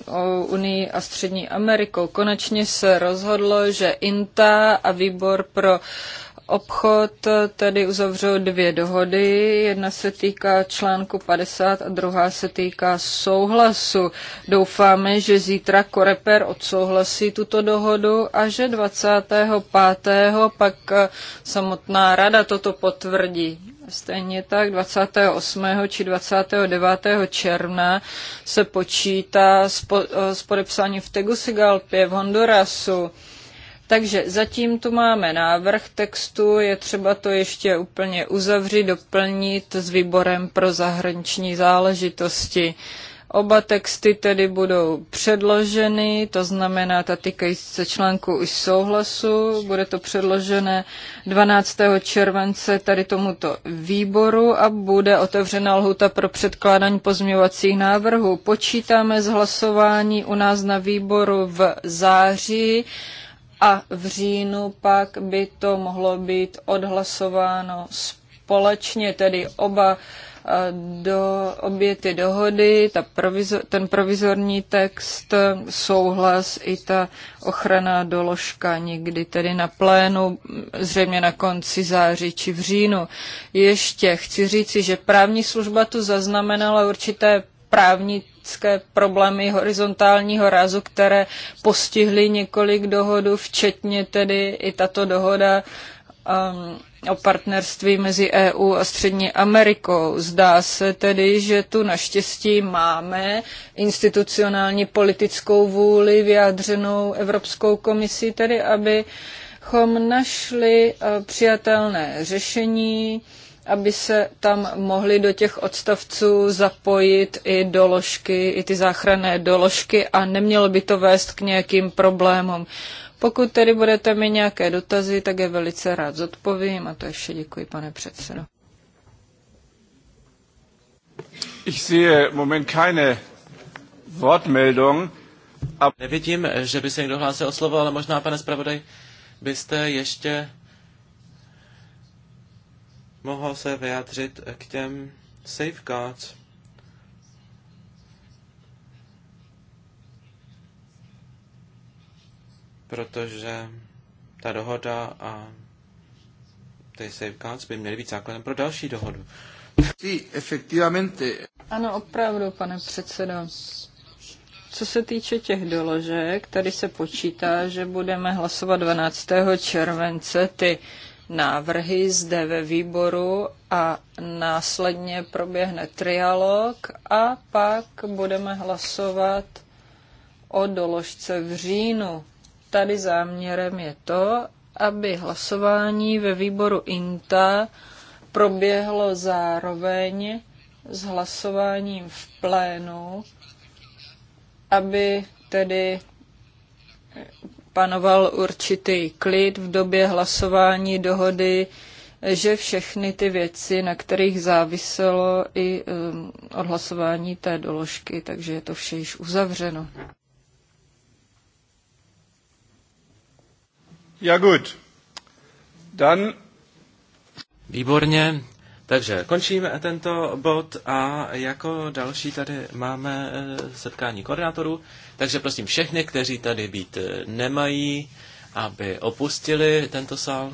unii a Střední Amerikou. Konečně se rozhodlo, že INTA a výbor pro uh, obchod tedy uzavřel dvě dohody. Jedna se týká článku 50 a druhá se týká souhlasu. Doufáme, že zítra Koreper odsouhlasí tuto dohodu a že 25. pak eh, samotná rada toto potvrdí. Stejně tak 28. či 29. června se počítá s, po, eh, s podepsáním v Tegucigalpě v Hondurasu. Takže zatím tu máme návrh textu, je třeba to ještě úplně uzavřít, doplnit s výborem pro zahraniční záležitosti. Oba texty tedy budou předloženy, to znamená, ta týkající se článku i souhlasu, bude to předložené 12. července tady tomuto výboru a bude otevřena lhuta pro předkládání pozměňovacích návrhů. Počítáme z hlasování u nás na výboru v září a v říjnu pak by to mohlo být odhlasováno společně, tedy oba eh, do, obě ty dohody, ta provizor, ten provizorní text, souhlas i ta ochrana doložka někdy tedy na plénu, zřejmě na konci září či v říjnu. Ještě chci říci, že právní služba tu zaznamenala určité právní politické problémy horizontálního rázu, které postihly několik dohodů, včetně tedy i tato dohoda um, o partnerství mezi EU a Střední Amerikou. Zdá se tedy, že tu naštěstí máme institucionální politickou vůli vyjádřenou Evropskou komisí, tedy aby našli uh, přijatelné řešení, aby se tam mohly do těch odstavců zapojit i doložky, i ty záchranné doložky a nemělo by to vést k nějakým problémům. Pokud tedy budete mít nějaké dotazy, tak je velice rád zodpovím a to ještě Děkuji, pane předsedo. Ich sehe Moment keine Wortmeldung. Nevidím, že by se někdo hlásil o slovo, ale možná, pane zpravodaj, byste ještě mohl se vyjádřit k těm safeguards. Protože ta dohoda a ty safeguards by měly být základem pro další dohodu. Sí, efectivamente. Ano, opravdu, pane předsedo. Co se týče těch doložek, tady se počítá, že budeme hlasovat 12. července. Ty návrhy zde ve výboru a následně proběhne trialog a pak budeme hlasovat o doložce v říjnu. Tady záměrem je to, aby hlasování ve výboru INTA proběhlo zároveň s hlasováním v plénu, aby tedy panoval určitý klid v době hlasování dohody, že všechny ty věci, na kterých záviselo i um, odhlasování té doložky, takže je to vše již uzavřeno. Ja gut. Dan. Výborně, takže končíme tento bod a jako další tady máme eh, setkání koordinátorů. Takže prosím všechny, kteří tady být eh, nemají, aby opustili tento sál.